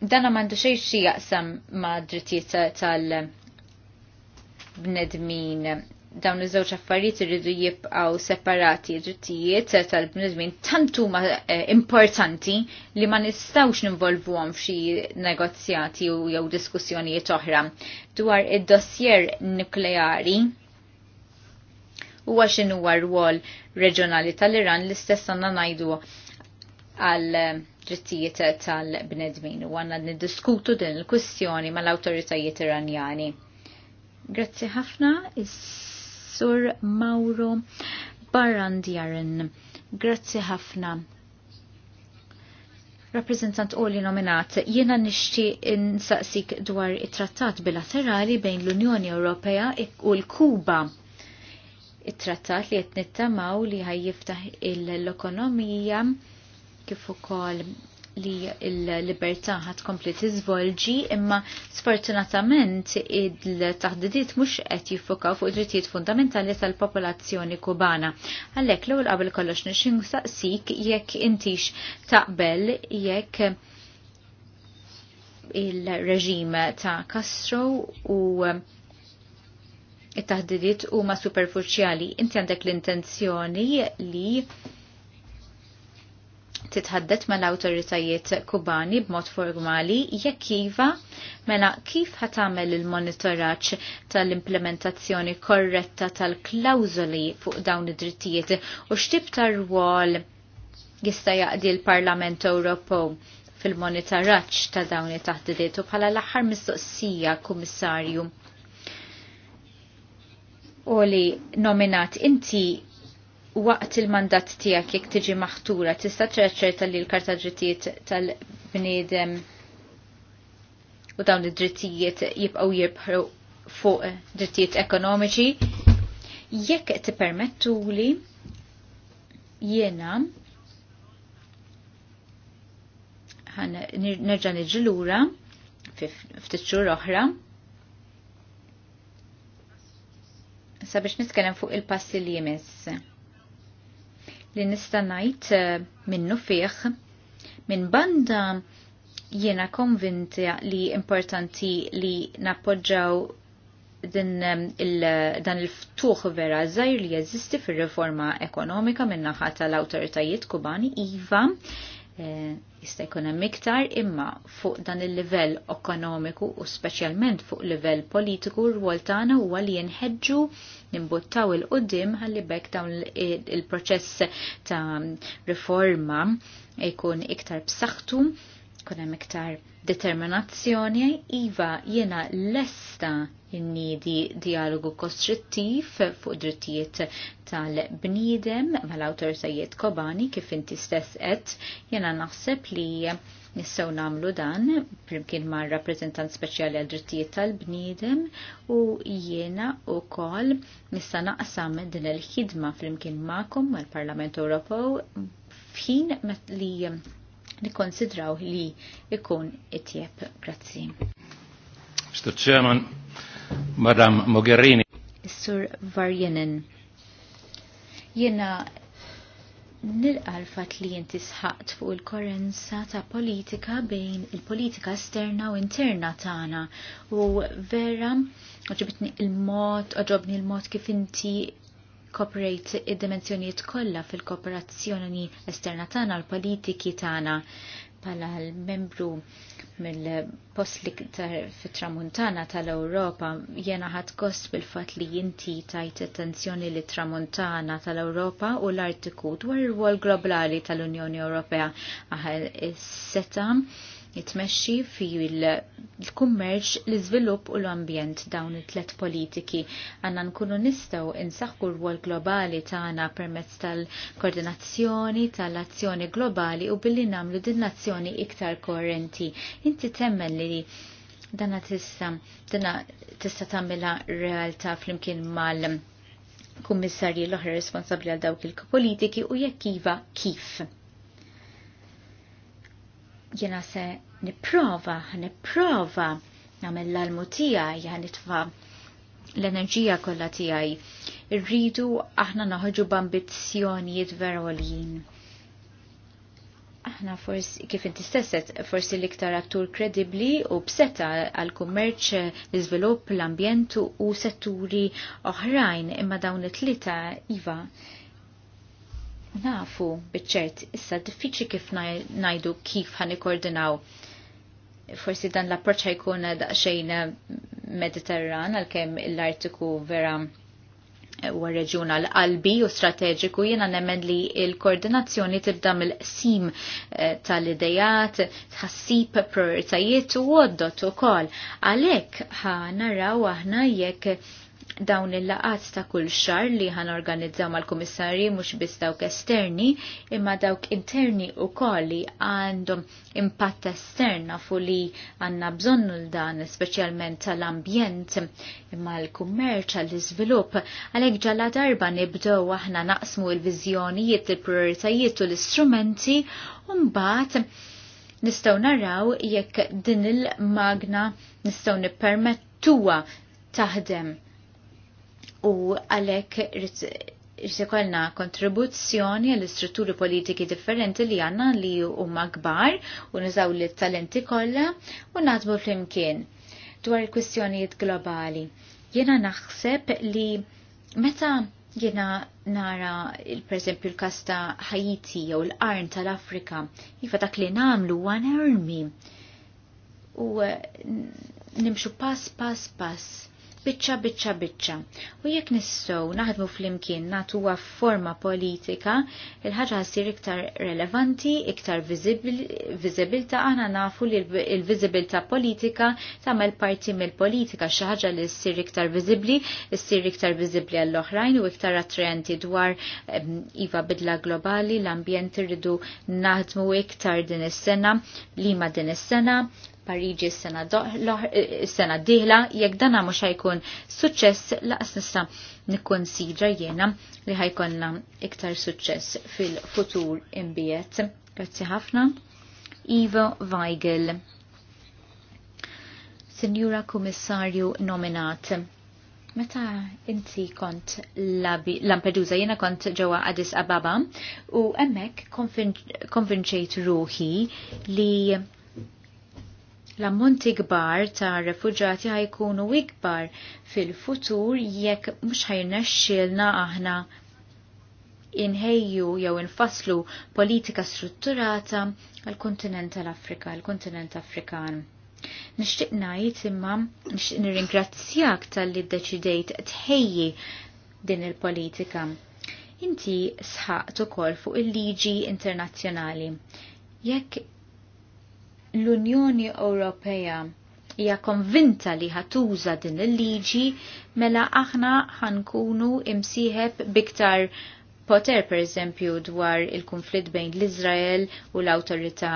Dana mandu xej xie jaqsam ma' drittijiet tal-bnedmin dawn iż-żewġ affarijiet irridu jibqgħu separati drittijiet tal-bnedmin tant huma eh, importanti li ma nistgħux ninvolvuhom f'xi negozjati u jew diskussjonijiet oħra dwar id-dossier nukleari u għaxin huwa rwol reġjonali tal-Iran l-istess għandna ngħidu għal eh, drittijiet tal-bnedmin u għanna niddiskutu din il-kwistjoni mal awtoritajiet iranjani. Grazzi ħafna, Sur Mauro Barandjarin. Grazzi ħafna rappresentant li nominat, jiena nixti insaqsik dwar it-trattat bilaterali bejn l-Unjoni Ewropea u l-Kuba it-trattat li qed nittamaw li ħajjiftaħ l-ekonomija kif ukoll li l-libertà ħad kompli tiżvolġi imma sfortunatament il-taħdidiet mhux qed jiffokaw fuq drittijiet fundamentali tal-popolazzjoni kubana. Għalhekk l-ewwel qabel kollox nixin saqsik jekk intix taqbel jekk il-reġim ta' Castro u it-taħdidiet huma superfuċjali. Inti għandek l-intenzjoni li titħaddet mal mela awtoritajiet kubani b'mod formali jekk iva mela kif ħatamel il-monitoraġġ tal-implementazzjoni korretta tal-klawżoli fuq dawn id-drittijiet u x'tib ta rwol jista' jaqdi l-Parlament Ewropew fil-monitoraġġ ta' dawn it-taħdidiet u bħala l-aħħar mistoqsija, Kummissarju u li nominat inti waqt il-mandat tijak jek tiġi maħtura tista ċerċerta li l-karta ġittijiet tal-bnidem u dawn id-drittijiet jibqaw jibħru fuq drittijiet ekonomiċi. Jekk t-permettu li jiena ħan nerġa' iġilura lura ftit xhur oħra sabiex nitkellem fuq il-passi li jemess. Li nista' ngħid eh, minnu fih minn banda jiena konvinti li importanti li nappoġġaw din eh, il, dan il-ftuħ vera zaħir li jeżisti fir-riforma ekonomika min-naħa tal-awtoritajiet kubani iva eh, jista' jkun hemm iktar imma fuq dan il-livell ekonomiku u speċjalment fuq livell politiku r-rwol tagħna huwa li jinħeġġu nimbuttaw il-qudiem ħalli bekk dawn il-proċess ta' riforma jkun iktar b'saħħtu kunem iktar determinazzjoni, iva jena lesta innidi dialogu kostrittiv fuq drittijiet tal-bnidem mal autorizajiet kobani kif inti stess et jena naħseb li nissaw namlu dan primkien ma' rappresentant speċjali għal drittijiet tal-bniedem u jiena u kol nista' naqsam din il-ħidma flimkien ma'kom mal-Parlament Ewropew f'ħin li nikkonsidraw li ikun itjeb. Grazzi. Mr. Chairman, Madam Mogherini. Sur Varjenen, jena nil l li jinti sħat fuq il-korenza ta' politika bejn il-politika esterna u interna tagħna u vera oġobitni il-mod, oġobni il-mod kif inti kopprejt id-dimensjonijiet kollha fil-kooperazzjoni esterna tagħna l-politiki tagħna bħala l-membru mill-post li fit-tramuntana tal-Ewropa jena ħad kost bil-fat li jinti tajt attenzjoni li tramuntana tal-Ewropa u l-artiku dwar ir wol globali tal-Unjoni Ewropea aħel is-seta' jitmexxi fi l-kummerċ, l-iżvilupp u l-ambjent dawn it-tlet politiki. Għanna nkunu nistgħu insaħħu l-wol globali tagħna permezz tal-koordinazzjoni, tal-azzjoni globali u billi nagħmlu din nazzjoni iktar koerenti. Inti temmen li dana tista' dana tista' tagħmilha realtà flimkien mal kummissarji l-oħra responsabbli għal dawk il-politiki u jekk iva kif jena se niprofa, niprofa namel l-almu tijaj, nitfa l-enerġija kolla tijaj. Irridu aħna noħġu b'ambizzjonijiet verolin. Aħna forsi kif inti stesset forsi l-iktar aktur kredibli u bseta għal-kummerċ, l-iżvilupp, l-ambjent u setturi oħrajn imma dawn it-tlita iva nafu biċċert issa diffiċi kif najdu kif ħan ikordinaw. Forsi dan l approċ ħajkun daqsxejn mediterran għalkemm l-artiku vera u reġjun għal qalbi u strateġiku jiena nemmen li l-koordinazzjoni tibda mill-qsim eh, tal-idejat, tħassib prioritajiet u għoddot ukoll. Għalhekk ħa naraw aħna jekk dawn il-laqat ta' kull xar li ħan organizzaw mal-komissarji mux biss dawk esterni imma dawk interni u koli li għandhom impatt esterna fu li għanna bżonnu l-dan specialment tal-ambjent imma l-kummerċ l-izvilup għalek ġalla darba nibdow aħna naqsmu il-vizjonijiet, il-prioritajiet u l-istrumenti un-bat nistaw naraw jekk din il-magna nistaw nippermettuwa taħdem u għalek jisekolna kontribuzzjoni għall istrutturi politiki differenti li għanna li huma kbar u nizaw li talenti kollha u nadmu flimkien dwar kwistjonijiet globali. Jena naħseb li meta jena nara il preżempju l kasta ta' Haiti jew l arn tal-Afrika, jifa dak li namlu għan armi u nimxu pass pass pass biċċa biċċa biċċa. U jekk nistgħu naħdmu flimkien natuwa forma politika, il-ħaġa sir iktar relevanti, iktar viżibilta aħna nafu li l-viżibilta politika tagħmel parti mill-politika xi ħaġa li ssir iktar viżibbli, ssir iktar viżibbli għall-oħrajn u iktar attrajenti dwar ehm, iva bidla globali, l-ambjent irridu naħdmu iktar din is-sena, li ma din is-sena, Pariġi s-sena diħla, jekk dana mux ħajkun suċess laqas nista siġa jena li ħajkonna iktar suċess fil-futur imbiet. Grazzi ħafna. Ivo Weigel. Senjura Kummissarju nominat. Meta inti kont Lampedusa, jena kont ġewa Addis Ababa u emmek konvinċejt ruħi li L-ammonti kbar ta' refuġati ħajkunu ikbar fil-futur jekk mhux xxilna aħna inħejju jew infaslu politika strutturata għal kontinent tal-Afrika, għal kontinent Afrikan. Nixtieq ngħid imma nixtieq nirringrazzjak tal-li ddeċidejt tħejji din il-politika. Inti sħaqtu ukoll fuq il-liġi internazzjonali. Jekk l-Unjoni Ewropea hija konvinta li ħatuża din il-liġi mela aħna ħankunu imsieħeb biktar poter per eżempju dwar il-konflitt bejn l-Izrael u l awtorità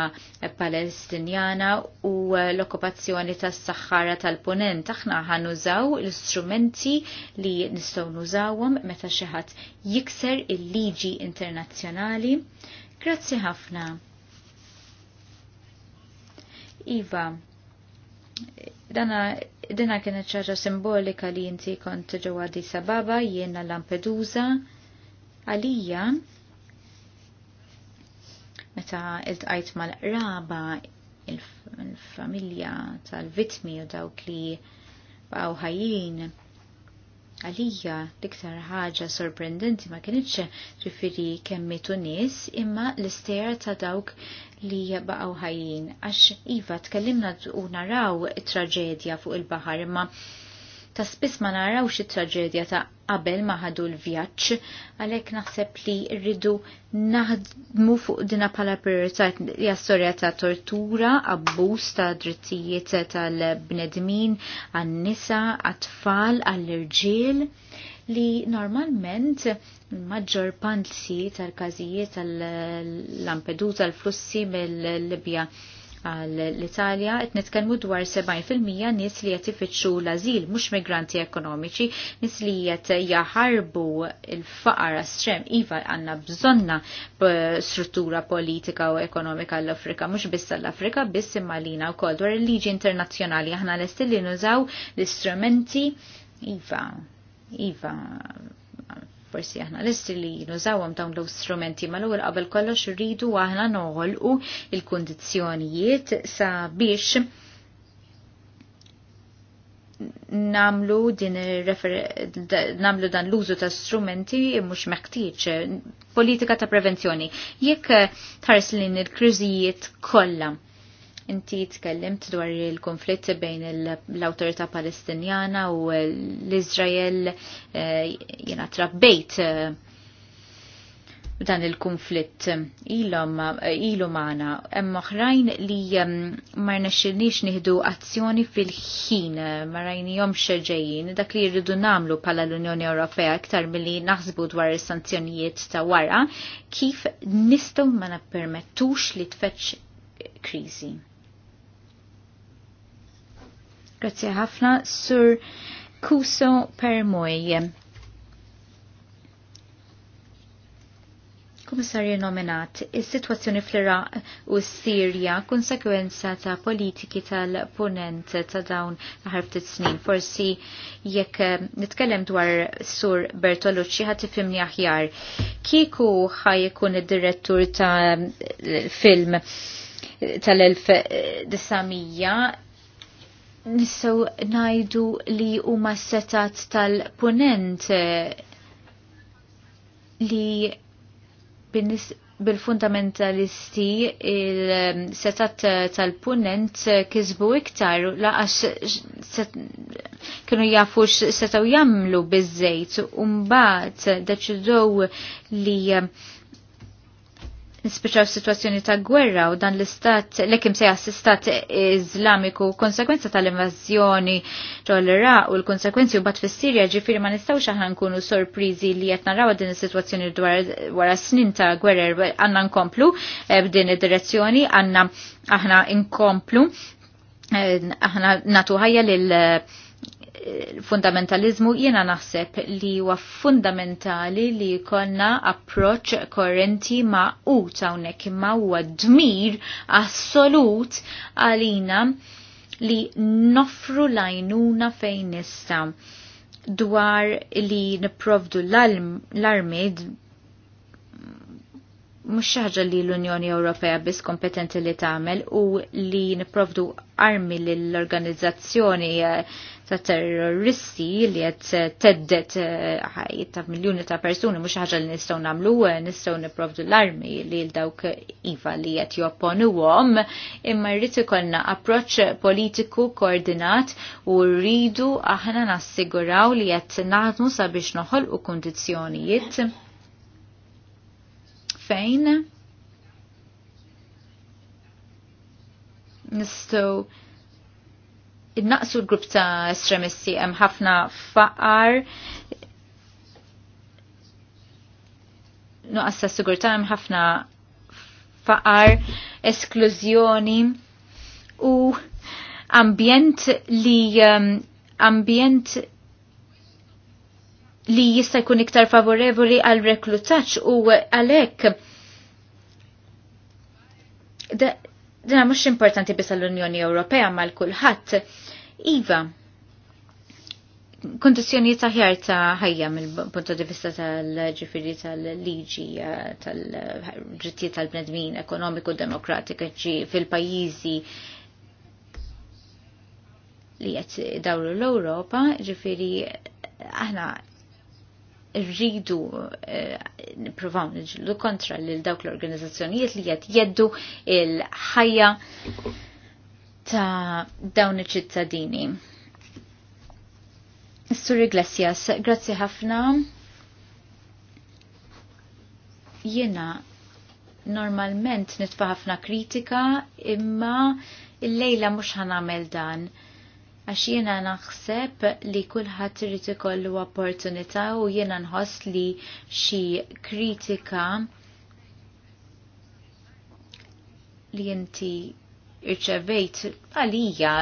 palestinjana u l-okkupazzjoni tas saħħara tal-ponent. Aħna ħanużaw l-istrumenti li nistgħu nużawhom meta xi ħadd jikser il-liġi internazzjonali. Grazzi ħafna. Iva, dana dina kienet ċaġa simbolika li inti kont ġewwa Addis sababa jiena Lampedusa, għalija meta iltqajt mal-qraba il-familja tal-vitmi u dawk li baqgħu ħajjin. Għalija l-iktar ħaġa sorprendenti ma kienitx ġifiri kemmitu nies imma l istejra ta' dawk li baqgħu ħajjin għax iva tkellimna u naraw traġedja fuq il-baħar ma ta' spiss ma narawx it-traġedja ta' qabel ma ħadu l-vjaġġ, għalhekk naħseb li rridu naħdmu fuq dina bħala prioritajt hija storja ta' tortura, abbuż ta' drittijiet tal-bnedmin, għan-nisa, għat-tfal, għall-irġiel li normalment maġġor pantsi tal-każijiet tal-Lampedusa l-flussi mill-Libja għall-Italja qed nitkellmu dwar 70% nies li qed ifittxu l azil mhux migranti ekonomiċi, nis li qed jaħarbu l-faqar Astrem, iva għandna bżonna struttura politika u ekonomika l-Afrika, mhux biss l-Afrika, biss imma u wkoll dwar il-liġi internazzjonali aħna l-estilli nużaw l-istrumenti iva Iva, forsi aħna l-istri li nużawhom dawn l strumenti ma l għol qabel kollox irridu aħna noħolqu il-kundizzjonijiet sabiex namlu din namlu dan l-użu ta' strumenti mhux meħtieġ politika ta' prevenzjoni. Jekk tħares lin il-kriżijiet kollha Inti tkellimt dwar il-konflitt bejn l-autorità palestinjana u l-Izrael eh, jena trabbejt eh, dan il-konflitt eh, ilu maħna hemm oħrajn li marna mm, rnexxilniex nieħdu azzjoni fil-ħin marajni jom xerġejjin, dak li jridu namlu pala l-Unjoni Ewropea aktar milli naħsbu dwar is-sanzjonijiet ta' wara kif nistgħu ma nappermettux li tfetx kriżi. Grazie ħafna, Sur Kuso Permoj. Komissarju nominat, is-sitwazzjoni fl-Iraq u s-Sirja konsekwenza ta' politiki tal-ponent ta' dawn l ftit snin. Forsi jekk eh, nitkellem dwar sur Bertolucci ħadd ifimni aħjar. Kieku ħaj ikun id-direttur ta' eh, film tal-1900 nissaw najdu li huma setat tal-ponent eh, li bil-fundamentalisti il-setat eh, tal-punent eh, kizbu iktar laqax kienu jafu setaw jamlu bizzejt un-bat deċidow li nispiċaw situazzjoni ta' gwerra u dan l-istat, l-ekim sejja s-istat izlamiku, konsekwenza tal-invazjoni ġol-Iraq u l-konsekwenzi u bat fis-Sirja ġifiri ma nistaw aħna nkunu sorprizi li jett naraw din is-situazzjoni wara snin ta' gwerra għanna nkomplu eh, b'din id-direzzjoni, għanna aħna nkomplu, eh, aħna natu ħajja lil fundamentalizmu jiena naħseb li huwa fundamentali li jkollna approċ korrenti ma' u hawnhekk imma huwa dmir assolut għalina li nofru lajnuna fejn nista dwar li niprovdu l armid mhux ħaġa li l-Unjoni Ewropea biss kompetenti li tagħmel u li niprovdu armi lill-organizzazzjoni eh, ta' terroristi li qed teddet eh, ħajt ta' miljuni ta' persuni mhux ħaġa li nistgħu nagħmlu, eh, nistgħu nipprovdu l-armi li l dawk iva li qed jopponuhom, imma rrid ikollna approċċ politiku koordinat u rridu aħna nassiguraw li qed naħdmu sabiex noħolqu kundizzjonijiet fejn nistgħu innaqsu l-grupp ta' estremisti hemm ħafna faqar nuqqas ta' sigurtà hemm ħafna faqar, esklużjoni u ambjent li um, ambjent li jista' jkun iktar favorevoli għal reklutaċ u għalhekk dina mhux importanti biss l unjoni Ewropea ma l-kulħadd. Iva, kondizjoni ta' ħjar ta' ħajja mill-punto di vista tal-ġifiri tal-liġi tal-ġittijiet tal-bnedmin ekonomiku demokratika ġi fil-pajizi li jett dawru l-Europa, ġifiri aħna rridu eh, niprovaw nġillu kontra lil dawk l-organizzazzjonijiet li qed jeddu il-ħajja ta' dawn iċ-ċittadini. Sur Iglesias, grazzi ħafna. Jiena normalment nitfa' ħafna kritika imma l-lejla mhux ħanamel dan għax jiena naħseb li kulħadd irid ikollu opportunità u jiena nħoss li xi kritika li inti irċevejt għalija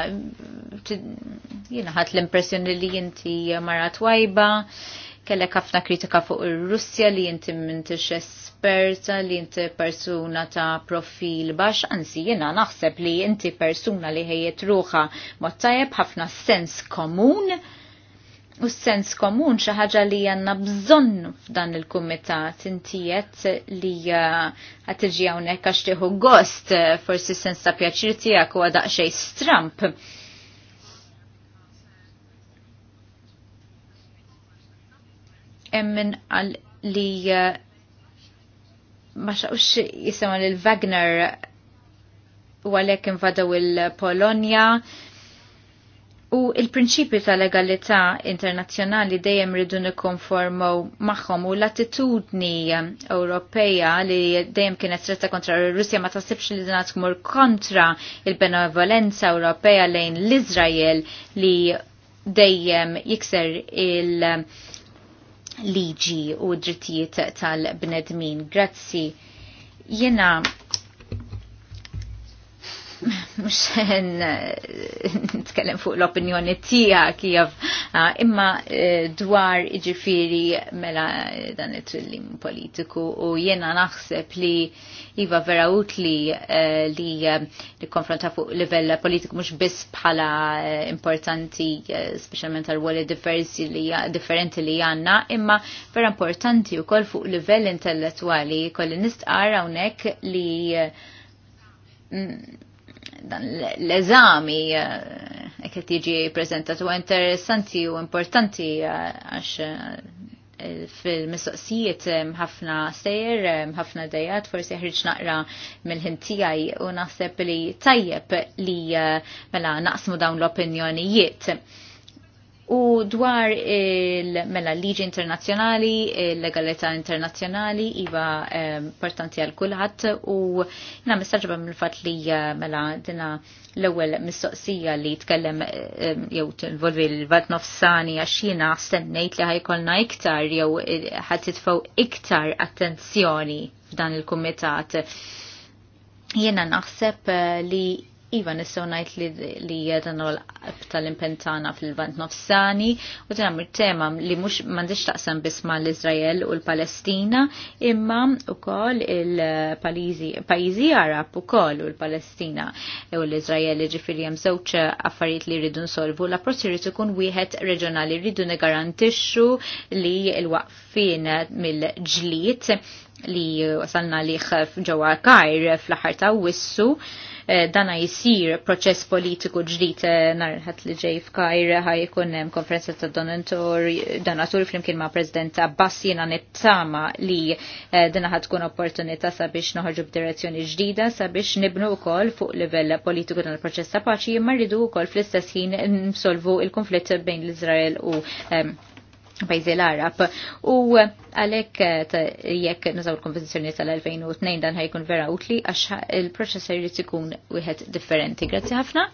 jiena ħadd l-impressjoni li inti mara twajba kellek ħafna kritika fuq ir-Russja li inti m'intix sperta li inti persuna ta' profil bax, ansi jena naħseb li inti persuna li ħejiet ruħa mottajab ħafna sens komun u sens komun xi ħaġa li għandna bżonn f'dan il-kumitat intijet li qed uh, tiġi hawnhekk għax gost uh, forsi sens ta' pjaċir tiegħek huwa daqsxejn stramp. Hemm għal li uh, ma xaqux jisema l-Wagner u għalek invadaw il-Polonja u il-prinċipju ta' legalità internazzjonali dejjem ridu nikkonformaw magħhom u l-attitudni Ewropeja li dejjem kienet stretta kontra Russja ma tasibx li dinha tkun kontra il-benevolenza Ewropeja lejn l-Iżrael li dejjem jikser il- liġi u drittijiet tal-bnedmin. Grazzi. Jena mux eh, nitkellem fuq l-opinjoni tijak jav ah, imma eh, dwar iġifiri mela eh, dan it-trillim politiku u jena naħseb li iva vera utli li li konfronta fuq livell politiku mux biss bħala importanti specialment għal-wali differenti li għanna imma vera importanti u kol fuq livell intellettuali kolli nistqar għonek li mm, dan l-eżami eh, e qed tiġi prezentat u interessanti u importanti eh, għax eh, fil-mistoqsijiet ħafna sejr, ħafna dejat, forsi ħriġ naqra mill-ħin tiegħi u naħseb li tajjeb li mela naqsmu dawn l-opinjonijiet U dwar il-mela liġi internazjonali, il-legalità internazjonali, iva eh, importanti għal kulħadd u na mistaġba mill-fatt li eh, mela dina l-ewwel mistoqsija li tkellem eh, jew tinvolvi l vat nofsani għax jiena stennejt li ħajkolna iktar jew ħadd titfgħu iktar attenzjoni f'dan il-kumitat. Jiena naħseb li Iva nissaw najt li jedan u l-qalb impentana fil-vant nofsani u t-namir tema li mux mandiċ taqsam bisma l-Izrael u l-Palestina imma u kol il-pajizi Arab u kol u l-Palestina u l-Izrael ġifir jem zewċ affarijiet li rridu nsolvu la prosti rridu kun wieħed reġjonali rridu negarantixxu li l-waqfin mill-ġliet li wasalna liħ ġewwa Kajr fl-aħħar ta' wissu Eh, dana jisir proċess politiku ġdid eh, narħat li ġej f'Kajr ħaj ikun hemm eh, konferenza ta' donatur donatur flimkien ma' President Abbas jiena nittama li dana ħad tkun opportunità sabiex noħorġu b'direzzjoni ġdida sabiex nibnu wkoll fuq livell politiku dan il-proċess ta' paċi imma rridu wkoll fl-istess ħin nsolvu il-konflitt bejn l-Iżrael u pajzi l-Arab. U għalek eh, jekk nazaw l-konvenzjoni tal-2002 dan ħajkun vera utli għax il-proċess jrid ikun wieħed differenti. Grazzi ħafna.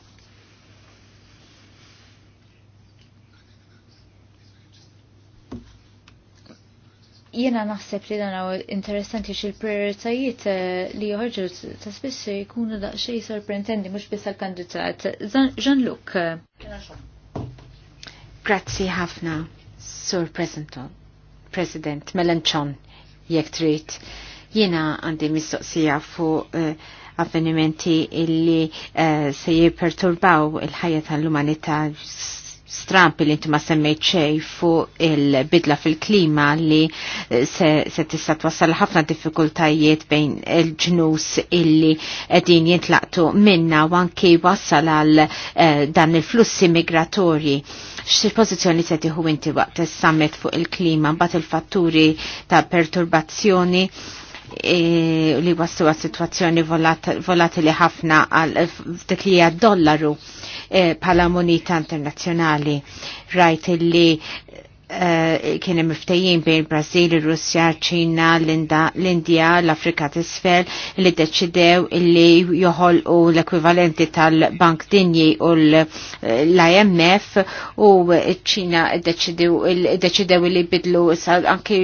Jena naħseb li dan interessanti xil prioritajiet eh, li joħorġu ta' spiss jkunu daqsxej sorprendenti mhux biss għall-kandidat. Jean-Luc. Grazzi ħafna. Sur President Melanchon, jek trit, jiena għandi mistoqsija fu uh, eh, avvenimenti illi uh, se jiperturbaw il-ħajja tal-umanità strampi li inti ma semmejt xej fuq il-bidla fil-klima li eh, se, se tista' twassal ħafna diffikultajiet bejn il-ġnus illi din jintlaqtu minna u anki wassal għal eh, dan il-flussi migratorji. X'pożizzjoni se tieħu inti waqt is-summit fuq il-klima mbagħad il-fatturi ta' perturbazzjoni e, li waslu għas situazzjoni volatili ħafna għal eh, dik li dollaru bħala eh, monita internazzjonali. Rajt illi eh, kien hemm miftejjin bejn Brażil, ir-Russja, ċina, l-Indja, l-Afrika t'isfel li deċidew li joħolqu l-ekwivalenti tal-Bank Dinji u l-IMF u ċina deċidew li bidlu anki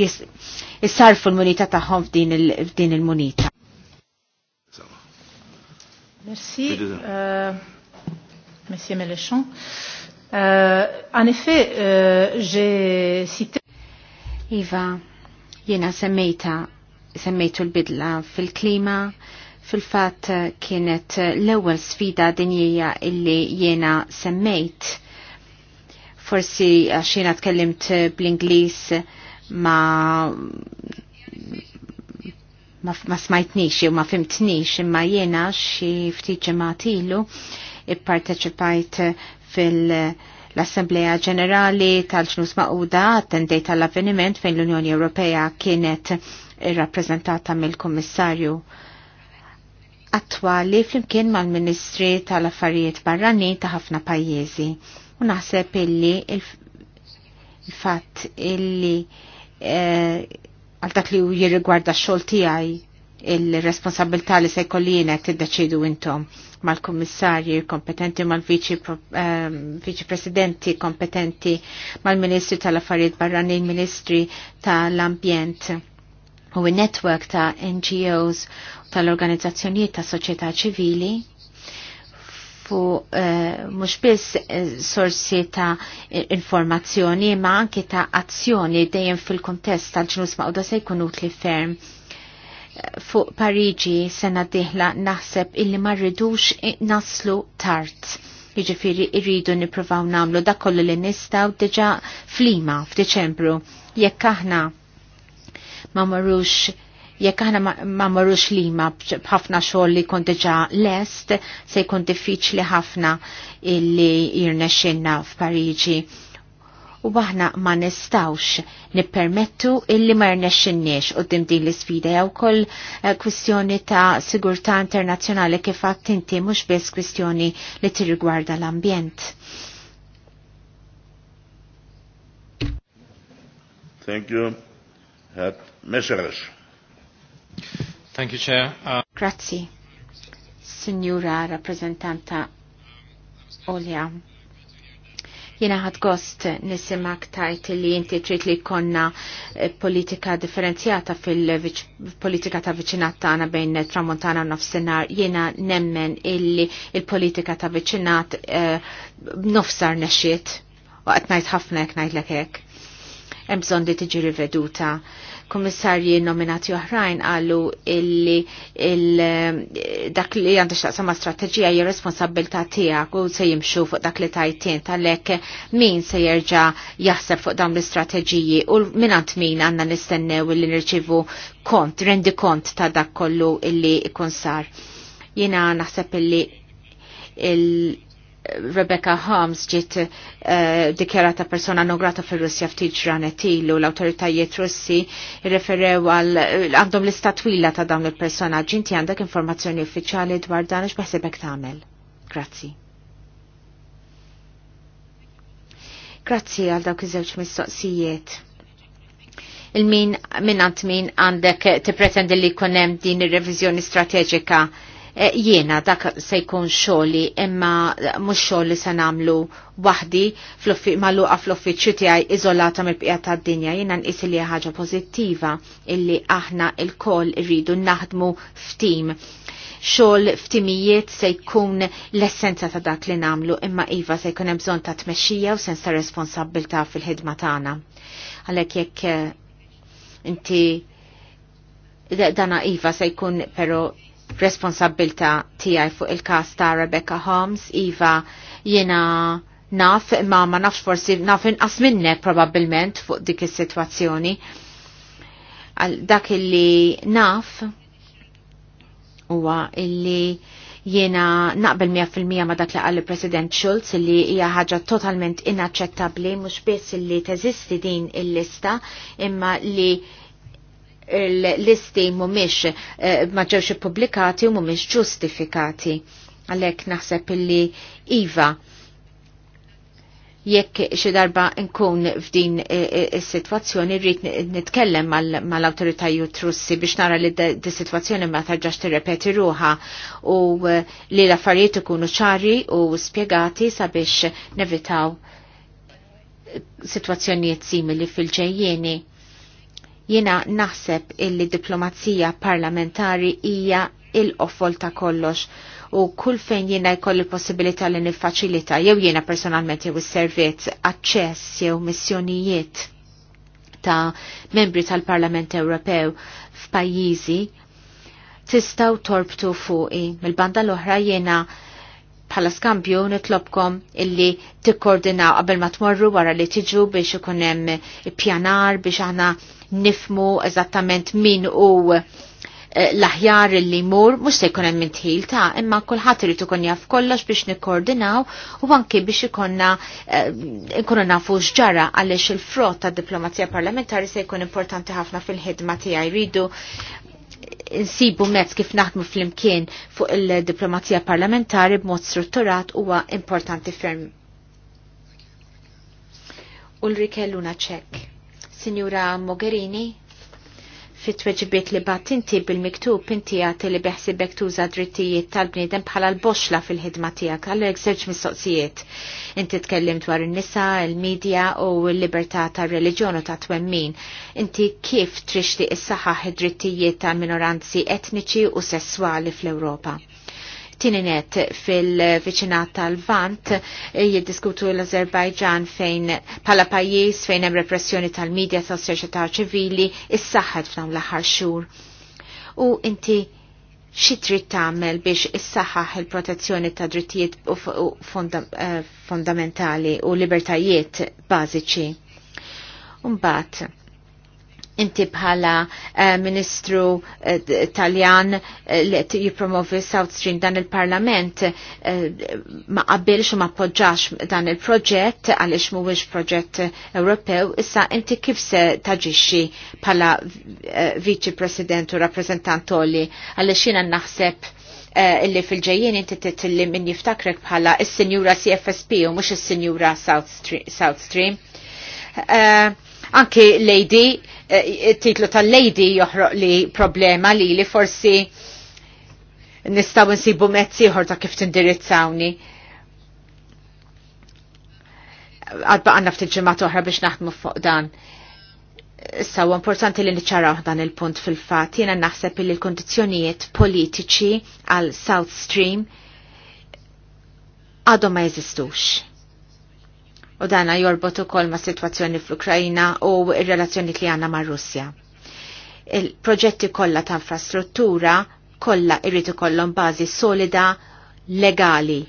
jisarfu l-munita tagħhom f'din il-munita. Merci, euh, Monsieur Mélenchon. Euh, en effet, euh, j'ai cité. Iva, jena semmejta, semmejtu l-bidla fil-klima, fil-fat kienet l-ewel sfida dinjija illi jena semmejt. Forsi għaxina tkellimt bl-Inglis ma ma, smajtnix jew ma fimtnix imma jiena xi ftit ġematilu ipparteċipajt fil- l-Assembleja Ġenerali tal-ġnus Maquda attendejt tal-avveniment fejn l-Unjoni Ewropea kienet rappresentata mill-Kummissarju attwali flimkien mal-Ministri tal-Affarijiet Barrani ta' ħafna pajjiżi. U naħseb illi il-fatt illi eh, għal dak li jirrigwarda x-xogħol tiegħi il-responsabilità li se jkollinet tiddeċidu intom mal-kommissarji kompetenti, mal-viċi ehm, presidenti kompetenti, mal-ministri tal-affarijiet barranin, ministri tal-ambjent u il network ta' NGOs tal-organizzazzjonijiet ta' soċjetà ċivili fuq uh, eh, mhux biss eh, sorsi ta' informazzjoni ma' anke ta' azzjoni dejjem fil-kontest tal-ġnus ma' se jkun utli ferm eh, fuq Pariġi sena diħla naħseb illi ma rridux naslu tard. Jiġifieri irridu nippruvaw nagħmlu dak kollu li nistaw diġà flima f'Diċembru jekk aħna ma marrux jekk aħna ma marrux ma b'ħafna xogħol li kont diġà lest se jkun diffiċli ħafna illi xinna f'Pariġi. U aħna ma nistawx nippermettu illi ma jirnexxinniex qudiem din l-isfida jew koll eh, kwistjoni ta' sigurtà internazzjonali kif tinti inti mhux biss kwistjoni li tirrigwarda l-ambjent. Thank you. Herr Messerich. Thank you, Chair. Uh... Grazzi, Signora Rappresentanta Olja. Jena ħad gost nisimak tajt li inti trid li konna eh, politika differenzjata fil-politika ta' viċinat tagħna bejn tramontana u nofsinhar. Jena nemmen illi il-politika ta' viċinat uh, eh, nofsar nexxiet. Għatnajt ngħid ħafna jek ngħidlek hekk. Hemm bżonn tiġi riveduta Kommissarji nominati oħrajn għallu illi ill dak li għandu xtaqsa ma' strategija hija responsabilta tiegħek u se jimxu fuq dak li tajtien tal min se jerġa' jaħseb fuq dawn l-istrateġiji u minant min għandna nistennew illi nirċivu kont, rendi kont ta' dak kollu illi ikun sar. Jiena naħseb illi il Rebecca Holmes ġiet uh, dikjarata persona non grata fir russja ftit ġranet ilu l-awtoritajiet Russi referew għal għandhom l-istat twila ta' dawn il-persona. Ġinti għandek informazzjoni uffiċjali dwar dan x'beħsebek tagħmel. Grazzi. Grazzi għal dawk iż-żewġ mistoqsijiet il-min minnant min għandek tippretendi li li kunem din ir-reviżjoni strateġika. Eh, jiena dak se jkun xogħli imma mhux xogħli se nagħmlu waħdi magħluqa fl-uffiċċju tiegħi iżolata mill-bqija tad-dinja jiena nqis li ħaġa pożittiva illi aħna l-koll irridu naħdmu ftim. Xogħol ftimijiet se jkun l-essenza ta' dak li nagħmlu imma iva se jkun hemm bżonn ta' tmexxija u sens ta' responsabbiltà fil-ħidma tagħna. Għalhekk jekk eh, inti dana iva se jkun pero responsabilta tijaj fuq il-kas ta' Rebecca Holmes, Iva, jena naf, ma ma nafx forsi, naf inqas minnek probabilment fuq dik is-sitwazzjoni. Dak illi naf huwa illi jiena naqbel 100% ma dak li qal il-President Schulz li hija ħaġa totalment inaċċettabbli mhux biss illi teżisti din il-lista imma li il-listi mumiex eh, ma ġewx ippubblikati u mumiex ġustifikati. Għalhekk naħseb illi iva jekk xi darba nkun f'din eh, eh, is-sitwazzjoni rrid nitkellem mal-awtoritajiet Russi biex nara li di sitwazzjoni ma tarġax tirrepeti ruha u li l-affarijiet ikunu ċari u spjegati sabiex nevitaw sitwazzjonijiet simili fil-ġejjieni jina naħseb illi diplomazija parlamentari hija il-offol ta' kollox u kull fejn jiena jkolli possibilità li niffaċilita jew jiena personalment jew is-servizz aċċess jew missjonijiet ta' membri tal-Parlament Ewropew f'pajjiżi tistgħu torbtu fuqi. Mill-banda l-oħra jiena bħala skambju nitlobkom illi tikkoordinaw qabel ma tmorru wara li tiġu biex ikun hemm pjanar biex aħna nifmu eżattament min u eh, l-aħjar li mur mux se jkun hemm intħil ta' imma kulħadd irid ikun jaf kollox biex nikkoordinaw u anke biex ikonna eh, nkunu nafu x'ġara għaliex il-frott ta' diplomazija parlamentari se jkun importanti ħafna fil-ħidma tiegħi jridu nsibu mezz kif naħdmu fl-imkien fuq il-diplomazija parlamentari b'mod strutturat huwa importanti ferm. Ulrike Luna ċek. Signora Mogherini, fit tweġibiet li bat inti bil-miktub inti għati li beħsibek tuża drittijiet tal-bniedem bħala l-boxla fil-ħidma tiegħek għallek żewġ mistoqsijiet. Inti tkellim dwar in-nisa, il-medja u l-libertà tar-reliġjon u ta' twemmin. Inti kif trixti is-saħaħ id-drittijiet ta' minoranzi etniċi u sesswali fl-Ewropa? Tininet fil vicinat tal-Vant eh, jiddiskutu l-Azerbajġan fejn pala pajis fejn hemm repressjoni tal-medja tas-soċjetà ċivili is-saħħet f'dawn l-aħħar xhur. U inti xi trid tagħmel biex issaħħaħ il-protezzjoni ta' drittijiet eh, fondamentali u libertajiet bażiċi. Umbat, Inti bħala uh, Ministru uh, eh, Taljan uh, eh, li jipromovi South Stream dan il-Parlament uh, ma qabilx u ma appoġġax dan il-proġett għaliex mhuwiex proġett Ewropew, issa inti kif se taġixxi bħala uh, Viċi President u rappreżentantoli għaliex jiena naħseb illi fil-ġejjien inti titilli min jiftakrek bħala il senjura CFSP u mhux is senjura South Stream. Anki Lady Eh, titlu tal-lady joħroq li problema li li forsi nistaw nsibu mezzi ta' kif tindirizzawni. Għadba għanna ftit ġemat oħra biex naħdmu fuq dan. Issa huwa importanti li niċċaraw dan il-punt fil-fatt. Jiena naħseb li l-kondizzjonijiet politiċi għal South Stream għadhom ma jeżistux u dana jorbot ukoll ma' situazzjoni fl-Ukrajina u ir-relazzjoni li għandna ma' Russja. Il-proġetti kollha ta' infrastruttura kollha irrid ikollhom bażi solida legali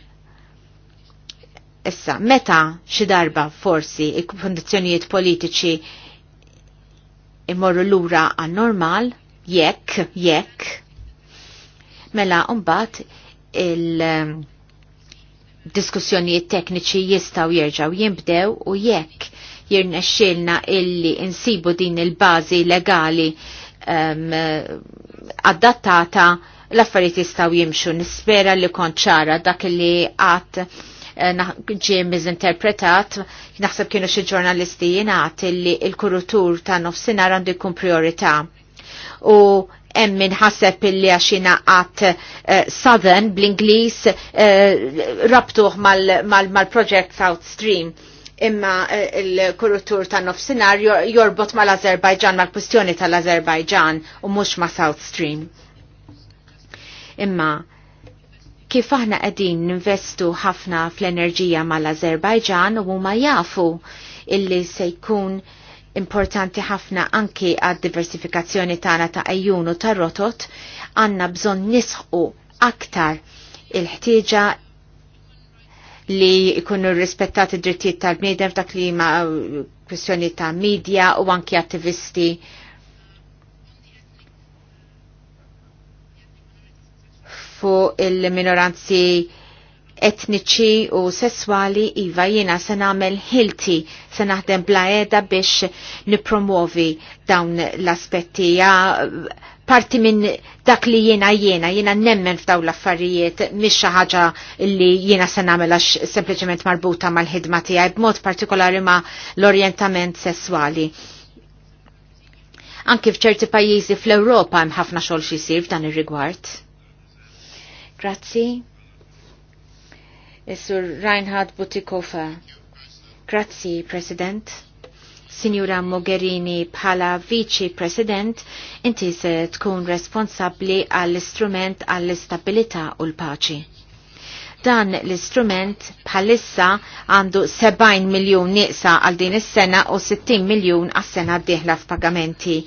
Issa, meta xi darba forsi il-kondizzjonijiet politiċi imorru lura għan normal, jekk, jekk, mela mbagħad il- diskussjonijiet tekniċi jistaw jirġaw jimbdew u jekk jirnexxilna illi insibu din il-bażi legali um, adattata l-affarijiet jistaw jimxu. Nispera li kont ċara dak li għat eh, ġiem interpretat naħseb kienu xi ġurnalisti jingħat li l-kurutur ta' nofsinhar għandu jkun priorità. U hemm min ħaseb illi għax ingħaqad eh, Southern bl-Ingliż eh, rabtuh mal-proġett South Stream imma eh, il-kurutur ta' nofsinar jorbot mal-Azerbajġan, mal-kwistjoni tal-Azerbajġan u mhux ma' South Stream. Imma kif aħna qegħdin ninvestu ħafna fl-enerġija mal-Azerbajġan u huma jafu illi se jkun uh, importanti ħafna anki għad diversifikazzjoni tagħna ta' ejjun u ta' rotot għandna bżonn nisħu aktar il-ħtieġa li jkunu rispettati drittijiet tal-bniedem ta' klima kwestjoni ta' media u anki attivisti Fu il-minoranzi etniċi u sessuali iva jiena se nagħmel ħilti se naħdem bla edha biex nipromuovi dawn l-aspetti ja parti minn dak li jiena jiena jiena nemmen f'daw l-affarijiet mhix ħaġa li jiena se nagħmel għax sempliċement marbuta mal-ħidma tiegħi b'mod partikolari ma' l-orjentament sessuali. Anki f'ċerti pajjiżi fl-Ewropa hemm ħafna xogħol f'dan ir-rigward. Grazzi. Is-Sur Reinhard Butikofa. Grazzi, President. Signora Mogherini bħala Vice President, inti se tkun responsabli għall-istrument għall-istabilità u l-paċi. Dan l-istrument bħalissa għandu 70 miljon nieqsa għal din is-sena u 60 miljon għas-sena d-dieħla f'pagamenti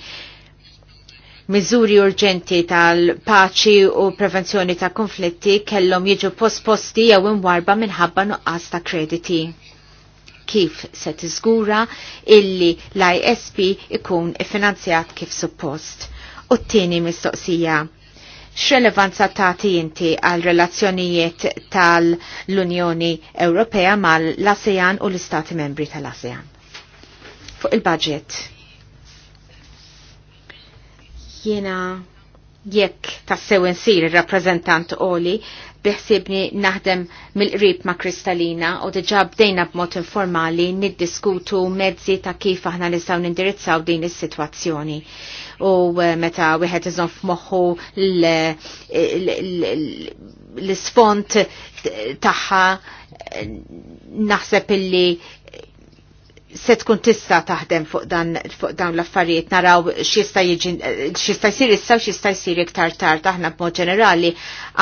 miżuri urġenti tal-paċi u prevenzjoni ta' konflitti kellhom jiġu posposti jew imwarba minħabba nuqqas ta' krediti. Kif se tiżgura illi l-ISP ikun iffinanzjat kif suppost. U t-tieni mistoqsija. X'relevanza tagħti inti għal relazzjonijiet tal-Unjoni Ewropea mal-ASEAN u l-Istati Membri tal-ASEAN? Fuq il-budget Jena jekk tassew insir il-rappresentant Oli biħsibni naħdem mill-qrib ma' Kristalina u diġa bdejna b'mod informali niddiskutu mezzi ta' kif aħna nistgħu nindirizzaw din is-sitwazzjoni. U eh, meta wieħed iżon f'moħħu l-isfont tagħha eh, naħseb illi se tkun tista taħdem fuq dan fuq dawn l-affarijiet naraw x'ista' jiġi x'jista' jsir issa u jsir iktar tard aħna b'mod ġenerali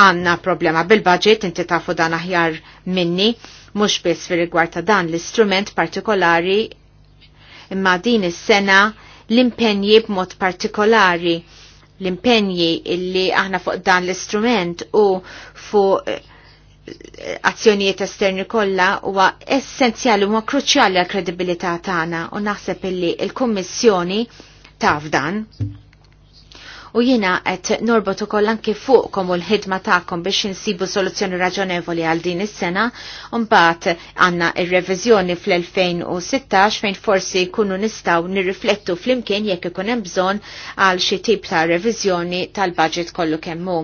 għandna problema bil-budget inti tafu dan aħjar minni mhux biss fir-rigward ta' dan l-istrument partikolari imma din is-sena l-impenji b'mod partikolari l-impenji illi aħna fuq dan l-istrument u fuq azzjonijiet esterni kollha huwa essenzjali huwa kruċjali għal kredibilità tagħna u naħseb illi l-Kummissjoni taf dan. U jiena qed norbot ukoll anke fuqkom u l-ħidma tagħkom biex insibu soluzzjoni raġonevoli għal din is-sena u mbagħad għandna ir-reviżjoni fl-2016 fejn forsi jkunu nistgħu nirriflettu flimkien jekk ikun hemm bżonn għal xi tip ta' reviżjoni tal-budget kollu kemm hu.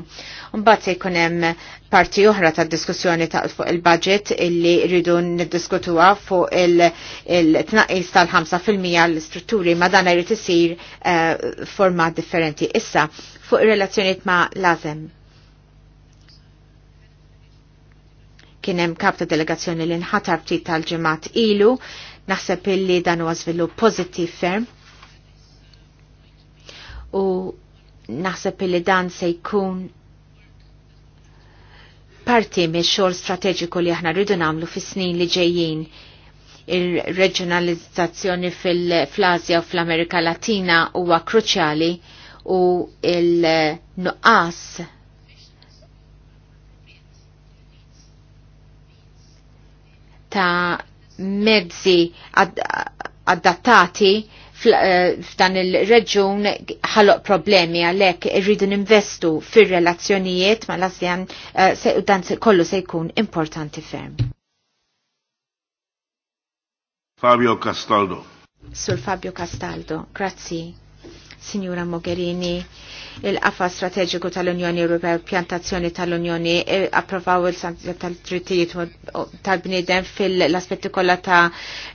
Mbagħad se jkun hemm parti oħra ta' diskussjoni ta' fuq il-budget illi rridu niddiskutuha fuq il-tnaqis tal-5% l-istrutturi ma dan jrid isir uh, eh, forma differenti. Issa fuq ir-relazzjonijiet ma' lazem. Kien hemm kap ta' delegazzjoni li nħatar ftit tal-ġimgħat ilu, naħseb illi dan huwa żvilupp pożittiv ferm. U naħseb illi dan se jkun parti me xol strategiku li aħna rridu namlu fis snin li ġejjin il-reġionalizzazzjoni fil-Azja u fl-Amerika Latina huwa kruċjali u il-nuqqas ta' mezzi adattati ad Eh, f'dan il-reġun ħaloq problemi għalek irridu ninvestu fir-relazzjonijiet ma l-ASEAN eh, u dan kollu se jkun importanti ferm. Fabio Castaldo. Sur Fabio Castaldo, grazzi. Signora Mogherini, il-qafa strategiku tal-Unjoni Ewropea pjantazzjoni tal-Unjoni e, approvaw il-sanzjoni tal trittijiet tal-bniedem fil-aspetti kollha ta'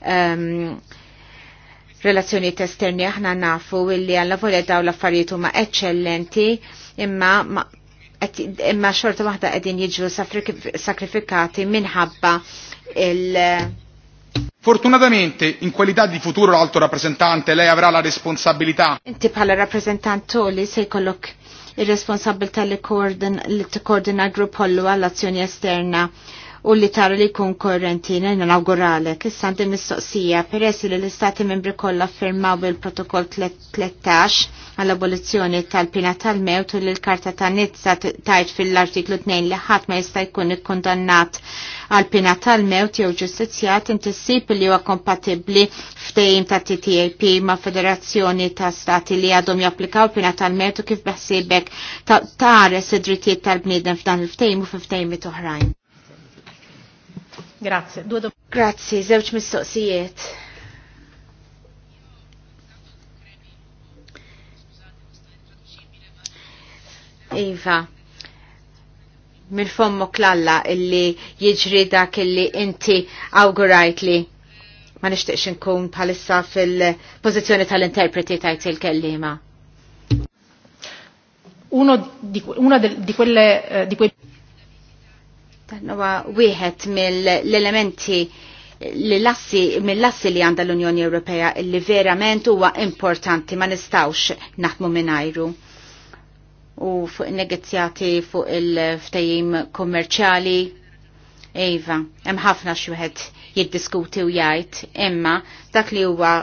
ehm, relazzjoni esterni aħna nafu illi għalla volja daw l-affarijiet huma eccellenti imma imma xorta waħda qegħdin jiġu sakrifikati minħabba il Fortunatamente, in qualità di futuro alto rappresentante, lei avrà la responsabilità. Inti bħala rappresentant li se jkollok ir-responsabilità li t-koordina l-grupp kollu għall-azzjoni esterna u li taru li kun korrentina nena nawguralek. Issa għandi mistoqsija peress li l-istati membri kollha firmaw bil protokoll 13 għall-abolizzjoni tal-pina tal-mewt u li l-karta ta' Nizza tajt fil-artiklu 2 li ħadd ma jista' jkun ikkondannat għall pina tal-mewt jew ġustizzjat intissib li huwa kompatibbli f'tejim ta' TTAP ma' Federazzjoni ta' Stati li għadhom japplikaw pina tal-mewt u kif beħsibek ta' tares id-drittijiet tal-bniedem f'dan il-ftehim u f'ftehimiet oħrajn. Grazie. Due Grazie, zewċ mistoqsijiet. Iva, mill fommu klalla illi jiġri dak illi inti awgurajt li ma nishtiqx nkun palissa fil-pozizjoni tal-interpreti tajt il-kellima. Uno di, una di, di quelle eh, di quei Dan huwa wieħed mill-elementi l mill-assi li għandha l-Unjoni Ewropea li verament huwa importanti ma nistawx naħdmu mingħajru. U fuq negozjati fuq il-ftajim kummerċjali Iva, hemm ħafna xi wieħed jiddiskuti u jgħid, imma dak li huwa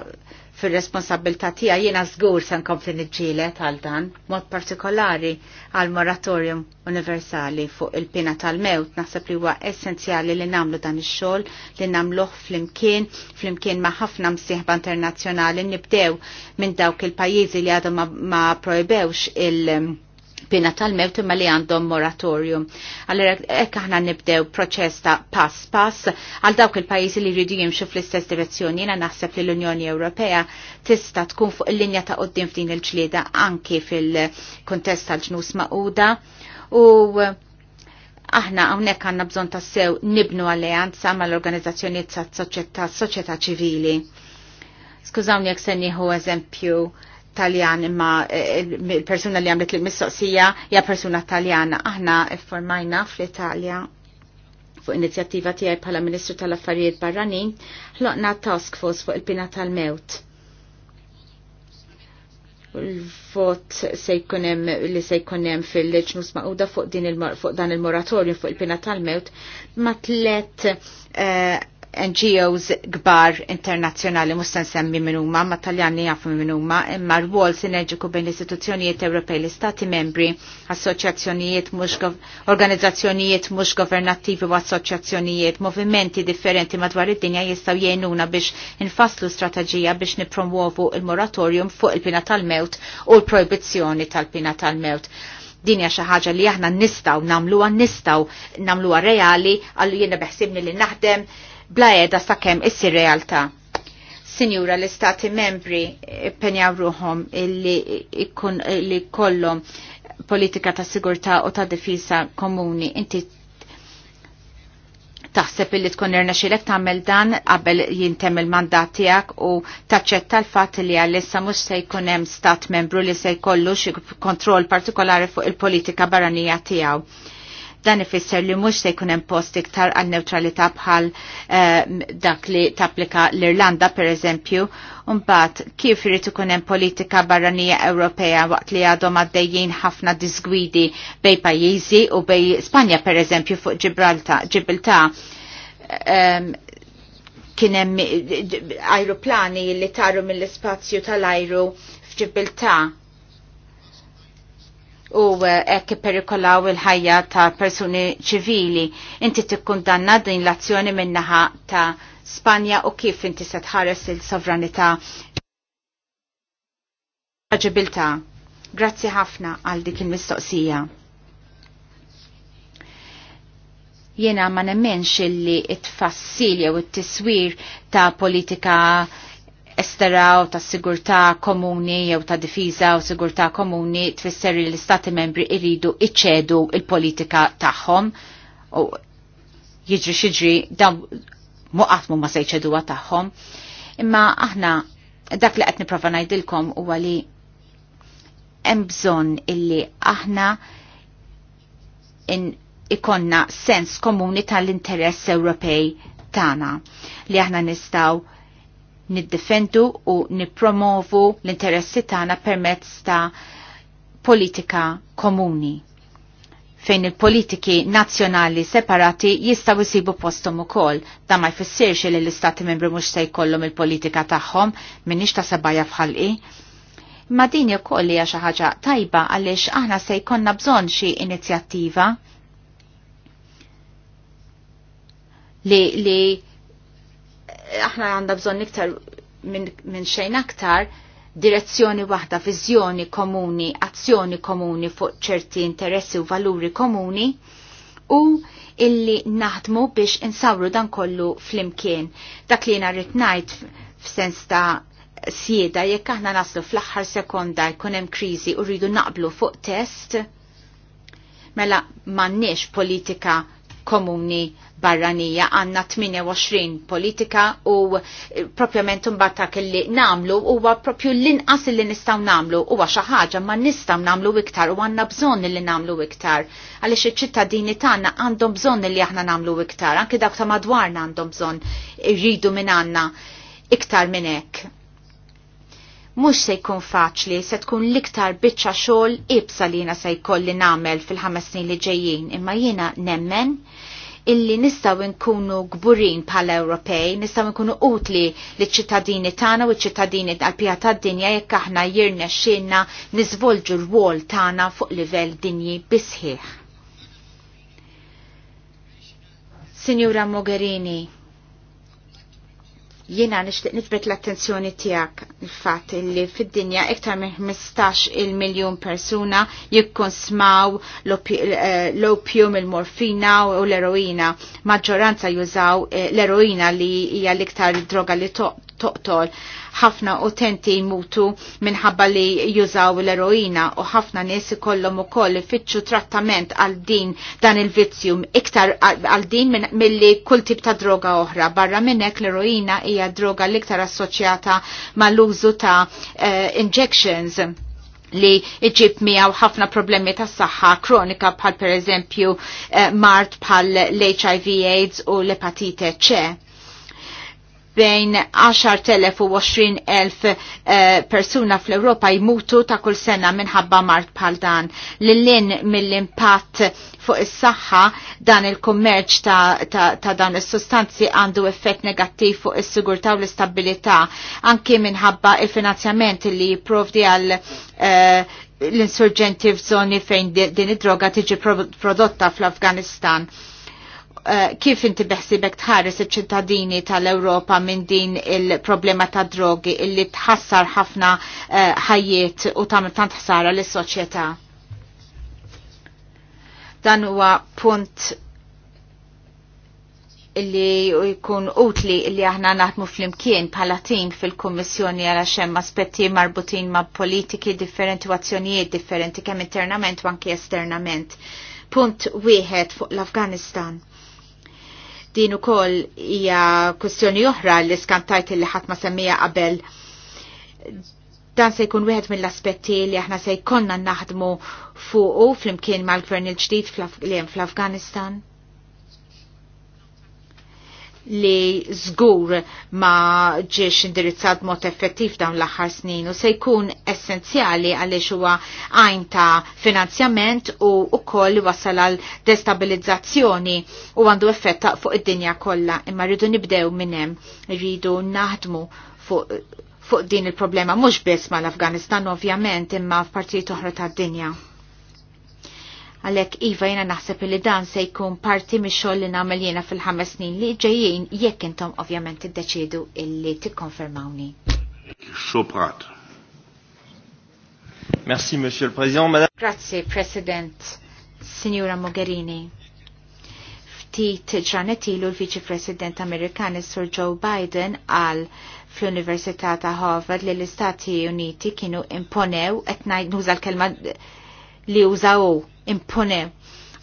fil-responsabilta tija jiena zgur san kompli iġile għal dan, mod partikolari għal moratorium universali fuq il-pina tal-mewt naħseb li huwa essenzjali li namlu dan ix-xogħol li fl-imkien, flimkien flimkien ma' ħafna msieħba internazzjonali nibdew minn dawk il-pajjiżi li għadhom ma, proibewx il- pina tal-mewt imma li għandhom moratorium. Allora, ekk aħna nibdew proċess ta' pass pass għal dawk il-pajjiżi li jridu jimxu fl-istess direzzjoni. Jiena naħseb li l-Unjoni Ewropea tista' tkun fuq il-linja ta' qoddim f'din il-ġlieda anke fil-kontest tal-ġnus maquda u aħna hawnhekk għandna bżonn tassew nibnu alleanza mal-organizzazzjonijiet tas-soċjetà ċivili. Skużawni jekk se nieħu eżempju Taljan imma eh, eh, il-persuna li għamlet l-mistoqsija hija persuna Taljana. Aħna formajna fl-Italja fuq inizjattiva tiegħi bħala Ministru tal-Affarijiet Barranin ħloqna task force fuq il-pina tal-mewt. Il-vot se jkun hemm li se jkun hemm fil-ġnus maquda fuq din il fuq dan il-moratorium fuq il-pina tal-mewt ma tlet uh, NGOs gbar internazzjonali mhux se nsemmi huma, ma taljani jafu minuma, huma, imma rwol sinerġiku bejn l-istituzzjonijiet Ewropej, l stati membri, assoċjazzjonijiet mhux organizzazzjonijiet mhux governattivi u assoċjazzjonijiet, movimenti differenti madwar id-dinja jistgħu jgħinuna biex infasslu strateġija biex nipromuovu il-moratorium fuq il-pina tal-mewt u l-proibizzjoni tal-pina tal-mewt dinja xi ħaġa li aħna nistgħu nagħmluha nistgħu nagħmluha reali għal jiena beħsibni li naħdem bla edha sakemm issir realtà. Sinjura l-istati membri penjaw illi li, li kollom politika ta' sigurtà u ta' difisa komuni. Inti taħseb illi tkun irna xilek tagħmel dan qabel jintem il-mandat tiegħek u taċċetta l-fatt li għalissa mhux se jkun hemm stat membru li se jkollu xi kontroll partikolari fuq il-politika barranija tiegħu. Dan ifisser li mhux se jkun hemm post iktar għal neutralità bħal eh, dak li tapplika l-Irlanda pereżempju, mbagħad kif irid ikun hemm politika barranija Ewropea waqt li għadhom għaddejjin ħafna disgwidi bej pajjiżi u bej Spanja pereżempju fuq Ġibralta, Ġibilta ehm, kien hemm aeroplani li taru mill-ispazju tal-ajru f'Ġibilta u eh, ekk perikolaw il-ħajja ta' persuni ċivili. Inti tikkundanna din l-azzjoni minnaħa ta' Spanja u kif inti se tħares il-sovranità ġibilta. Grazzi ħafna għal dik il-mistoqsija. Jena ma nemmenx illi it fassilja jew it-tiswir ta' politika esteraw ta' sigurtà komuni jew ta' difiza u sigurtà komuni tfisser li l-istati membri iridu iċċedu il-politika tagħhom u jiġri xiġri dawn muqatmu ma se jċeduha tagħhom. Imma aħna dak li qed nipprova ngħidilkom huwa li hemm bżonn illi aħna in ikonna sens komuni tal-interess Ewropej tagħna li aħna nistgħu Niddefendu u nippromovu l-interessi tagħna permezz ta' politika komuni fejn il-politiki nazzjonali separati jistaw isibu postom ukoll. Da ma jfissirx li l-istati membri mhux se jkollhom il-politika tagħhom minix ta' sabajja fħalqi. Ma din ukoll hija xi ħaġa tajba għaliex aħna se jkollna bżonn xi inizjattiva li li aħna għandha bżonn iktar minn xejn aktar direzzjoni waħda, viżjoni komuni, azzjoni komuni fuq ċerti interessi u valuri komuni u illi naħdmu biex insawru dan kollu flimkien. Dak li rrid ngħid f'sens ta' sjeda jekk aħna naslu fl-aħħar sekonda jkun hemm kriżi u rridu naqblu fuq test, mela m'għandniex politika komuni barranija għanna 28 politika u eh, propjament mbagħad dak li namlu huwa propju l-inqas li nistgħu namlu huwa xi ħaġa ma nistgħu namlu iktar u għandna bżon li namlu iktar għaliex iċ-ċittadini tagħna għandhom bżonn li aħna namlu iktar anke dawk ta' madwarna għandhom bżonn irridu minn għandna iktar minn hekk mux se jkun faċli se tkun liktar bitċa xol ibsa li jina se jkolli namel fil-ħames snin li ġejjin imma jina nemmen illi nistaw nkunu gburin pal Ewropej, nistaw nkunu utli li ċittadini tana u ċittadini għal-pija ta' dinja jekk aħna jirne xinna nizvolġu l wol tana fuq livell dinji bisħiħ. Signora Mogherini, Jiena nixtieq nitbet l-attenzjoni tiegħek il-fatt li fid-dinja iktar minn 15 il-miljun persuna jikkun smaw, eh, l-opium, il-morfina u l-eroina. Maġġoranza jużaw eh, l-eroina li hija l-iktar droga li toqtol. To ħafna utenti jmutu minħabba li jużaw l-eroina u ħafna nies ikollhom ukoll ifittxu trattament għal din dan il-vizzju iktar għal din milli kull tip ta' droga oħra. Barra minnek l-eroina hija droga l-iktar assoċjata mal-użu ta' uh, injections li iġib miegħu ħafna problemi tas saħħa kronika bħal pereżempju eh, mart bħal l-HIV AIDS u l-epatite ċe bejn 10.000 u 20.000 eh, persuna fl-Europa jmutu ta' kull sena minħabba mart bħal dan. Lillin mill-impatt fuq is-saħħa dan il-kummerċ ta, ta, ta', dan is-sustanzi għandu effett negattiv fuq is-sigurtà u l-istabilità anki minħabba il-finanzjament li jipprovdi għal eh, l-insurġenti f'żoni fejn din id-droga tiġi prodotta fl-Afganistan Eh, kif inti beħsibek tħares il ċittadini tal-Ewropa minn din il-problema ta' drogi illi tħassar ħafna eh, ħajjiet u tagħmel tant ħsara lis-soċjetà. Dan huwa punt illi jkun utli illi aħna naħdmu fl-imkien bħala tim fil-Kummissjoni għal xemm aspetti marbutin ma' politiki differenti u azzjonijiet differenti kemm internament u anki esternament. Punt wieħed fuq l-Afganistan. Din ukoll hija kwestjoni oħra li skantajt li ħadd ma semmija qabel. Dan se jkun wieħed mill-aspetti li aħna se jkollna naħdmu fuqu flimkien mal-gvern il-ġdid fl-Afganistan li żgur ma ġiex indirizzat mod effettiv dawn l-aħħar snin u se jkun essenzjali għaliex huwa għajn ta' finanzjament u wkoll wasal għal destabilizzazzjoni u għandu effett fuq id-dinja kollha imma rridu nibdew minn hemm rridu naħdmu fuq fuq din il-problema mhux biss mal-Afganistan ovvjament imma f'partijiet oħra tad-dinja. Għalek Iva jena naħseb li dan se jkun parti mix-xogħol li namel jena fil-ħames snin li ġejjin jekk intom ovvjament id-deċidu illi tikkonfermawni. Xoprat. Merci, Monsieur le Président. Madame... Grazie, President. Signora Mogherini. Ftit ġranet ilu l-Viċi President Amerikan Sir Joe Biden għal fl-Università ta' Harvard li l-Istati Uniti kienu imponew, etnaj nuża l-kelma li użaw impone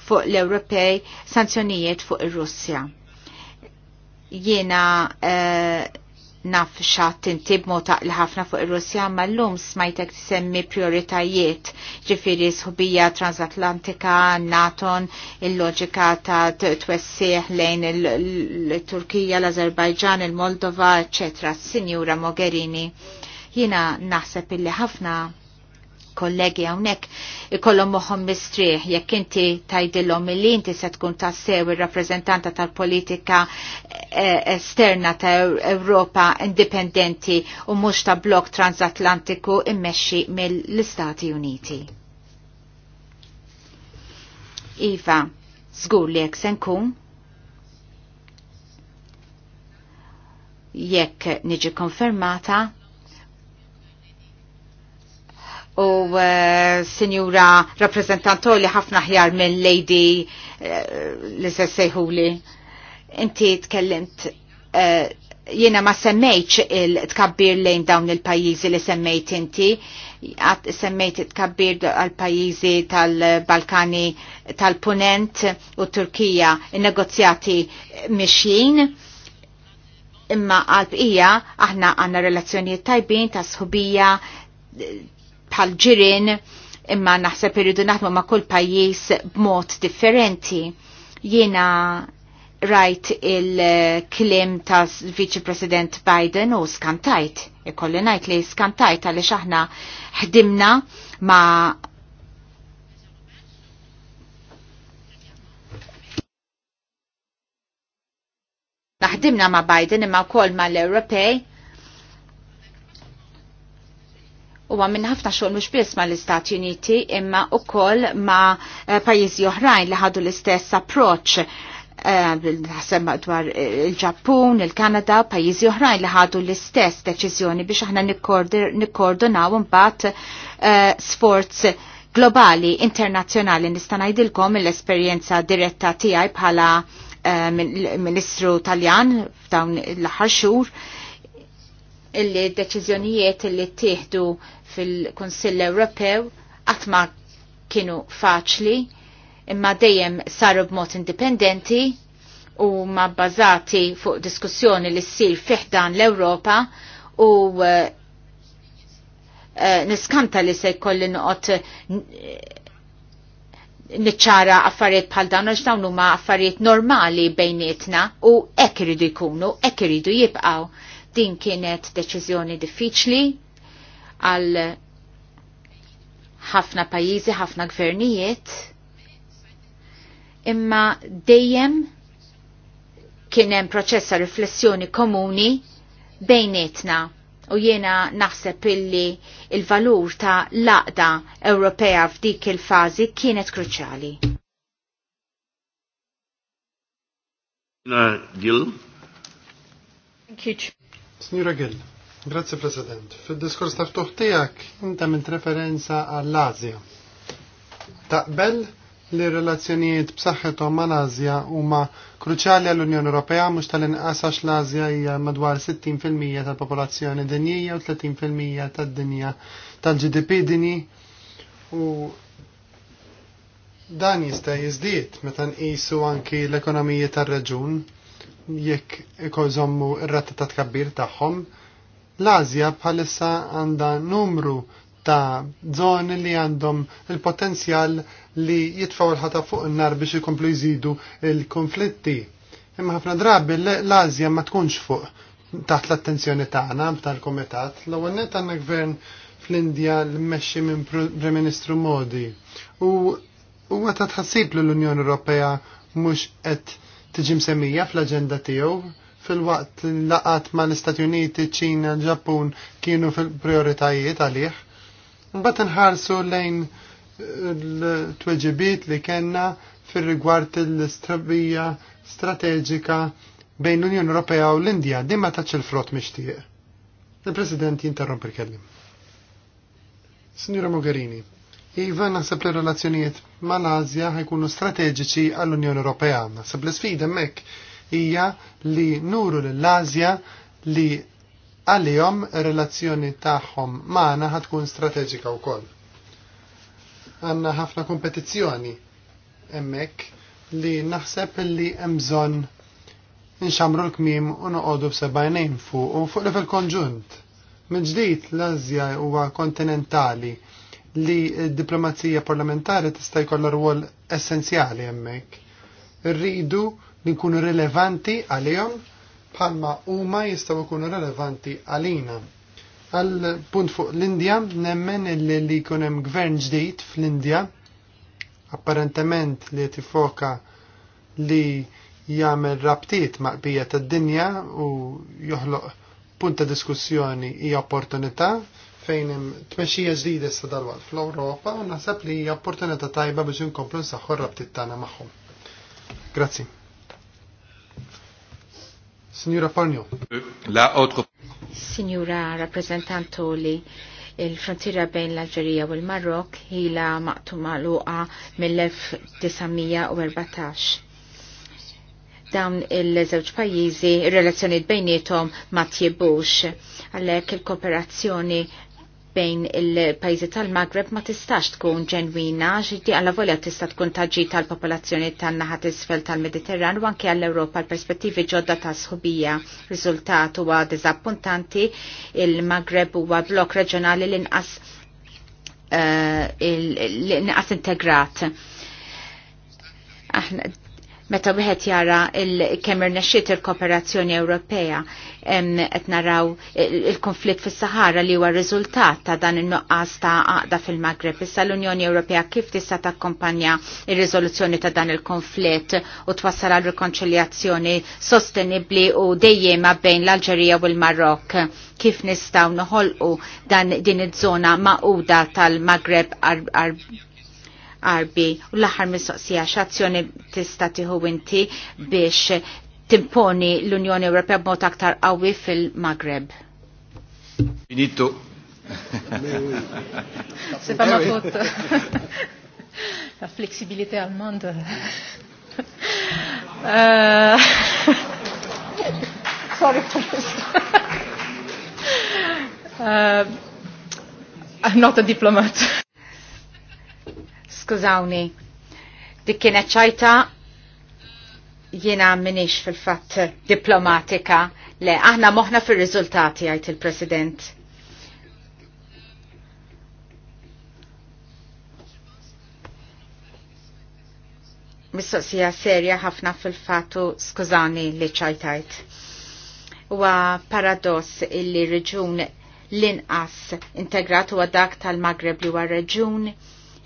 fuq l-Ewropej sanzjonijiet fuq ir-Russja. Jiena uh, naf xat inti b'mod taqli ħafna fuq ir-Russja ma llum smajtek tisemmi prioritajiet ġifieri sħubija transatlantika, Naton, il-loġika ta' twessieħ lejn il-Turkija, l-Azerbajġan, il-Moldova, eċetera. Sinjura Mogherini, jiena naħseb illi ħafna kollegi hawnhekk ikollhom moħħom mistrieħ jekk inti tajdilhom li inti se tkun tassew il-rappresentanta tal-politika eh, esterna ta' Ewropa indipendenti u mhux ta' blok transatlantiku immexxi mill-Istati Uniti. Iva, żgur li jekk se nkun jekk niġi konfermata, u eh, sinjura rappresentantoli ħafna ħjar minn lady eh, li se sejhuli. Inti tkellimt eh, jiena ma semmejċ il-tkabbir lejn dawn il-pajizi li semmejt inti, għat semmejt il-tkabbir għal-pajizi tal-Balkani tal-Punent u Turkija il-negozjati mixjien, imma għal-bqija aħna għanna relazzjoni tajbin ta' sħubija bħal-ġirin imma naħseb irridu naħdmu ma' kull pajjiż b'mod differenti. Jiena rajt il-klim ta' Vice President Biden u skantajt. Ikolli ngħid li skantajt għaliex aħna ħdimna ma' Naħdimna ma' Biden imma wkoll mal-Ewropej huwa minn ħafna xogħol mhux biss mal-Istati Uniti imma wkoll ma' eh, pajjiżi oħrajn li ħadu l-istess approċċ eh, ħasem dwar eh, il-Ġappun, il-Kanada, pajjiżi oħrajn li ħadu l-istess deċiżjoni biex aħna nikkoordonaw imbagħad sforz globali, internazzjonali nista' ngħidilkom l-esperjenza diretta tiegħi bħala Ministru Taljan f'dawn l-aħħar xhur illi deċiżjonijiet li ttieħdu fil-Konsill Ewropew għatma kienu faċli imma dejjem saru b'mod indipendenti u ma bbażati fuq diskussjoni li ssir fiħdan l-Ewropa u uh, niskanta li se jkolli noqgħod niċċara affarijiet bħal dan għax dawn huma affarijiet normali bejnietna u hekk iridu jkunu, hekk iridu jibqgħu. Din kienet deċiżjoni diffiċli, għal ħafna pajjiżi, ħafna gvernijiet, imma dejjem kien hemm proċess ta' riflessjoni komuni bejnietna u jiena naħseb illi il-valur ta' laqda Ewropea f'dik il-fażi kienet kruċjali. Thank you. Gill. Grazzi President. Fil-diskors ta' ftuħ tiegħek inta minn referenza għall-Azja. Taqbel li relazzjonijiet b'saħħithom mal-Azja huma kruċjali għall-Unjoni Ewropea mhux tal-inqas għax l-Azja hija madwar 60% tal-popolazzjoni dinjija u 30% tad-dinja tal-GDP dinji u dan jista' jiżdied meta nqisu anki l-ekonomiji tar-reġun jekk ikollżommu r rata ta' tkabbir tagħhom L-Azja bħalissa għandha numru ta' zoni li għandhom il-potenzjal li jitfaw l-ħata fuq n-nar biex ikomplu jżidu il-konflitti. Imma ħafna drabi l-Azja ma tkunx fuq taħt l-attenzjoni tagħna tal-Komitat. L-ewwel net għandna gvern fl-Indja l mmexxi minn Prim Ministru Modi. U huwa ta' tħassib l-Unjoni Ewropea mhux qed tiġi msemmija fl-aġenda tiegħu fil-waqt laqat ma l-Istati Uniti, ċina, Ġappun kienu fil-prioritajiet għalih. Mbagħad nħarsu lejn l-tweġibiet li kellna fir-rigward l-istrabija strateġika bejn l-Unjoni Ewropea u l-Indja din ma taċ il-frott mixtieq. Il-President jinterromp il-kellim. Signora Mogherini, Iva naħseb li relazzjonijiet mal-Azja ħajkunu strateġiċi għall-Unjoni Ewropea. Naħseb l sfida hemmhekk hija li nuru lill-Asja li għalihom ir-relazzjoni tagħhom magħna ħad tkun strateġika wkoll. Għandna ħafna kompetizzjoni hemmhekk li naħseb li hemm bżonn nxamru l-kmim u noqogħdu b'sebajnejn fuq u fuq level konġunt. Minn ġdid l-Azja huwa kontinentali li d-diplomazija parlamentari tista' jkollha rwol essenzjali hemmhekk. Irridu li nkunu rilevanti għalihom bħalma huma jistgħu jkunu rilevanti għalina. Għal punt fuq l-Indja, nemmen li li jkun hemm gvern ġdid fl-Indja, apparentement li tifoka li jagħmel rabtiet ma' qbija tad-dinja u joħloq punt ta' diskussjoni hija opportunità fejn hemm tmexxija ġdida issa dalwaqt fl-Ewropa u naħseb li hija opportunità tajba biex inkomplu nsaħħu rabtiet tagħna magħhom. Grazzi. Signora Farnio. La otro. Signora rappresentantoli, il-frontiera bejn l-Alġerija u e l-Marok hila e maqtuma l-uqa mill-1914 dawn il-żewġ pajjiżi ir-relazzjonijiet bejnietom ma tjibux. Għalhekk il-kooperazzjoni bejn il-pajzi tal-Magreb ma tistax tkun ġenwina ġiddi għalla volja tista tkun taġġi tal-popolazzjoni tan-naħat isfel tal-Mediterran u anke għall-Ewropa l-perspettivi ġodda ta' sħubija. Riżultat huwa diżappuntanti il-Magreb huwa blok reġjonali l-inqas eh, integrat aħna meta wieħed jara kemm irnexxiet il-Kooperazzjoni Ewropea qed naraw il-konflitt fis-Sahara li huwa riżultat ta' dan in-nuqqas ta' għaqda fil-Maghreb. Issa l-Unjoni Ewropea kif tista' takkompanja ir-riżoluzzjoni ta' dan il-konflitt u twassal għal rikonċiljazzjoni sostenibbli u dejjema bejn l-Alġerija u l-Marokk kif nistgħu noħolqu dan din iż-żona maquda tal-Maghreb arbi u l-aħħar mistoqsija x'azzjoni tista' tieħu inti biex timponi l-Unjoni Ewropea b'mod aktar qawwi fil-Maghreb. Finito. Se pas eh ma faute. La flexibilité al mondo. Eh, sorry for this. uh, I'm not a diplomat skużawni. Dik kienet ċajta jiena minix fil-fatt diplomatika. Le, aħna moħna fil-riżultati għajt il-President. mistoqsija serja ħafna fil-fatu skużani li ċajtajt. Huwa paradoss illi reġun l-inqas integratu għadak dak tal-Magreb li huwa reġun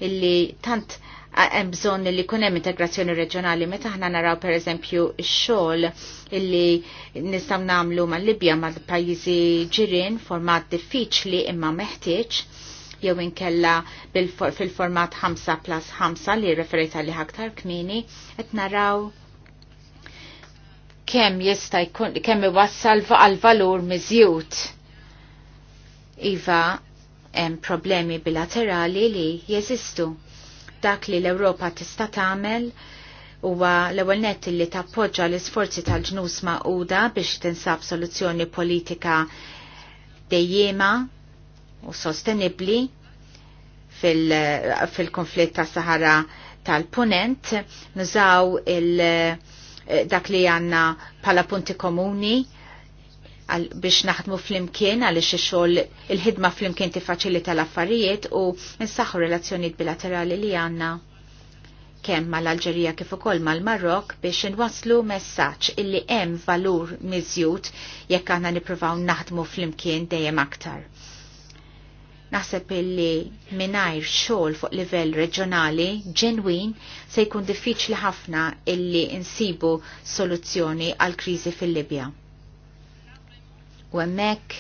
illi tant hemm bżonn li jkun hemm integrazzjoni reġjonali meta aħna naraw pereżempju x-xogħol illi nistgħu nagħmlu mal-Libja mal-pajjiżi ġirien format diffiċli imma meħtieġ jew inkella fil-format 5 plus 5 li referejta li aktar kmini qed naraw kemm jista' jkun kemm iwassal għal valur miżjud. Iva, hemm problemi bilaterali li jeżistu. Dak li l-Ewropa tista' tagħmel huwa l-ewwel nett li tappoġġa l-isforzi tal-ġnus maquda biex tinsab soluzzjoni politika dejjema u sostenibli fil-konflitt fil ta' Sahara tal-Punent, nużaw il- dak li għanna pala punti komuni biex naħdmu fl-imkien għalix xogħol il-ħidma fl-imkien tiffaċilita l-affarijiet u nsaħħu relazzjonijiet bilaterali li għandna kemm mal-Alġerija kif ukoll mal-Marok biex inwaslu messaġġ illi hemm valur miżjud jekk aħna nippruvaw naħdmu fl-imkien dejjem aktar. Naħseb illi mingħajr xogħol fuq livell reġjonali ġenwin se jkun diffiċli ħafna illi insibu soluzzjoni għal kriżi fil-Libja u hemmhekk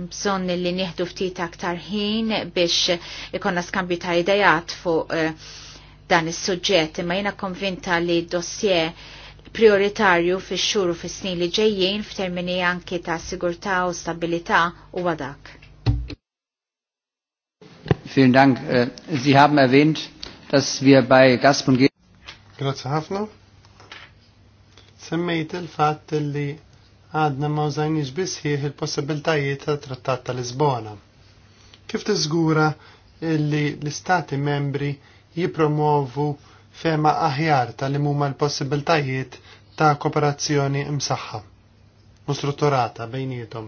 bżonn li nieħdu ftit aktar ħin biex ikonna skambju ta' idejat fuq eh, dan is-suġġett imma jiena konvinta li dossier prioritarju fix xhur u fis-snin li ġejjin f'termini anki ta' sigurtà u stabilità huwa dak. Vielen Dank. Äh, Sie haben erwähnt, dass wir bei Gasp Grazie ħafna. Semmejt il-fatt li għadna ma użajniex bisħieħ il-possibiltajiet ta' trattat ta' Lisbona. Kif tiżgura li l-istati membri jipromovu fema aħjar tal huma l-possibiltajiet ta' kooperazzjoni imsaħħa u strutturata bejnietom.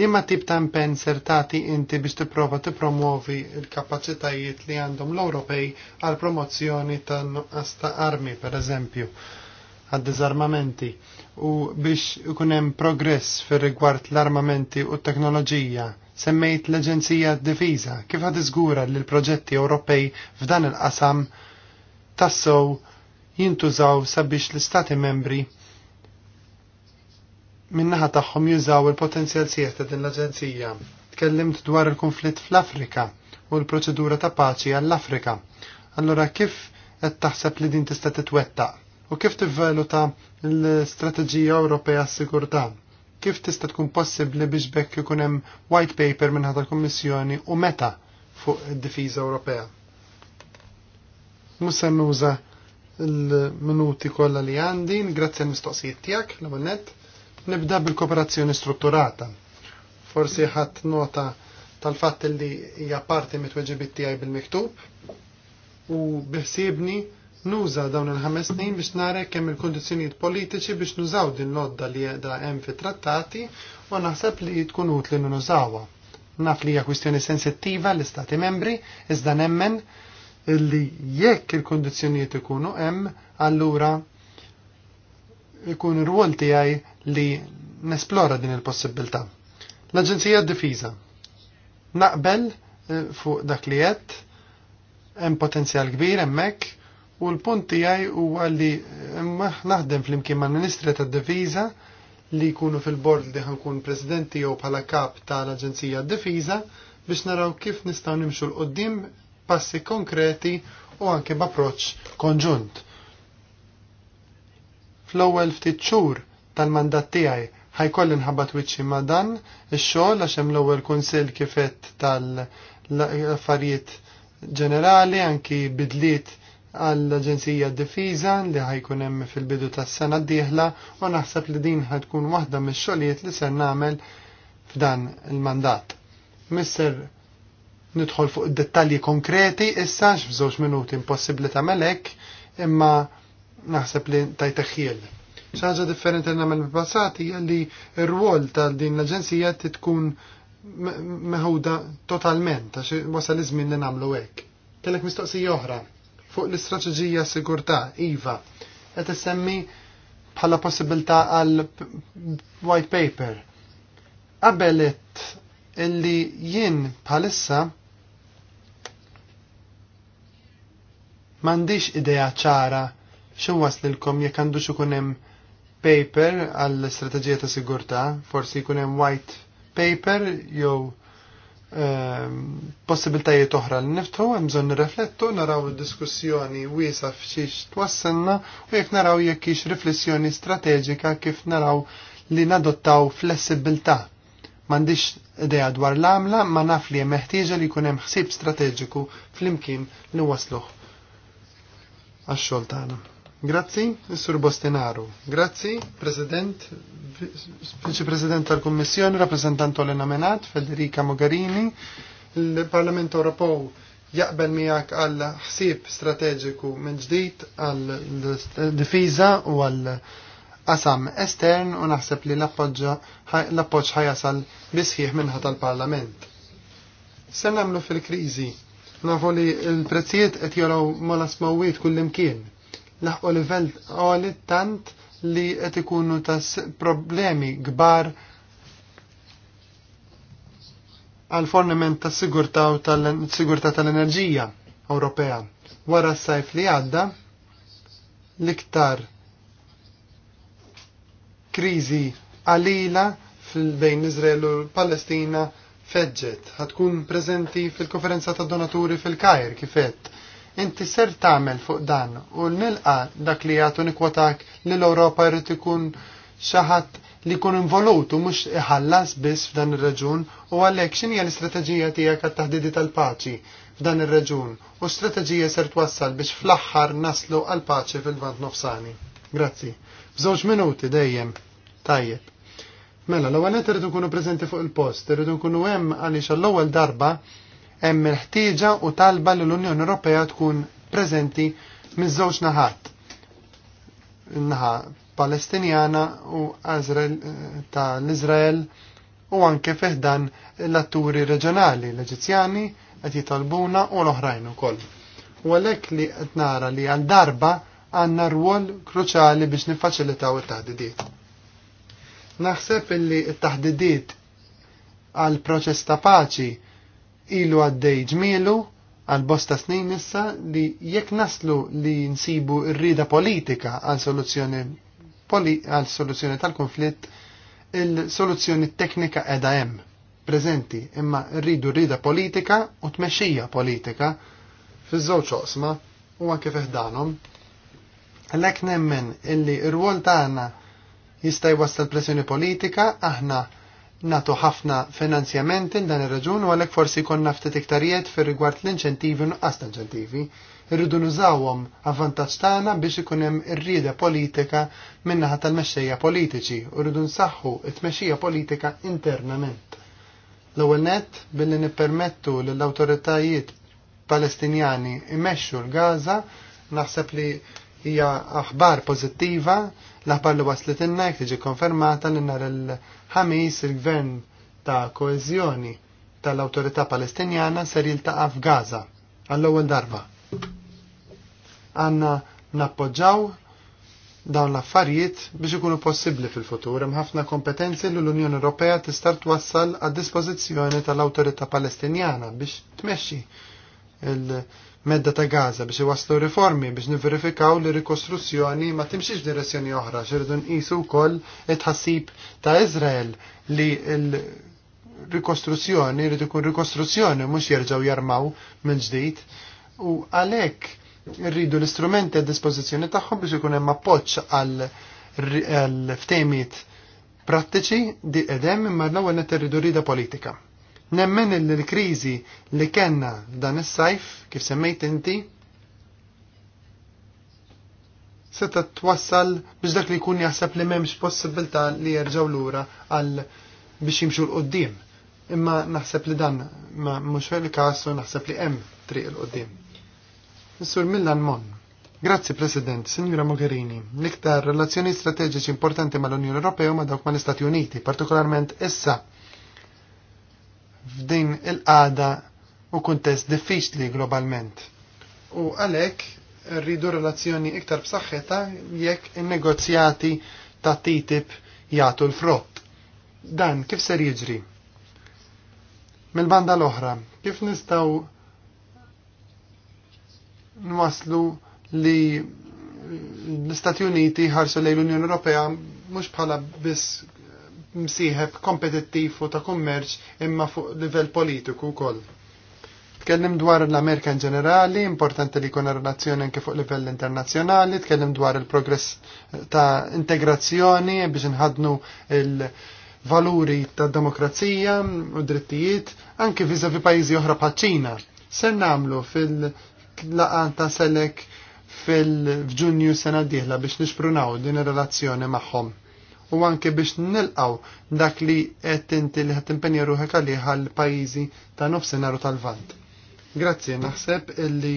Liema tip ta' impenn sertati inti biex tipprova tippromovi l-kapaċitajiet li għandhom l-Ewropej għal promozzjoni ta' nuqqas ta' armi, per eżempju, għad-dizarmamenti u biex ikunem progress fir rigward l-armamenti u t-teknoloġija. Semmejt l-Aġenzija Difiża kif għad iżgura li l-proġetti Ewropej f'dan il-qasam tassow jintużaw sabiex l-Istati membri minnaħa tagħhom jużaw il-potenzjal sieħ ta' din l-Aġenzija. Tkellimt dwar il-konflitt fl-Afrika u l-proċedura ta' paċi għall-Afrika. Allora kif qed taħseb li din tista' titwettaq? u kif tivvaluta l-Strateġija Ewropea s-Sigurtà? Kif tista' tkun possibbli biex bekk ikun hemm white paper minn ħadd il-Kummissjoni u meta fuq id-difiża Ewropea? Mhux se nuża l-minuti kollha li għandi, grazzi għal mistoqsijiet tiegħek l-għonet. Nibda bil-kooperazzjoni strutturata. Forsi ħadd nota tal-fatt li hija parti mitweġibit tiegħi bil-miktub u biħsiebni nuża dawn il-ħames snin biex nara kemm il-kondizzjonijiet politiċi biex nużaw din l-odda li qiegħda hemm fit-trattati u naħseb li tkun utli nużawha. Naf li hija kwistjoni sensittiva l-Istati membri iżda nemmen li jekk il-kondizzjonijiet ikunu hemm allura ikun ir-rwol tiegħi li nesplora din il-possibilità. L-Aġenzija d-Difiża. Naqbel eh, fuq dak li qed hemm potenzjal kbir hemmhekk U l-punt tiegħi huwa li naħdem flimkien mal-Ministri tad-Difiża li jkunu fil-bord li ħankun presidenti jew bħala kap tal-Aġenzija d-Difiża biex naraw kif nistgħu nimxu l-qoddim passi konkreti u anke b'approċċ konġunt. Fl-ewwel ftit xhur tal-mandat tiegħi ħajkolli nħabbat wiċċi ma' dan ix-xogħol għax hemm l-ewwel kunsill kifet tal-affarijiet ġenerali anki bidliet għall-Aġenzija d-Difiża li ħajkun hemm fil-bidu tas-sena d-dieħla u naħseb li din ħadkun waħda mix-xogħlijiet li ser nagħmel f'dan il-mandat. Misser nidħol fuq dettalji konkreti issa f'żewġ minuti impossibbli tagħmel hekk imma naħseb li tajteħħiel. ċaġa differenti nagħmel fil-passat hija li r-rwol tal din l-aġenzija tkun meħuda totalment għax wasal iż-żmien li nagħmlu hekk. Kellek mistoqsija oħra fuq l-istrateġija sigurtà IVA qed issemmi bħala possibilità għal white paper. Qabelet illi jien bħalissa m'għandix idea ċara x'in waslilkom jekk għandux ikun hemm paper għall istrateġija ta' sigurtà, forsi jkun hemm white paper jew Ehm, possibiltajiet oħra li niftħu, hemm bżonn nirreflettu, naraw id-diskussjoni wiesa f'xiex twassilna u jekk naraw jekk hix riflessjoni strateġika kif naraw li nadottaw flessibilità. M'għandix idea dwar l-għamla, ma naf li hemm meħtieġa li jkun hemm ħsieb strateġiku flimkien li wasluh għax-xogħol tagħna. Grazzi, Sur Bostenaru. Grazzi, President, Vice President tal-Kommissjoni, rappresentant l-Nomenat, Federica Mogherini, il-Parlament Europew jaqbel miegħek għal ħsieb strateġiku minn ġdid għal difiża u għal qasam estern u naħseb li l-appoġġ ħajasal bisħieħ minnħa tal-Parlament. Se nagħmlu fil-kriżi, nafu li l-prezzijiet qed jolgħu mola smawwiet kullimkien. kien laħqu livell għoli tant li qed ikunu ta' problemi kbar għal fornament ta' sigurta u tal-sigurta tal-enerġija Ewropea. Wara s-sajf li għadda l-iktar kriżi għalila fil-bejn Izrael u Palestina feġġet. Għatkun preżenti fil-konferenza ta' donaturi fil-Kajr kifet Inti ser tagħmel fuq dan u l nilqa dak li jagħtu nikwatak li l-Ewropa jrid ikun xi li jkun involut u mhux iħallas biss f'dan ir reġun u għalhekk x'inhi l-istrateġija tiegħek għat-taħdidi tal-paċi f'dan ir-reġun u strateġija ser twassal biex fl-aħħar naslu għal paċi fil-vant nofsani. Grazzi. F'żewġ minuti dejjem. Tajjeb. Mela, l-ewwel qed irridu nkunu preżenti fuq il-post, irridu nkunu hemm għaliex għall-ewwel darba hemm il-ħtieġa u talba li l unjoni Ewropea tkun preżenti miż-żewġ naħat. Naħa Palestinjana u Azrael ta' l-Izrael u anke dan l-atturi reġjonali l-Eġizzjani qed jitolbuna u l-oħrajn ukoll. U għalhekk li qed nara li għal darba għandna rwol kruċali biex niffaċilitaw it-taħdidiet. Naħseb illi t-taħdidiet għal proċess ta' paċi ilu għaddej ġmielu għal bosta snin issa li jekk naslu li nsibu rrida politika għal soluzzjoni għal soluzzjoni tal-konflitt il-soluzzjoni teknika edha hemm preżenti imma rridu rrida politika u tmexxija politika fiż-żewġ oqsma u anke fiħdanhom. Għalhekk nemmen illi r-rwol tagħna jista' jwassal pressjoni politika aħna natu ħafna finanzjament in dan ir-raġun u għalhekk forsi konna ftit iktarijiet fir rigward l-inċentivi u nuqqas ta' inċentivi. Irridu nużawhom avvantaġġ tagħna biex ikun hemm irrieda politika min-naħa tal-mexxejja politiċi u rridu nsaħħu t tmexxija politika internament. L-ewwel nett billi nippermettu lill-awtoritajiet Palestinjani imexxu l-Gaza naħseb li hija aħbar pożittiva l-aħbar li waslet inna jek tiġi konfermata li nhar il ħamis il-gvern ta' koezjoni tal-autorità palestinjana ser jiltaqa' f'Gaza għall-ewwel darba. Għanna nappoġġaw dawn l-affarijiet biex ikunu possibbli fil-futur hemm ħafna kompetenzi li l-Unjoni Ewropea tista' twassal għad dispożizzjoni tal-Awtorità Palestinjana biex tmexxi l medda ta' Gaza biex iwaslu riformi biex niverifikaw li rikostruzzjoni ma timxiex direzzjoni oħra xirridu nqisu wkoll it-ħassib ta' Izrael li l-rikostruzzjoni rrid ikun rikostruzzjoni mhux jerġgħu jarmaw minn ġdid u għalhekk irridu l-istrumenti għad dispożizzjoni tagħhom biex ikun hemm appoġġ għal ftemiet prattiċi di edem imma l-ewwel nettirridu irridu rida politika. Nemmen il krizi kriżi li kena dan is-sajf kif semmejt inti seta twassal biex dak li kun jaħseb li m'hemmx possibilità li jerġgħu lura għal biex jimxu l-qoddim. Imma naħseb li dan ma mhux il-każ u naħseb li hemm triq il-qoddim. Sur Millan Mon. Grazzi President, Signora Mogherini. L-iktar relazzjoni strateġiċi importanti mal-Unjoni Ewropea ma dawk mal-Istati Uniti, partikolarment issa f'din il-qada u kuntest diffiċli globalment. U għalhekk rridu relazzjoni iktar b'saħħetha jekk in-negozjati ta' TTIP jagħtu l-frott. Dan kif ser jiġri? Mill-banda l-oħra, kif nistgħu nwaslu li l-Istati Uniti ħarsu lejn l-Unjoni Ewropea mhux bħala biss msieħeb kompetittiv u ta' kummerċ imma fuq livell politiku wkoll. Tkellim dwar l-Amerika in ġenerali, importanti li jkun relazzjoni anke fuq livell internazzjonali, tkellim dwar il-progress ta' integrazzjoni biex inħadnu il- valuri ta' demokrazija u drittijiet anke vizavi pajjiżi oħra bħaċ-Ċina. Se namlu fil-laqan ta' selek fil-ġunju sena d biex nixprunaw din ir-relazzjoni magħhom u anke biex nilqaw dak li qed inti li qed impenja ruħek għalih għall-pajjiżi ta' nofsinhar u tal-Vant. Grazzi, naħseb illi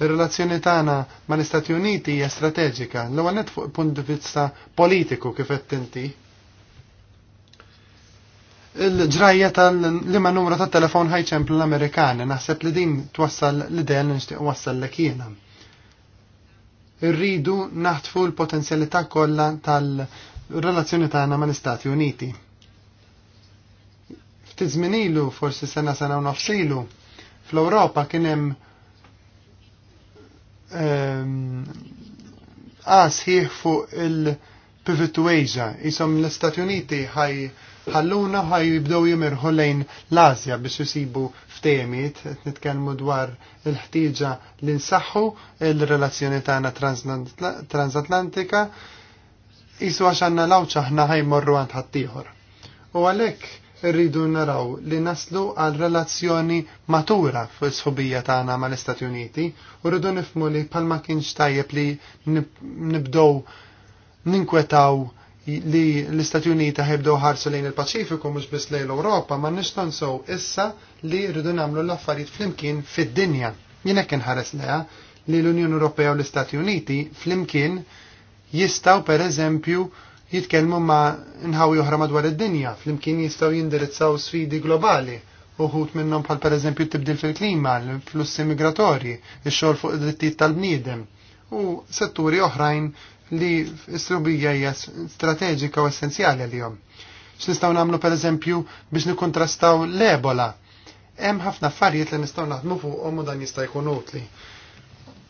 ir-relazzjoni tagħna mal-Istati Uniti hija strateġika, l-ewwel net fuq punt di vista politiku kif qed inti. Il-ġrajja tal-lima numru tat telefon ħajċem l-Amerikani, naħseb li din twassal l-idea li nixtieq wassal lek jiena irridu naħtfu l-potenzjalità kollha tal relazzjoni tagħna mal-Istati Uniti. Ftit ilu, forsi sena sena u nofsilu, fl-Ewropa kien hemm ehm, qas ħieħ fuq il-Pivituasia, isom l-Istati Uniti ħaj ħalluna ħaj jibdew jimirħu lejn l-Asja biex jisibu qed nitkellmu dwar il-ħtieġa li nsaħħu il-relazzjoni tagħna transatlantika, isu għax għanna ħna aħna ħajmorru għand ħaddieħor. U għalhekk rridu naraw li naslu għal relazzjoni matura fil-sħubija tagħna mal-Istati Uniti u rridu nifmu li palma kienx tajjeb li nibdow ninkwetaw li l-Istati Uniti ħibdew ħarsu lejn il-Paċifiku mhux biss lejn l-Ewropa, ma nishton tansew issa li rridu nagħmlu l-affarijiet flimkien fid-dinja. Jien hekk ħares leha li l-Unjoni Ewropea u l-Istati Uniti flimkien jistaw per eżempju jitkelmu ma' nħaw oħra madwar id-dinja, flimkien jistaw jindirizzaw sfidi globali, uħut minnom bħal per eżempju tibdil fil-klima, l-flussi migratorji, il-xol fuq id-drittijiet tal-bniedem, u setturi oħrajn li s-rubija hija strateġika u essenzjali għal-jom. namlu nagħmlu pereżempju biex nikkontrastaw l-ebola. Hemm ħafna affarijiet li nistgħu naħdmu fuqhom u dan jista' jkun utli.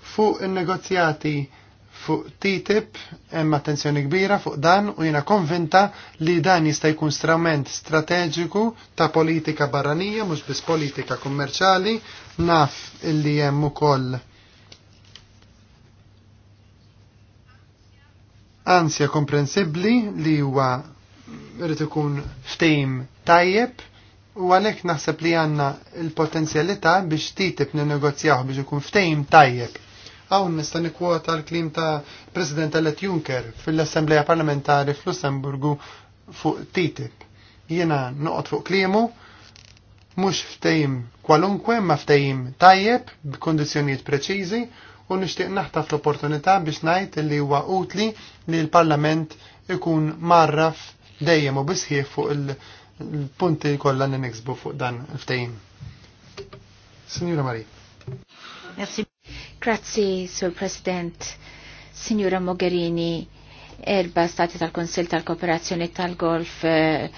Fuq in-negozjati fuq TTIP hemm attenzjoni kbira fuq dan u jiena konvinta li dan jista' jkun strament strateġiku ta' politika barranija mhux biss politika kummerċjali naf illi hemm ukoll ansja komprensibbli li huwa rrid ikun ftehim tajjeb u għalhekk naħseb li għandna l potenzjalità biex TTIP ninnegozjaw biex ikun ftehim tajjeb Hawn nista' nikkwota l-klim ta' President Alet Juncker fil-Assembleja Parlamentari fl-Lussemburgu fuq TTIP. Jiena noqgħod fuq klimu mhux ftejim kwalunkwe ma ftehim tajjeb b'kundizzjonijiet preċiżi u nixtieq naħtaf l-opportunità biex ngħid li huwa utli li l-Parlament ikun marraf dejjem u bisħieħ fuq il-punti kollha li niksbu fuq dan il-ftehim. Signora Marie. Merci Grazzi, Sur President, Signora Mogherini, erba stati tal-Konsil tal Cooperazione tal-Golf eh,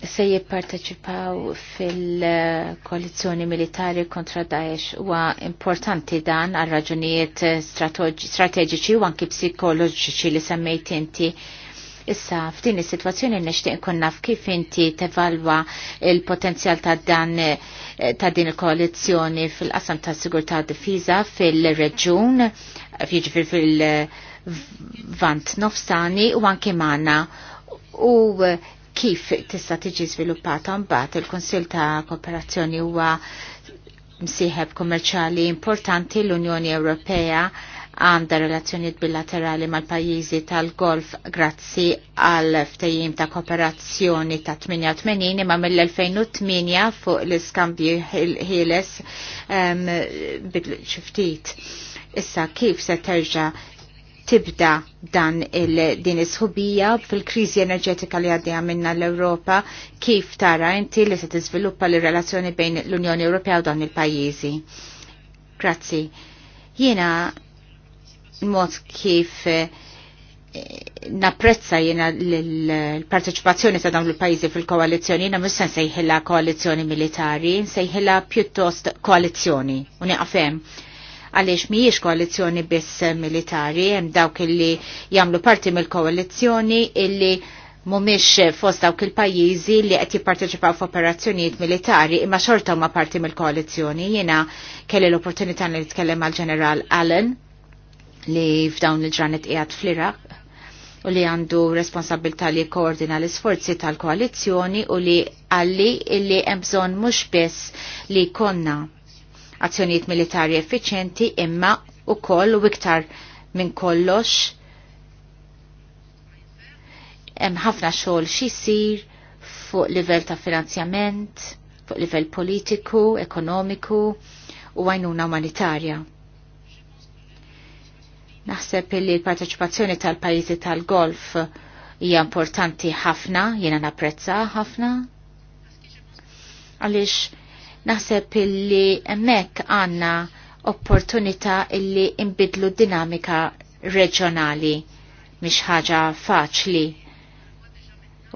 se parteċipaw fil-koalizzjoni militari kontra Daesh huwa importanti dan għal raġunijiet strateġiċi u anki psikoloġiċi li semmejt inti Issa, f'din is-sitwazzjoni nixtieq nkun naf kif inti tevalwa il-potenzjal ta' dan eh, ta' din il-koalizzjoni fil-qasam ta' sigurtà difiża fil-reġun, jiġifier fil-vant nofsani u anke Manna. u eh, kif tista' tiġi żviluppata mbagħad il-Kunsill ta' Kooperazzjoni huwa msieħeb kummerċjali importanti l-Unjoni Ewropea għanda relazzjoniet bilaterali mal-pajizi tal-Golf grazzi għal ftejim ta' kooperazzjoni ta' 88 imma mill-2008 fuq l-iskambju ħieles um, bil-ċiftit. Issa kif se terġa tibda dan il-din isħubija fil-krizi enerġetika li għaddija minna l-Europa, kif tara inti li se tiżviluppa l-relazzjoni bejn l-Unjoni Ewropea u dan il-pajjiżi. Grazzi. Jiena mod kif eh, napprezza jena l-parteċipazzjoni ta' dawn il-pajzi fil-koalizjoni, jena mux sejħilla koalizjoni militari, sejħilla pjuttost koalizjoni, uniqafem għaliex miħiex koalizjoni biss militari, hemm dawk illi jamlu parti mill-koalizjoni illi mumiex fost dawk il-pajjiżi li qed jipparteċipaw f'operazzjonijiet militari imma xorta huma parti mill-koalizjoni. Jiena kelli l-opportunità li nitkellem għal ġeneral Allen li f'dawn il-ġranet qiegħed fl-Iraq u li għandu responsabilta li koordina l-isforzi tal-koalizjoni u li għalli illi bżonn mux biss li konna azzjoniet militari effiċenti imma u koll u iktar minn kollox hemm ħafna xogħol xisir fuq livell ta' finanzjament, fuq livell politiku, ekonomiku u għajnuna umanitarja. Naħseb li l-parteċipazzjoni tal-pajjiżi tal-golf hija importanti ħafna, jiena napprezza ħafna. Għaliex naħseb li hemmhekk għandna opportunità illi imbidlu dinamika reġjonali mhix ħaġa faċli.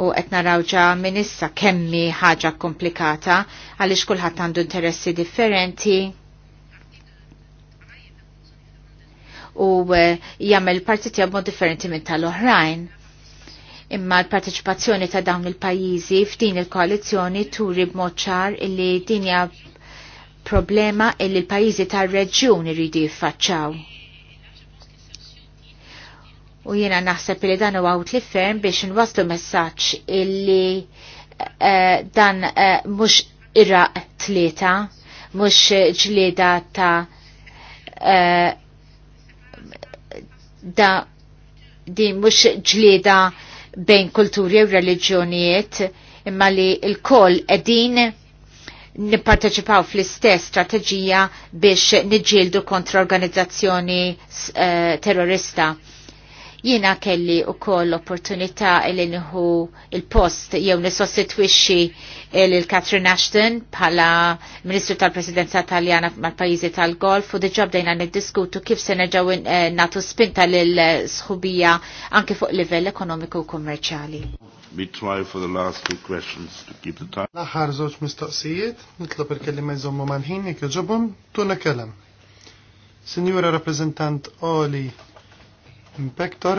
U qed narawġa minn issa kemmi ħaġa komplikata għaliex kulħadd għandu interessi differenti u eh, jagħmel partiti mod differenti minn tal-oħrajn. Imma l-parteċipazzjoni ta' dawn il-pajjiżi f'din il-koalizzjoni turi b'mod ċar illi din hija problema illi l-pajjiżi tar-reġjun iridu jiffaċċaw. U jiena naħseb li dan huwa għawt li ferm biex nwaslu messaċ illi uh, dan uh, iraq tlieta, mhux ġlieda ta' uh, da di mux ġlieda bejn kulturi u reliġjonijiet imma li l-koll edin nipparteċipaw fl-istess strateġija biex niġġieldu kontra organizzazzjoni uh, terrorista. Jiena kelli u koll opportunità li nħu il-post jew nisostitwixxi il-Katrin Ashton bħala Ministru tal-Presidenza Taljana mal-Pajjiżi tal-Golf u diġà bdejna niddiskutu kif se neġa'w eh, nagħtu spinta l sħubija anke fuq livell ekonomiku u kummerċjali. We try for the last two questions to keep the time. l zoċ mistoqsijiet, nitlob il-kelliema manħin jekk tuna kellem. Signora rappresentant Oli Inspektor,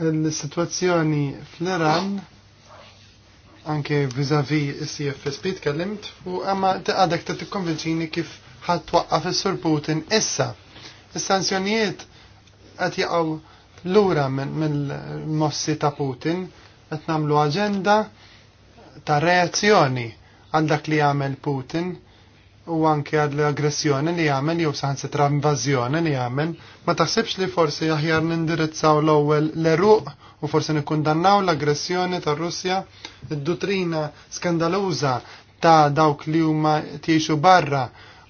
il-situazzjoni fl-Iran anke vizavi CFSP tkellimt u għamma għadek ta' tikkonvinċini kif ħadd waqqaf il sur Putin issa. Is-sanzjonijiet qed jaqgħu lura mill-mossi ta' Putin qed nagħmlu aġenda ta' reazzjoni għal dak li għamel Putin u anke għad l-aggressjoni li jagħmel jew saħansitra invażjoni li jagħmel, ma taħsibx li forsi aħjar nindirizzaw l-ewwel l-eruq u forsi nikkundannaw l-aggressjoni tar-Russja, id-dutrina skandaluża ta' dawk li huma tiexu barra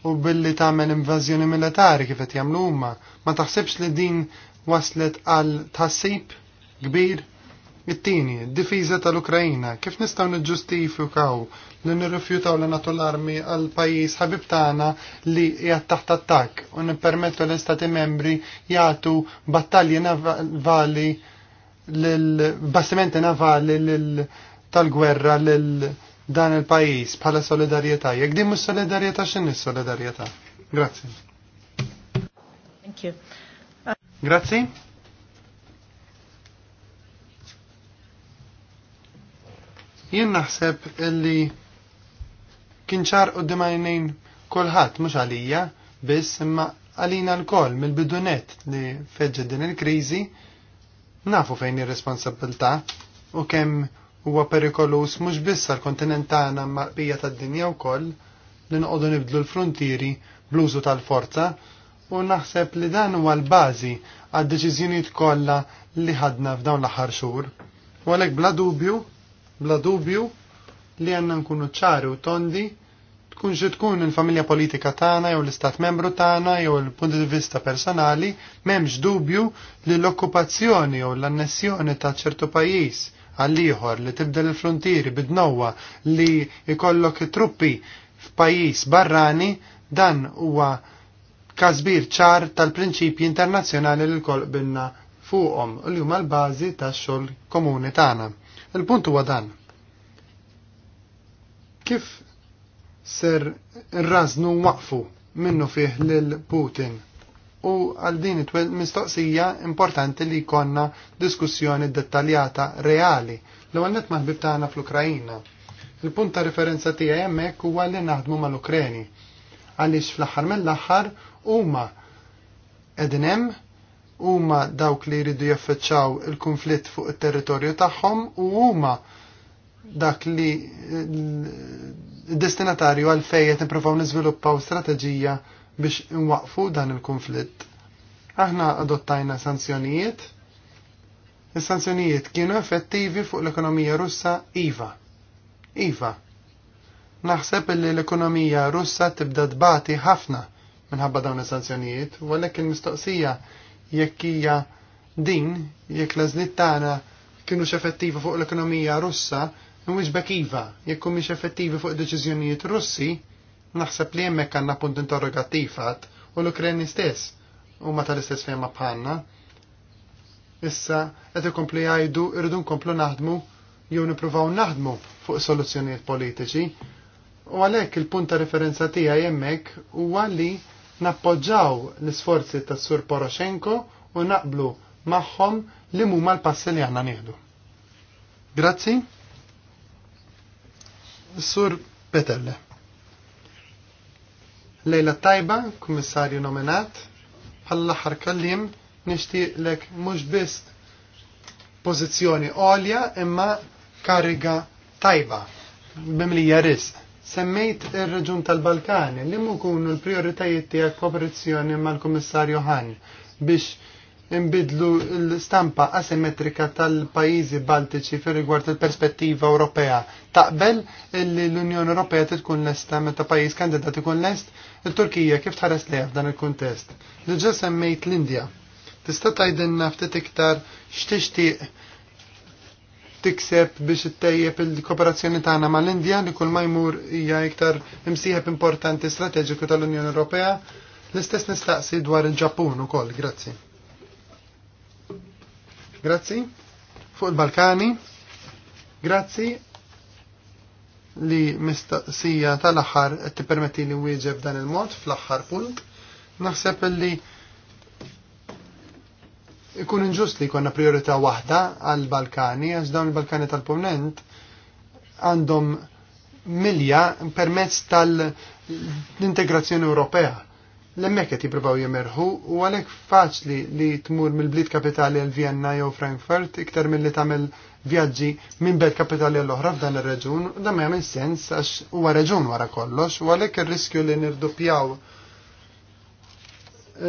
u billi tagħmel invażjoni militari kif qed jagħmlu huma, ma taħsibx li din waslet għal tassib kbir It-tieni, difiża tal-Ukrajina, kif nistgħu niġġustifikaw li nirrifjutaw li nagħtu l-armi għal pajjiż ħabib tagħna li qiegħed taħt attakk u nippermettu l-Istati membri jagħtu battalji navali l bastimenti navali tal-gwerra lil dan il-pajjiż bħala solidarjetà. Jekk din mhux solidarjetà x'inhi solidarjetà? Grazzi. Thank you. Grazzi. Jien naħseb illi kien ċar u dimajnejn kolħat, mux għalija, biss imma għalina l-kol mill-bidunet li feġġa din il-krizi, nafu fejn ir-responsabilta u kemm huwa perikolus mhux biss għall kontinentana ma' bija tad-dinja wkoll li noqogħdu nibdlu l-frontieri bluzu tal-forza u naħseb li dan huwa l-bażi għad-deċiżjonijiet kollha li ħadna f'dawn l-aħħar xhur. U għalhekk bla dubju bla dubju li għanna nkunu ċari u tondi tkun xi tkun il-familja politika tagħna jew l-istat membru tagħna jew il-punt di vista personali m'hemmx dubju li l-okkupazzjoni jew l-annessjoni ta' ċertu pajjiż għal ieħor li tibdel il-frontieri bidnowa li jkollok truppi f'pajjiż barrani dan huwa kazbir ċar tal-prinċipji internazzjonali li l-kol binna fuqhom li huma l-bażi tax-xogħol komuni tagħna. Il-punt huwa dan. Kif ser raznu waqfu minnu fih lil Putin? U għal din it-twel mistoqsija importanti li konna diskussjoni dettaljata reali l-għal net maħbib tagħna fl-Ukrajina. Il-punt ta' referenza tiegħi hemmhekk huwa li naħdmu mal-Ukreni għaliex fl-aħħar mill-aħħar huma ma' hemm huma dawk li jridu jaffeċċaw il-konflitt fuq it-territorju tagħhom u huma dak li destinatarju għal fejjet niprofaw niżviluppaw strateġija biex nwaqfu dan il-konflitt. Aħna adottajna sanzjonijiet. Is-sanzjonijiet kienu effettivi fuq l-ekonomija russa IVA. IVA. Naħseb li l-ekonomija russa tibda dbati ħafna minħabba dawn is-sanzjonijiet, u għalhekk il-mistoqsija jekk hija din jekk l-għażliet tagħna kienux fuq l-ekonomija Russa mwix bekiva jekk humiex effettivi fuq deċiżjonijiet Russi naħseb li hemmhekk għandna punt interrogattiv u l-Ukreni stess huma tal-istess fejma bħalna. Issa qed ikompli jgħidu irridu nkomplu naħdmu jew nippruvaw naħdmu fuq soluzzjonijiet politiċi u għalhekk il-punt ta' referenza tiegħi hemmhekk huwa li Nappoġġaw l-isforzi tas Sur Poroshenko u naqblu magħhom li huma l-passi li għanna nieħdu. Grazzi. Sur Petelle. Lejla Tajba, kummissarju nominat, bħall-aħħar kallim nixtieqlek mhux biss pozizjoni għolja imma kariga tajba bimli rizq Semmejt ir-reġun tal-Balkani li mkunu l-prioritajiet tiegħek kooperazzjoni mal-Kummissarju Han biex imbidlu l-stampa asimetrika tal-pajjiżi Baltiċi fir rigward il-perspettiva Ewropea. Taqbel li l-Unjoni Ewropea tkun lesta meta pajjiż kandidat ikun lest, il-Turkija kif tħares lejha f'dan il-kuntest. Diġà semmejt l-Indja. Tista' tgħidilna ftit iktar x'tixtieq tikseb biex ittejjeb il-kooperazzjoni tagħna mal-Indja li kull ma jmur hija iktar imsieħeb importanti strateġiku tal-Unjoni Ewropea. L-istess nistaqsi dwar il-Ġappun ukoll, grazzi. Grazzi. Fuq il-Balkani. Grazzi li mistaqsija tal-aħħar qed tippermetti li wieġeb dan il-mod fl-aħħar punt. Naħseb li ikun inġust li konna priorita waħda għal Balkani, għax dawn il-Balkani tal-Ponent għandhom milja permezz tal-integrazzjoni Ewropea. L-emmek qed jippruvaw jemerħu u għalhekk faċli li tmur mill blit kapitali għal Vienna jew Frankfurt iktar milli tagħmel vjaġġi minn belt kapitali għall oħra f'dan ir-reġun, dan ma jagħmel sens għax huwa reġun wara kollox u għalhekk ir-riskju li nirdupjaw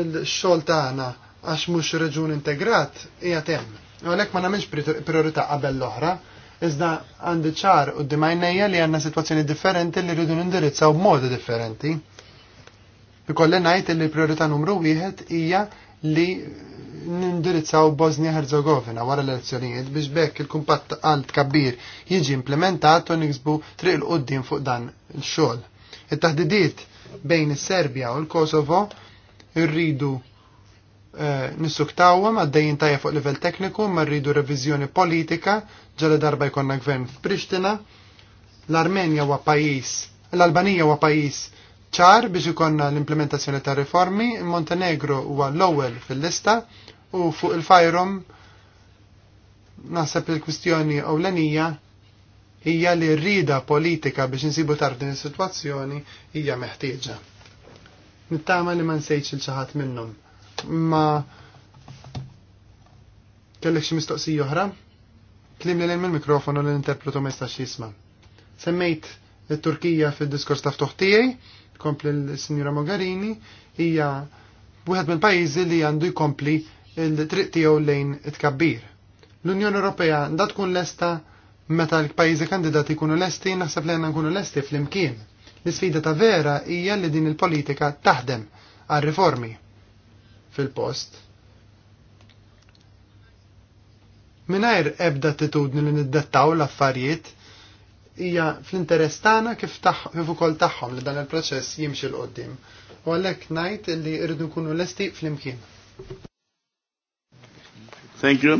il-xogħol tagħna għax mhux reġun integrat hija hemm. Għalhekk ma nagħmilx priorità qabel l-oħra, iżda għandi ċar u dimajnejja li għandna sitwazzjoni differenti li rridu nindirizzaw b'modi differenti. Bikolli ngħid li priorità numru wieħed hija li nindirizzaw Bosnia Herzegovina wara l-elezzjonijiet biex bekk il-kumpat għal tkabbir jiġi implementat u niksbu triq il-qoddim fuq dan il-xogħol. It-taħdidiet bejn is-Serbja u l-Kosovo irridu d eh, għaddejjin tajja fuq livell tekniku ma rridu reviżjoni politika ġale darba jkollna gvern f'Prixtina. L-Armenja huwa pajjiż, l-Albanija huwa pajjiż ċar biex ikonna l-implementazzjoni ta' riformi, Montenegro huwa l-ewwel fil-lista u fuq il-fajrom naħseb il-kwistjoni ewlenija hija li rrida politika biex insibu tarf din is-sitwazzjoni hija meħtieġa. Nittama li ma nsejx il-ċaħat minnhom ma kellek xi mistoqsija oħra? Klim li l mikrofonu l-interpretu ma jistax jisma. Semmejt il-Turkija fil-diskors ta' ftuħ tiegħi, kompli l-Sinjura Mogherini, hija wieħed mill-pajjiżi li għandu jkompli il-triq tiegħu lejn it-kabbir. L-Unjoni Ewropea da tkun lesta meta l-pajjiżi kandidati jkunu lesti, naħseb li għandna nkunu lesti fl-imkien. L-isfida ta' vera hija li din il-politika taħdem għal riformi fil-post. Minajr ebda attitudni li niddettaw l-affarijiet hija fl-interess tagħna kif kif ukoll tagħhom li dan il-proċess jimxi l qoddim U għalhekk ngħid li rridu nkunu lesti flimkien. Thank you.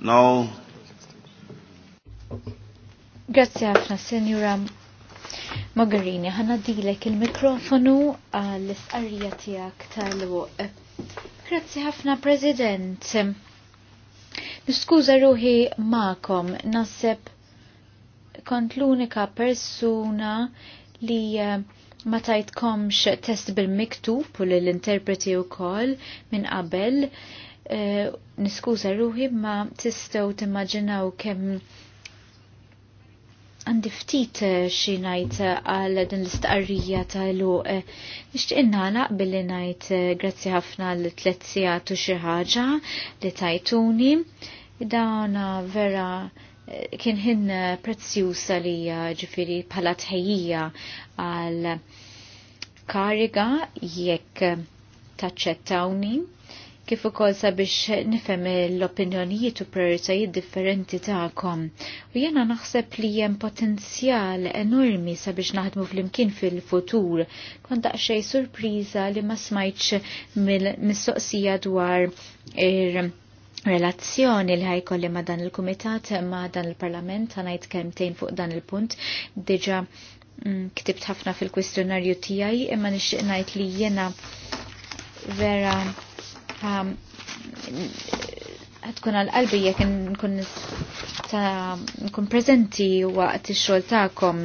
Now Grazie Afna, Senjura Mogherini, ħana dilek il-mikrofonu għall isqarrija tijak tal wu Grazzi ħafna, President. Niskuza ruħi ma'kom, nasib kont l-unika persuna li eh, ma tajtkomx test bil-miktub u l-interpreti u kol minn qabel. Eh, Niskuza ruħi ma tistaw timmaġinaw kemm għandi ftit eh, xi ngħid eh, għal din l-istqarrija l lu eh, nishtiqna nagħlaq billi ngħid grazzi ħafna l tliet sigħat xi ħaġa li tajtuni. Dan vera kien ħin prezzjusa li ġifiri bħala tħejjija għal kariga jekk taċċettawni kif ukoll sabiex nifhem l-opinjonijiet u prioritajiet differenti tagħkom. U jiena naħseb li hemm potenzjal enormi sabiex naħdmu flimkien fil-futur. Kont daqsxej surpriża li ma smajtx mill-mistoqsija dwar ir relazzjoni li ħajkolli ma dan il-Kumitat ma dan il-Parlament ħanajt kemtejn fuq dan il-punt diġa mm, ktibt ħafna fil-kwistjonarju tiegħi imma nixtieq ngħid li jiena vera Um, ħatkun għal-qalbi jek nkun nkun prezenti waqt ix-xogħol tagħkom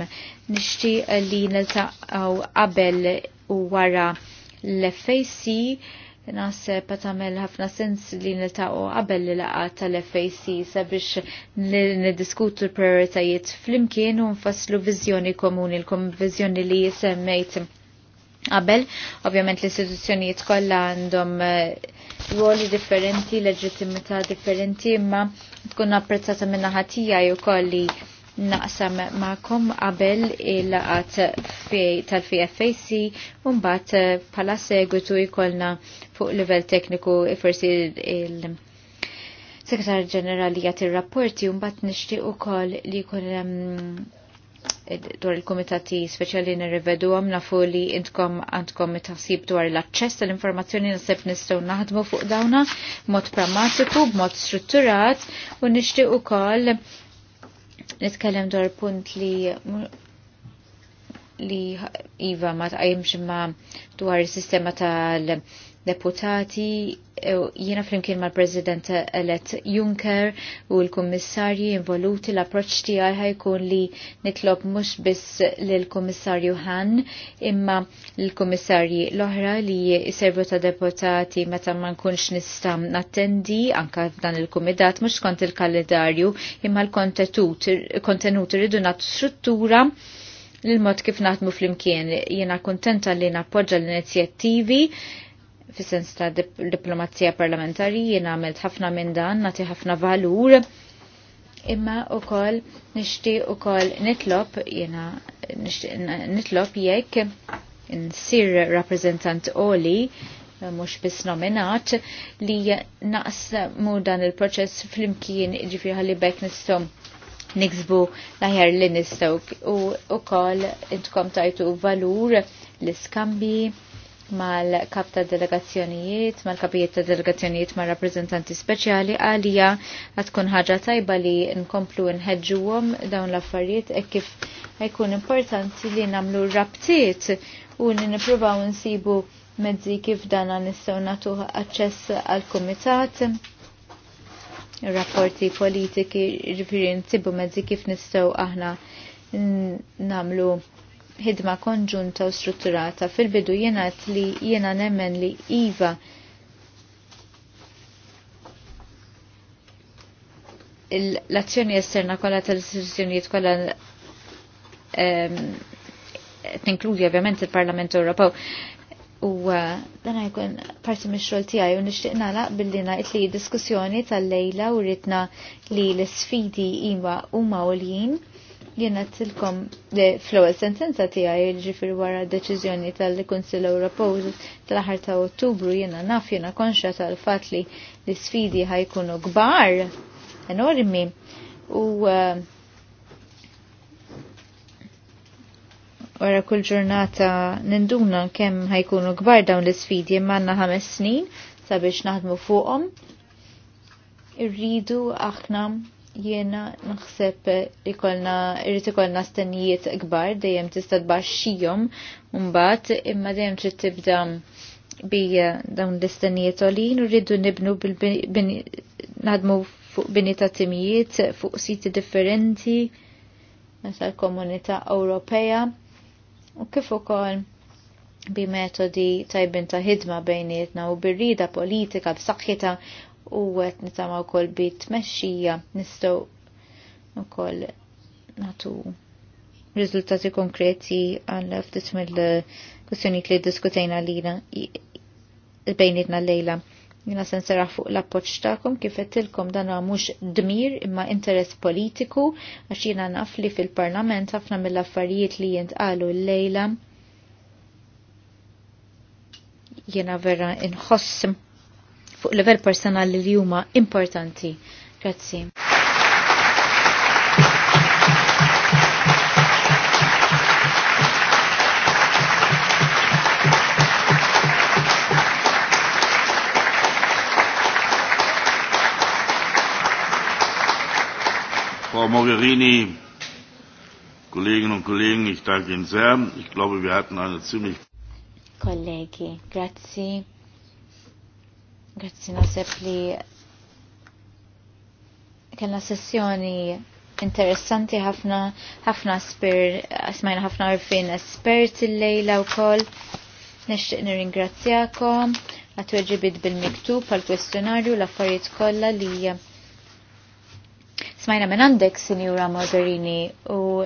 nixtieq li niltaqgħu qabel u wara l-FAC nas tagħmel ħafna sens li niltaqgħu qabel l laqgħa tal-FAC sabiex niddiskutu l-prioritajiet flimkien u nfasslu viżjoni komuni l-kom viżjoni li semmejt qabel. Ovvjament l-istituzzjonijiet kollha għandhom eh, ruoli differenti, leġittimità differenti, imma tkun apprezzata minna ħatija jew kolli naqsam ma'kom qabel il-laqat tal-FFAC mbagħad pala eh, segwitu jkollna fuq livell tekniku eh, forsi il- Sekretar ġenerali jagħti ir-rapporti u mbagħad nixtieq ukoll li jkun ehm, dwar il-komitati speċjali nirrivedu għam nafu li intkom għandkom taħsib dwar l-access tal-informazzjoni nasib nistaw naħdmu fuq dawna mod pragmatiku, mod strutturat u nishti u koll nitkellem dwar punt li li Iva ma tqajimx ma dwar il-sistema tal- deputati, e, jiena flimkien mal-President elett Juncker u l-Kummissarji involuti l-approċ tiegħi ħajkun li nitlob mhux biss lill-Kummissarju Han imma l-Kummissarji l-oħra li jservu ta' deputati meta ma nkunx nista' nattendi anka dan il-kumidat mhux kont il-kalendarju imma l-kontenut irridu nagħtu struttura l-mod kif naħdmu flimkien. Jiena Jena kontenta li nappoġġa l-inizjattivi fis-sens ta' diplomazija parlamentari jien għamilt ħafna minn dan, nagħti ħafna valur imma u koll nishti u koll nitlop jena nitlop jekk nsir rappresentant oli mux bis nominat li naqs mu dan il-proċess fl-imkien ġifri għalli bekk nistom niksbu laħjar li nistaw u u koll intkom tajtu valur l-iskambi mal-kap ta' delegazzjonijiet, mal-kapijiet ta' delegazzjonijiet mal rappresentanti speċjali għalija għatkun ħaġa tajba li nkomplu għom dawn l-affarijiet e kif għajkun importanti li namlu rabtiet u li nipruvaw nsibu mezzi kif dana nistaw natu aċċess għal-komitat rapporti politiki ġifiri nsibu mezzi kif nistaw aħna namlu ħidma konġunta u strutturata fil-bidu jenat li jena nemmen li Iva l-azzjoni esterna kolla tal-istituzzjonijiet kolla ehm, tinkludi ovvjament il-Parlament Ewropew u eh, dan jkun parti mix-xogħol tiegħi u nixtieq nagħlaq billi ngħid li diskussjoni tal-lejla u ritna li l-sfidi ima huma għoljin Jena tilkom fl-ewwel sentenza tiegħi ġifier wara deċiżjoni tal-Kunsill Ewropew tal-aħħar ta' Ottubru jiena naf jiena konxa tal-fatt li l-isfidi ħajkunu kbar enormi u uh, wara kull ġurnata ninduna kemm ħajkunu kbar dawn l-isfidi imma għandna ħames snin sabiex naħdmu fuqhom irridu aħna Jiena naħseb li kolna, irrid kolna stennijiet kbar dejjem tista' tbaxxijom mbagħad imma dejjem trid tibda bi eh, dawn l-istennijiet olin u rridu nibnu naħdmu fuq bini ta' timijiet fuq siti differenti nasa l-komunità Ewropea u kif ukoll bi metodi tajbin ta' ħidma bejnietna u birrida politika b'saħħitha u għet nitama u kol bit meċxija nistaw u kol natu rizultati konkreti għal ftit mill-kussjoni li diskutejna lina bejnietna lejla. Jina sen seraħ fuq l-appoċ ta'kom kif tilkom dan mhux dmir imma interess politiku għax jiena naf li fil-parlament ħafna mill-affarijiet li jintqalu l-lejla jiena vera inħossim fuq level personali li huma importanti. Grazzi. Frau Mogherini, Kolleginnen und Kollegen, ich danke Ihnen sehr. Ich glaube, wir hatten eine ziemlich... Kollegi, grazie. Grazzi naħseb li kellna sessjoni interessanti ħafna ħafna spir smajna ħafna arfin espert il-lejla wkoll. Nixtieq nirringrazzjakom għat-tweġibit bil-miktub għal-kwestjonarju l-affarijiet kollha li smajna minn għandek, Sinjura Mogherini, u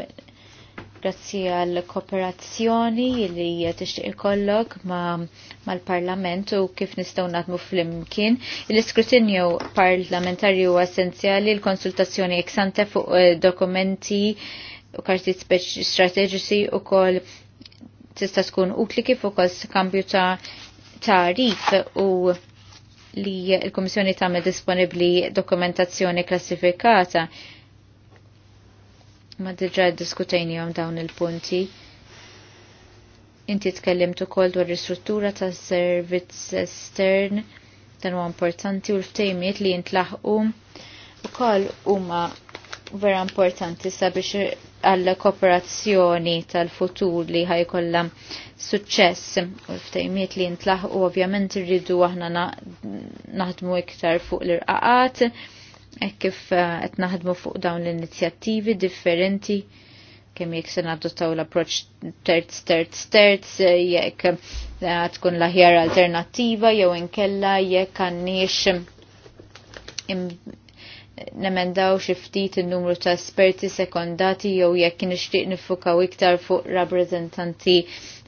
grazzi għal kooperazzjoni li tixtieq ikollok ma' mal-Parlament u kif nistgħu fl flimkien. Il-iskrutinju parlamentari huwa essenzjali l-konsultazzjoni eksante fuq eh, dokumenti u karti strateġiċi u kol tista' tkun utli kif ukoll skambju ta' tarif u li l-Kummissjoni tagħmel disponibbli dokumentazzjoni klassifikata Ma diġa diskutejni għom dawn il-punti. Inti tkellimt ukoll dwar ristruttura ta' servizz estern dan huwa importanti u l-ftejmiet li jintlaħqu ukoll huma vera importanti sabiex għall kooperazzjoni tal-futur li ħajkollha suċċess u l-ftejmiet li jintlaħqu ovvjament irridu aħna naħdmu iktar fuq l-irqaqat Ek kif e, qed naħdmu fuq dawn l-inizjattivi differenti kemm jekk se nadottaw l approċċ terz terz terz e, jekk e, tkun l-aħjar alternattiva jew inkella jekk għandniex nemendaw xi ftit in-numru ta' esperti sekondati jew jekk nixtieq nifukaw iktar fuq rappreżentanti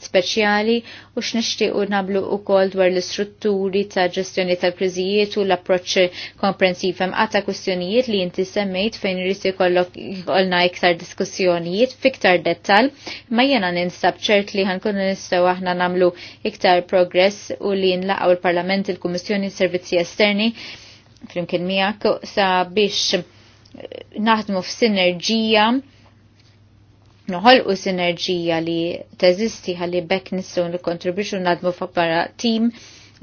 speċjali u x'nixtiequ nagħmlu wkoll dwar l-istrutturi ta' ġestjoni tal-kriżijiet u l-approċċ komprensiv hemm qatta kwistjonijiet li inti semmejt fejn irid ikollok jkollna iktar diskussjonijiet fiktar dettal, ma jiena ninsab ċert li ħankun nistgħu aħna nagħmlu iktar progress u li nlaqgħu l parlament il-Kummissjoni, s-Servizzi Esterni flimkien miegħek sa biex naħdmu f'sinerġija noħolqu sinerġija li teżisti għalli bekk nistgħu nikkontribwixxu nadmu f'appara tim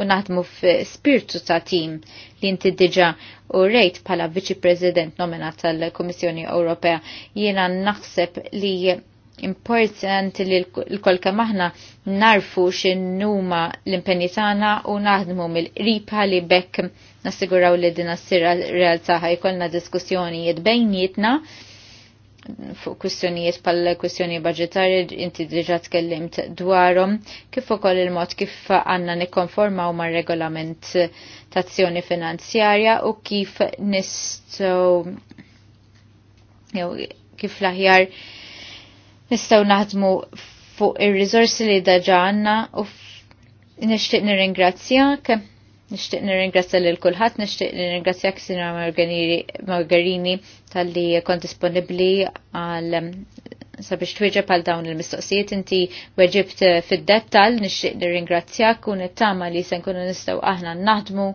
u naħdmu f'spirtu ta' tim li inti diġa u rejt pala viċi president nominat tal-Komissjoni Ewropea. Jiena naħseb li important li l-kol kemm aħna narfu x'inhuma l impenni tagħna u naħdmu mill-qrib li bekk nassiguraw li din assira realtà ħajkolna diskussjonijiet bejnietna. bejnietna fuq kwistjonijiet pal kwistjoni budgetarji inti diġa tkellimt dwarhom kif ukoll il-mod kif għandna nikkonformaw mar regolament tazzjoni finanzjarja u kif nistgħu jew kif l-aħjar nistgħu naħdmu fuq ir-riżorsi li diġa għandna u nixtieq nirringrazzjak Nishtiq nirringrazzja lil kulħadd, nishtiq nirringrazzjak Sinra Margarini tal-li kon disponibbli għal um, sabiex twieġeb għal dawn il-mistoqsijiet inti weġibt uh, fid-dettal, nixtieq kun u nittama li se nkunu nistgħu aħna naħdmu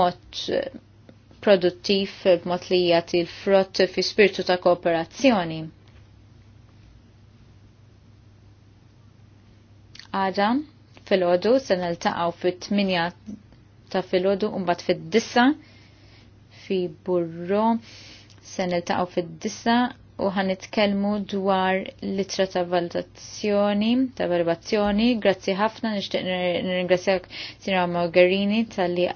mot uh, produttiv b'mod li jagħti l-frott fi spiritu ta' kooperazzjoni. Adam, fil-ħodu se niltaqgħu fit-8 ta' filodu un-bat fid dissa fi burro se niltaqgħu fid dissa u ħanitkellmu dwar litra ta' valutazzjoni, ta' valutazzjoni. Grazzi ħafna nixtieq nirringrazzjak Sinra Mogherini tal-li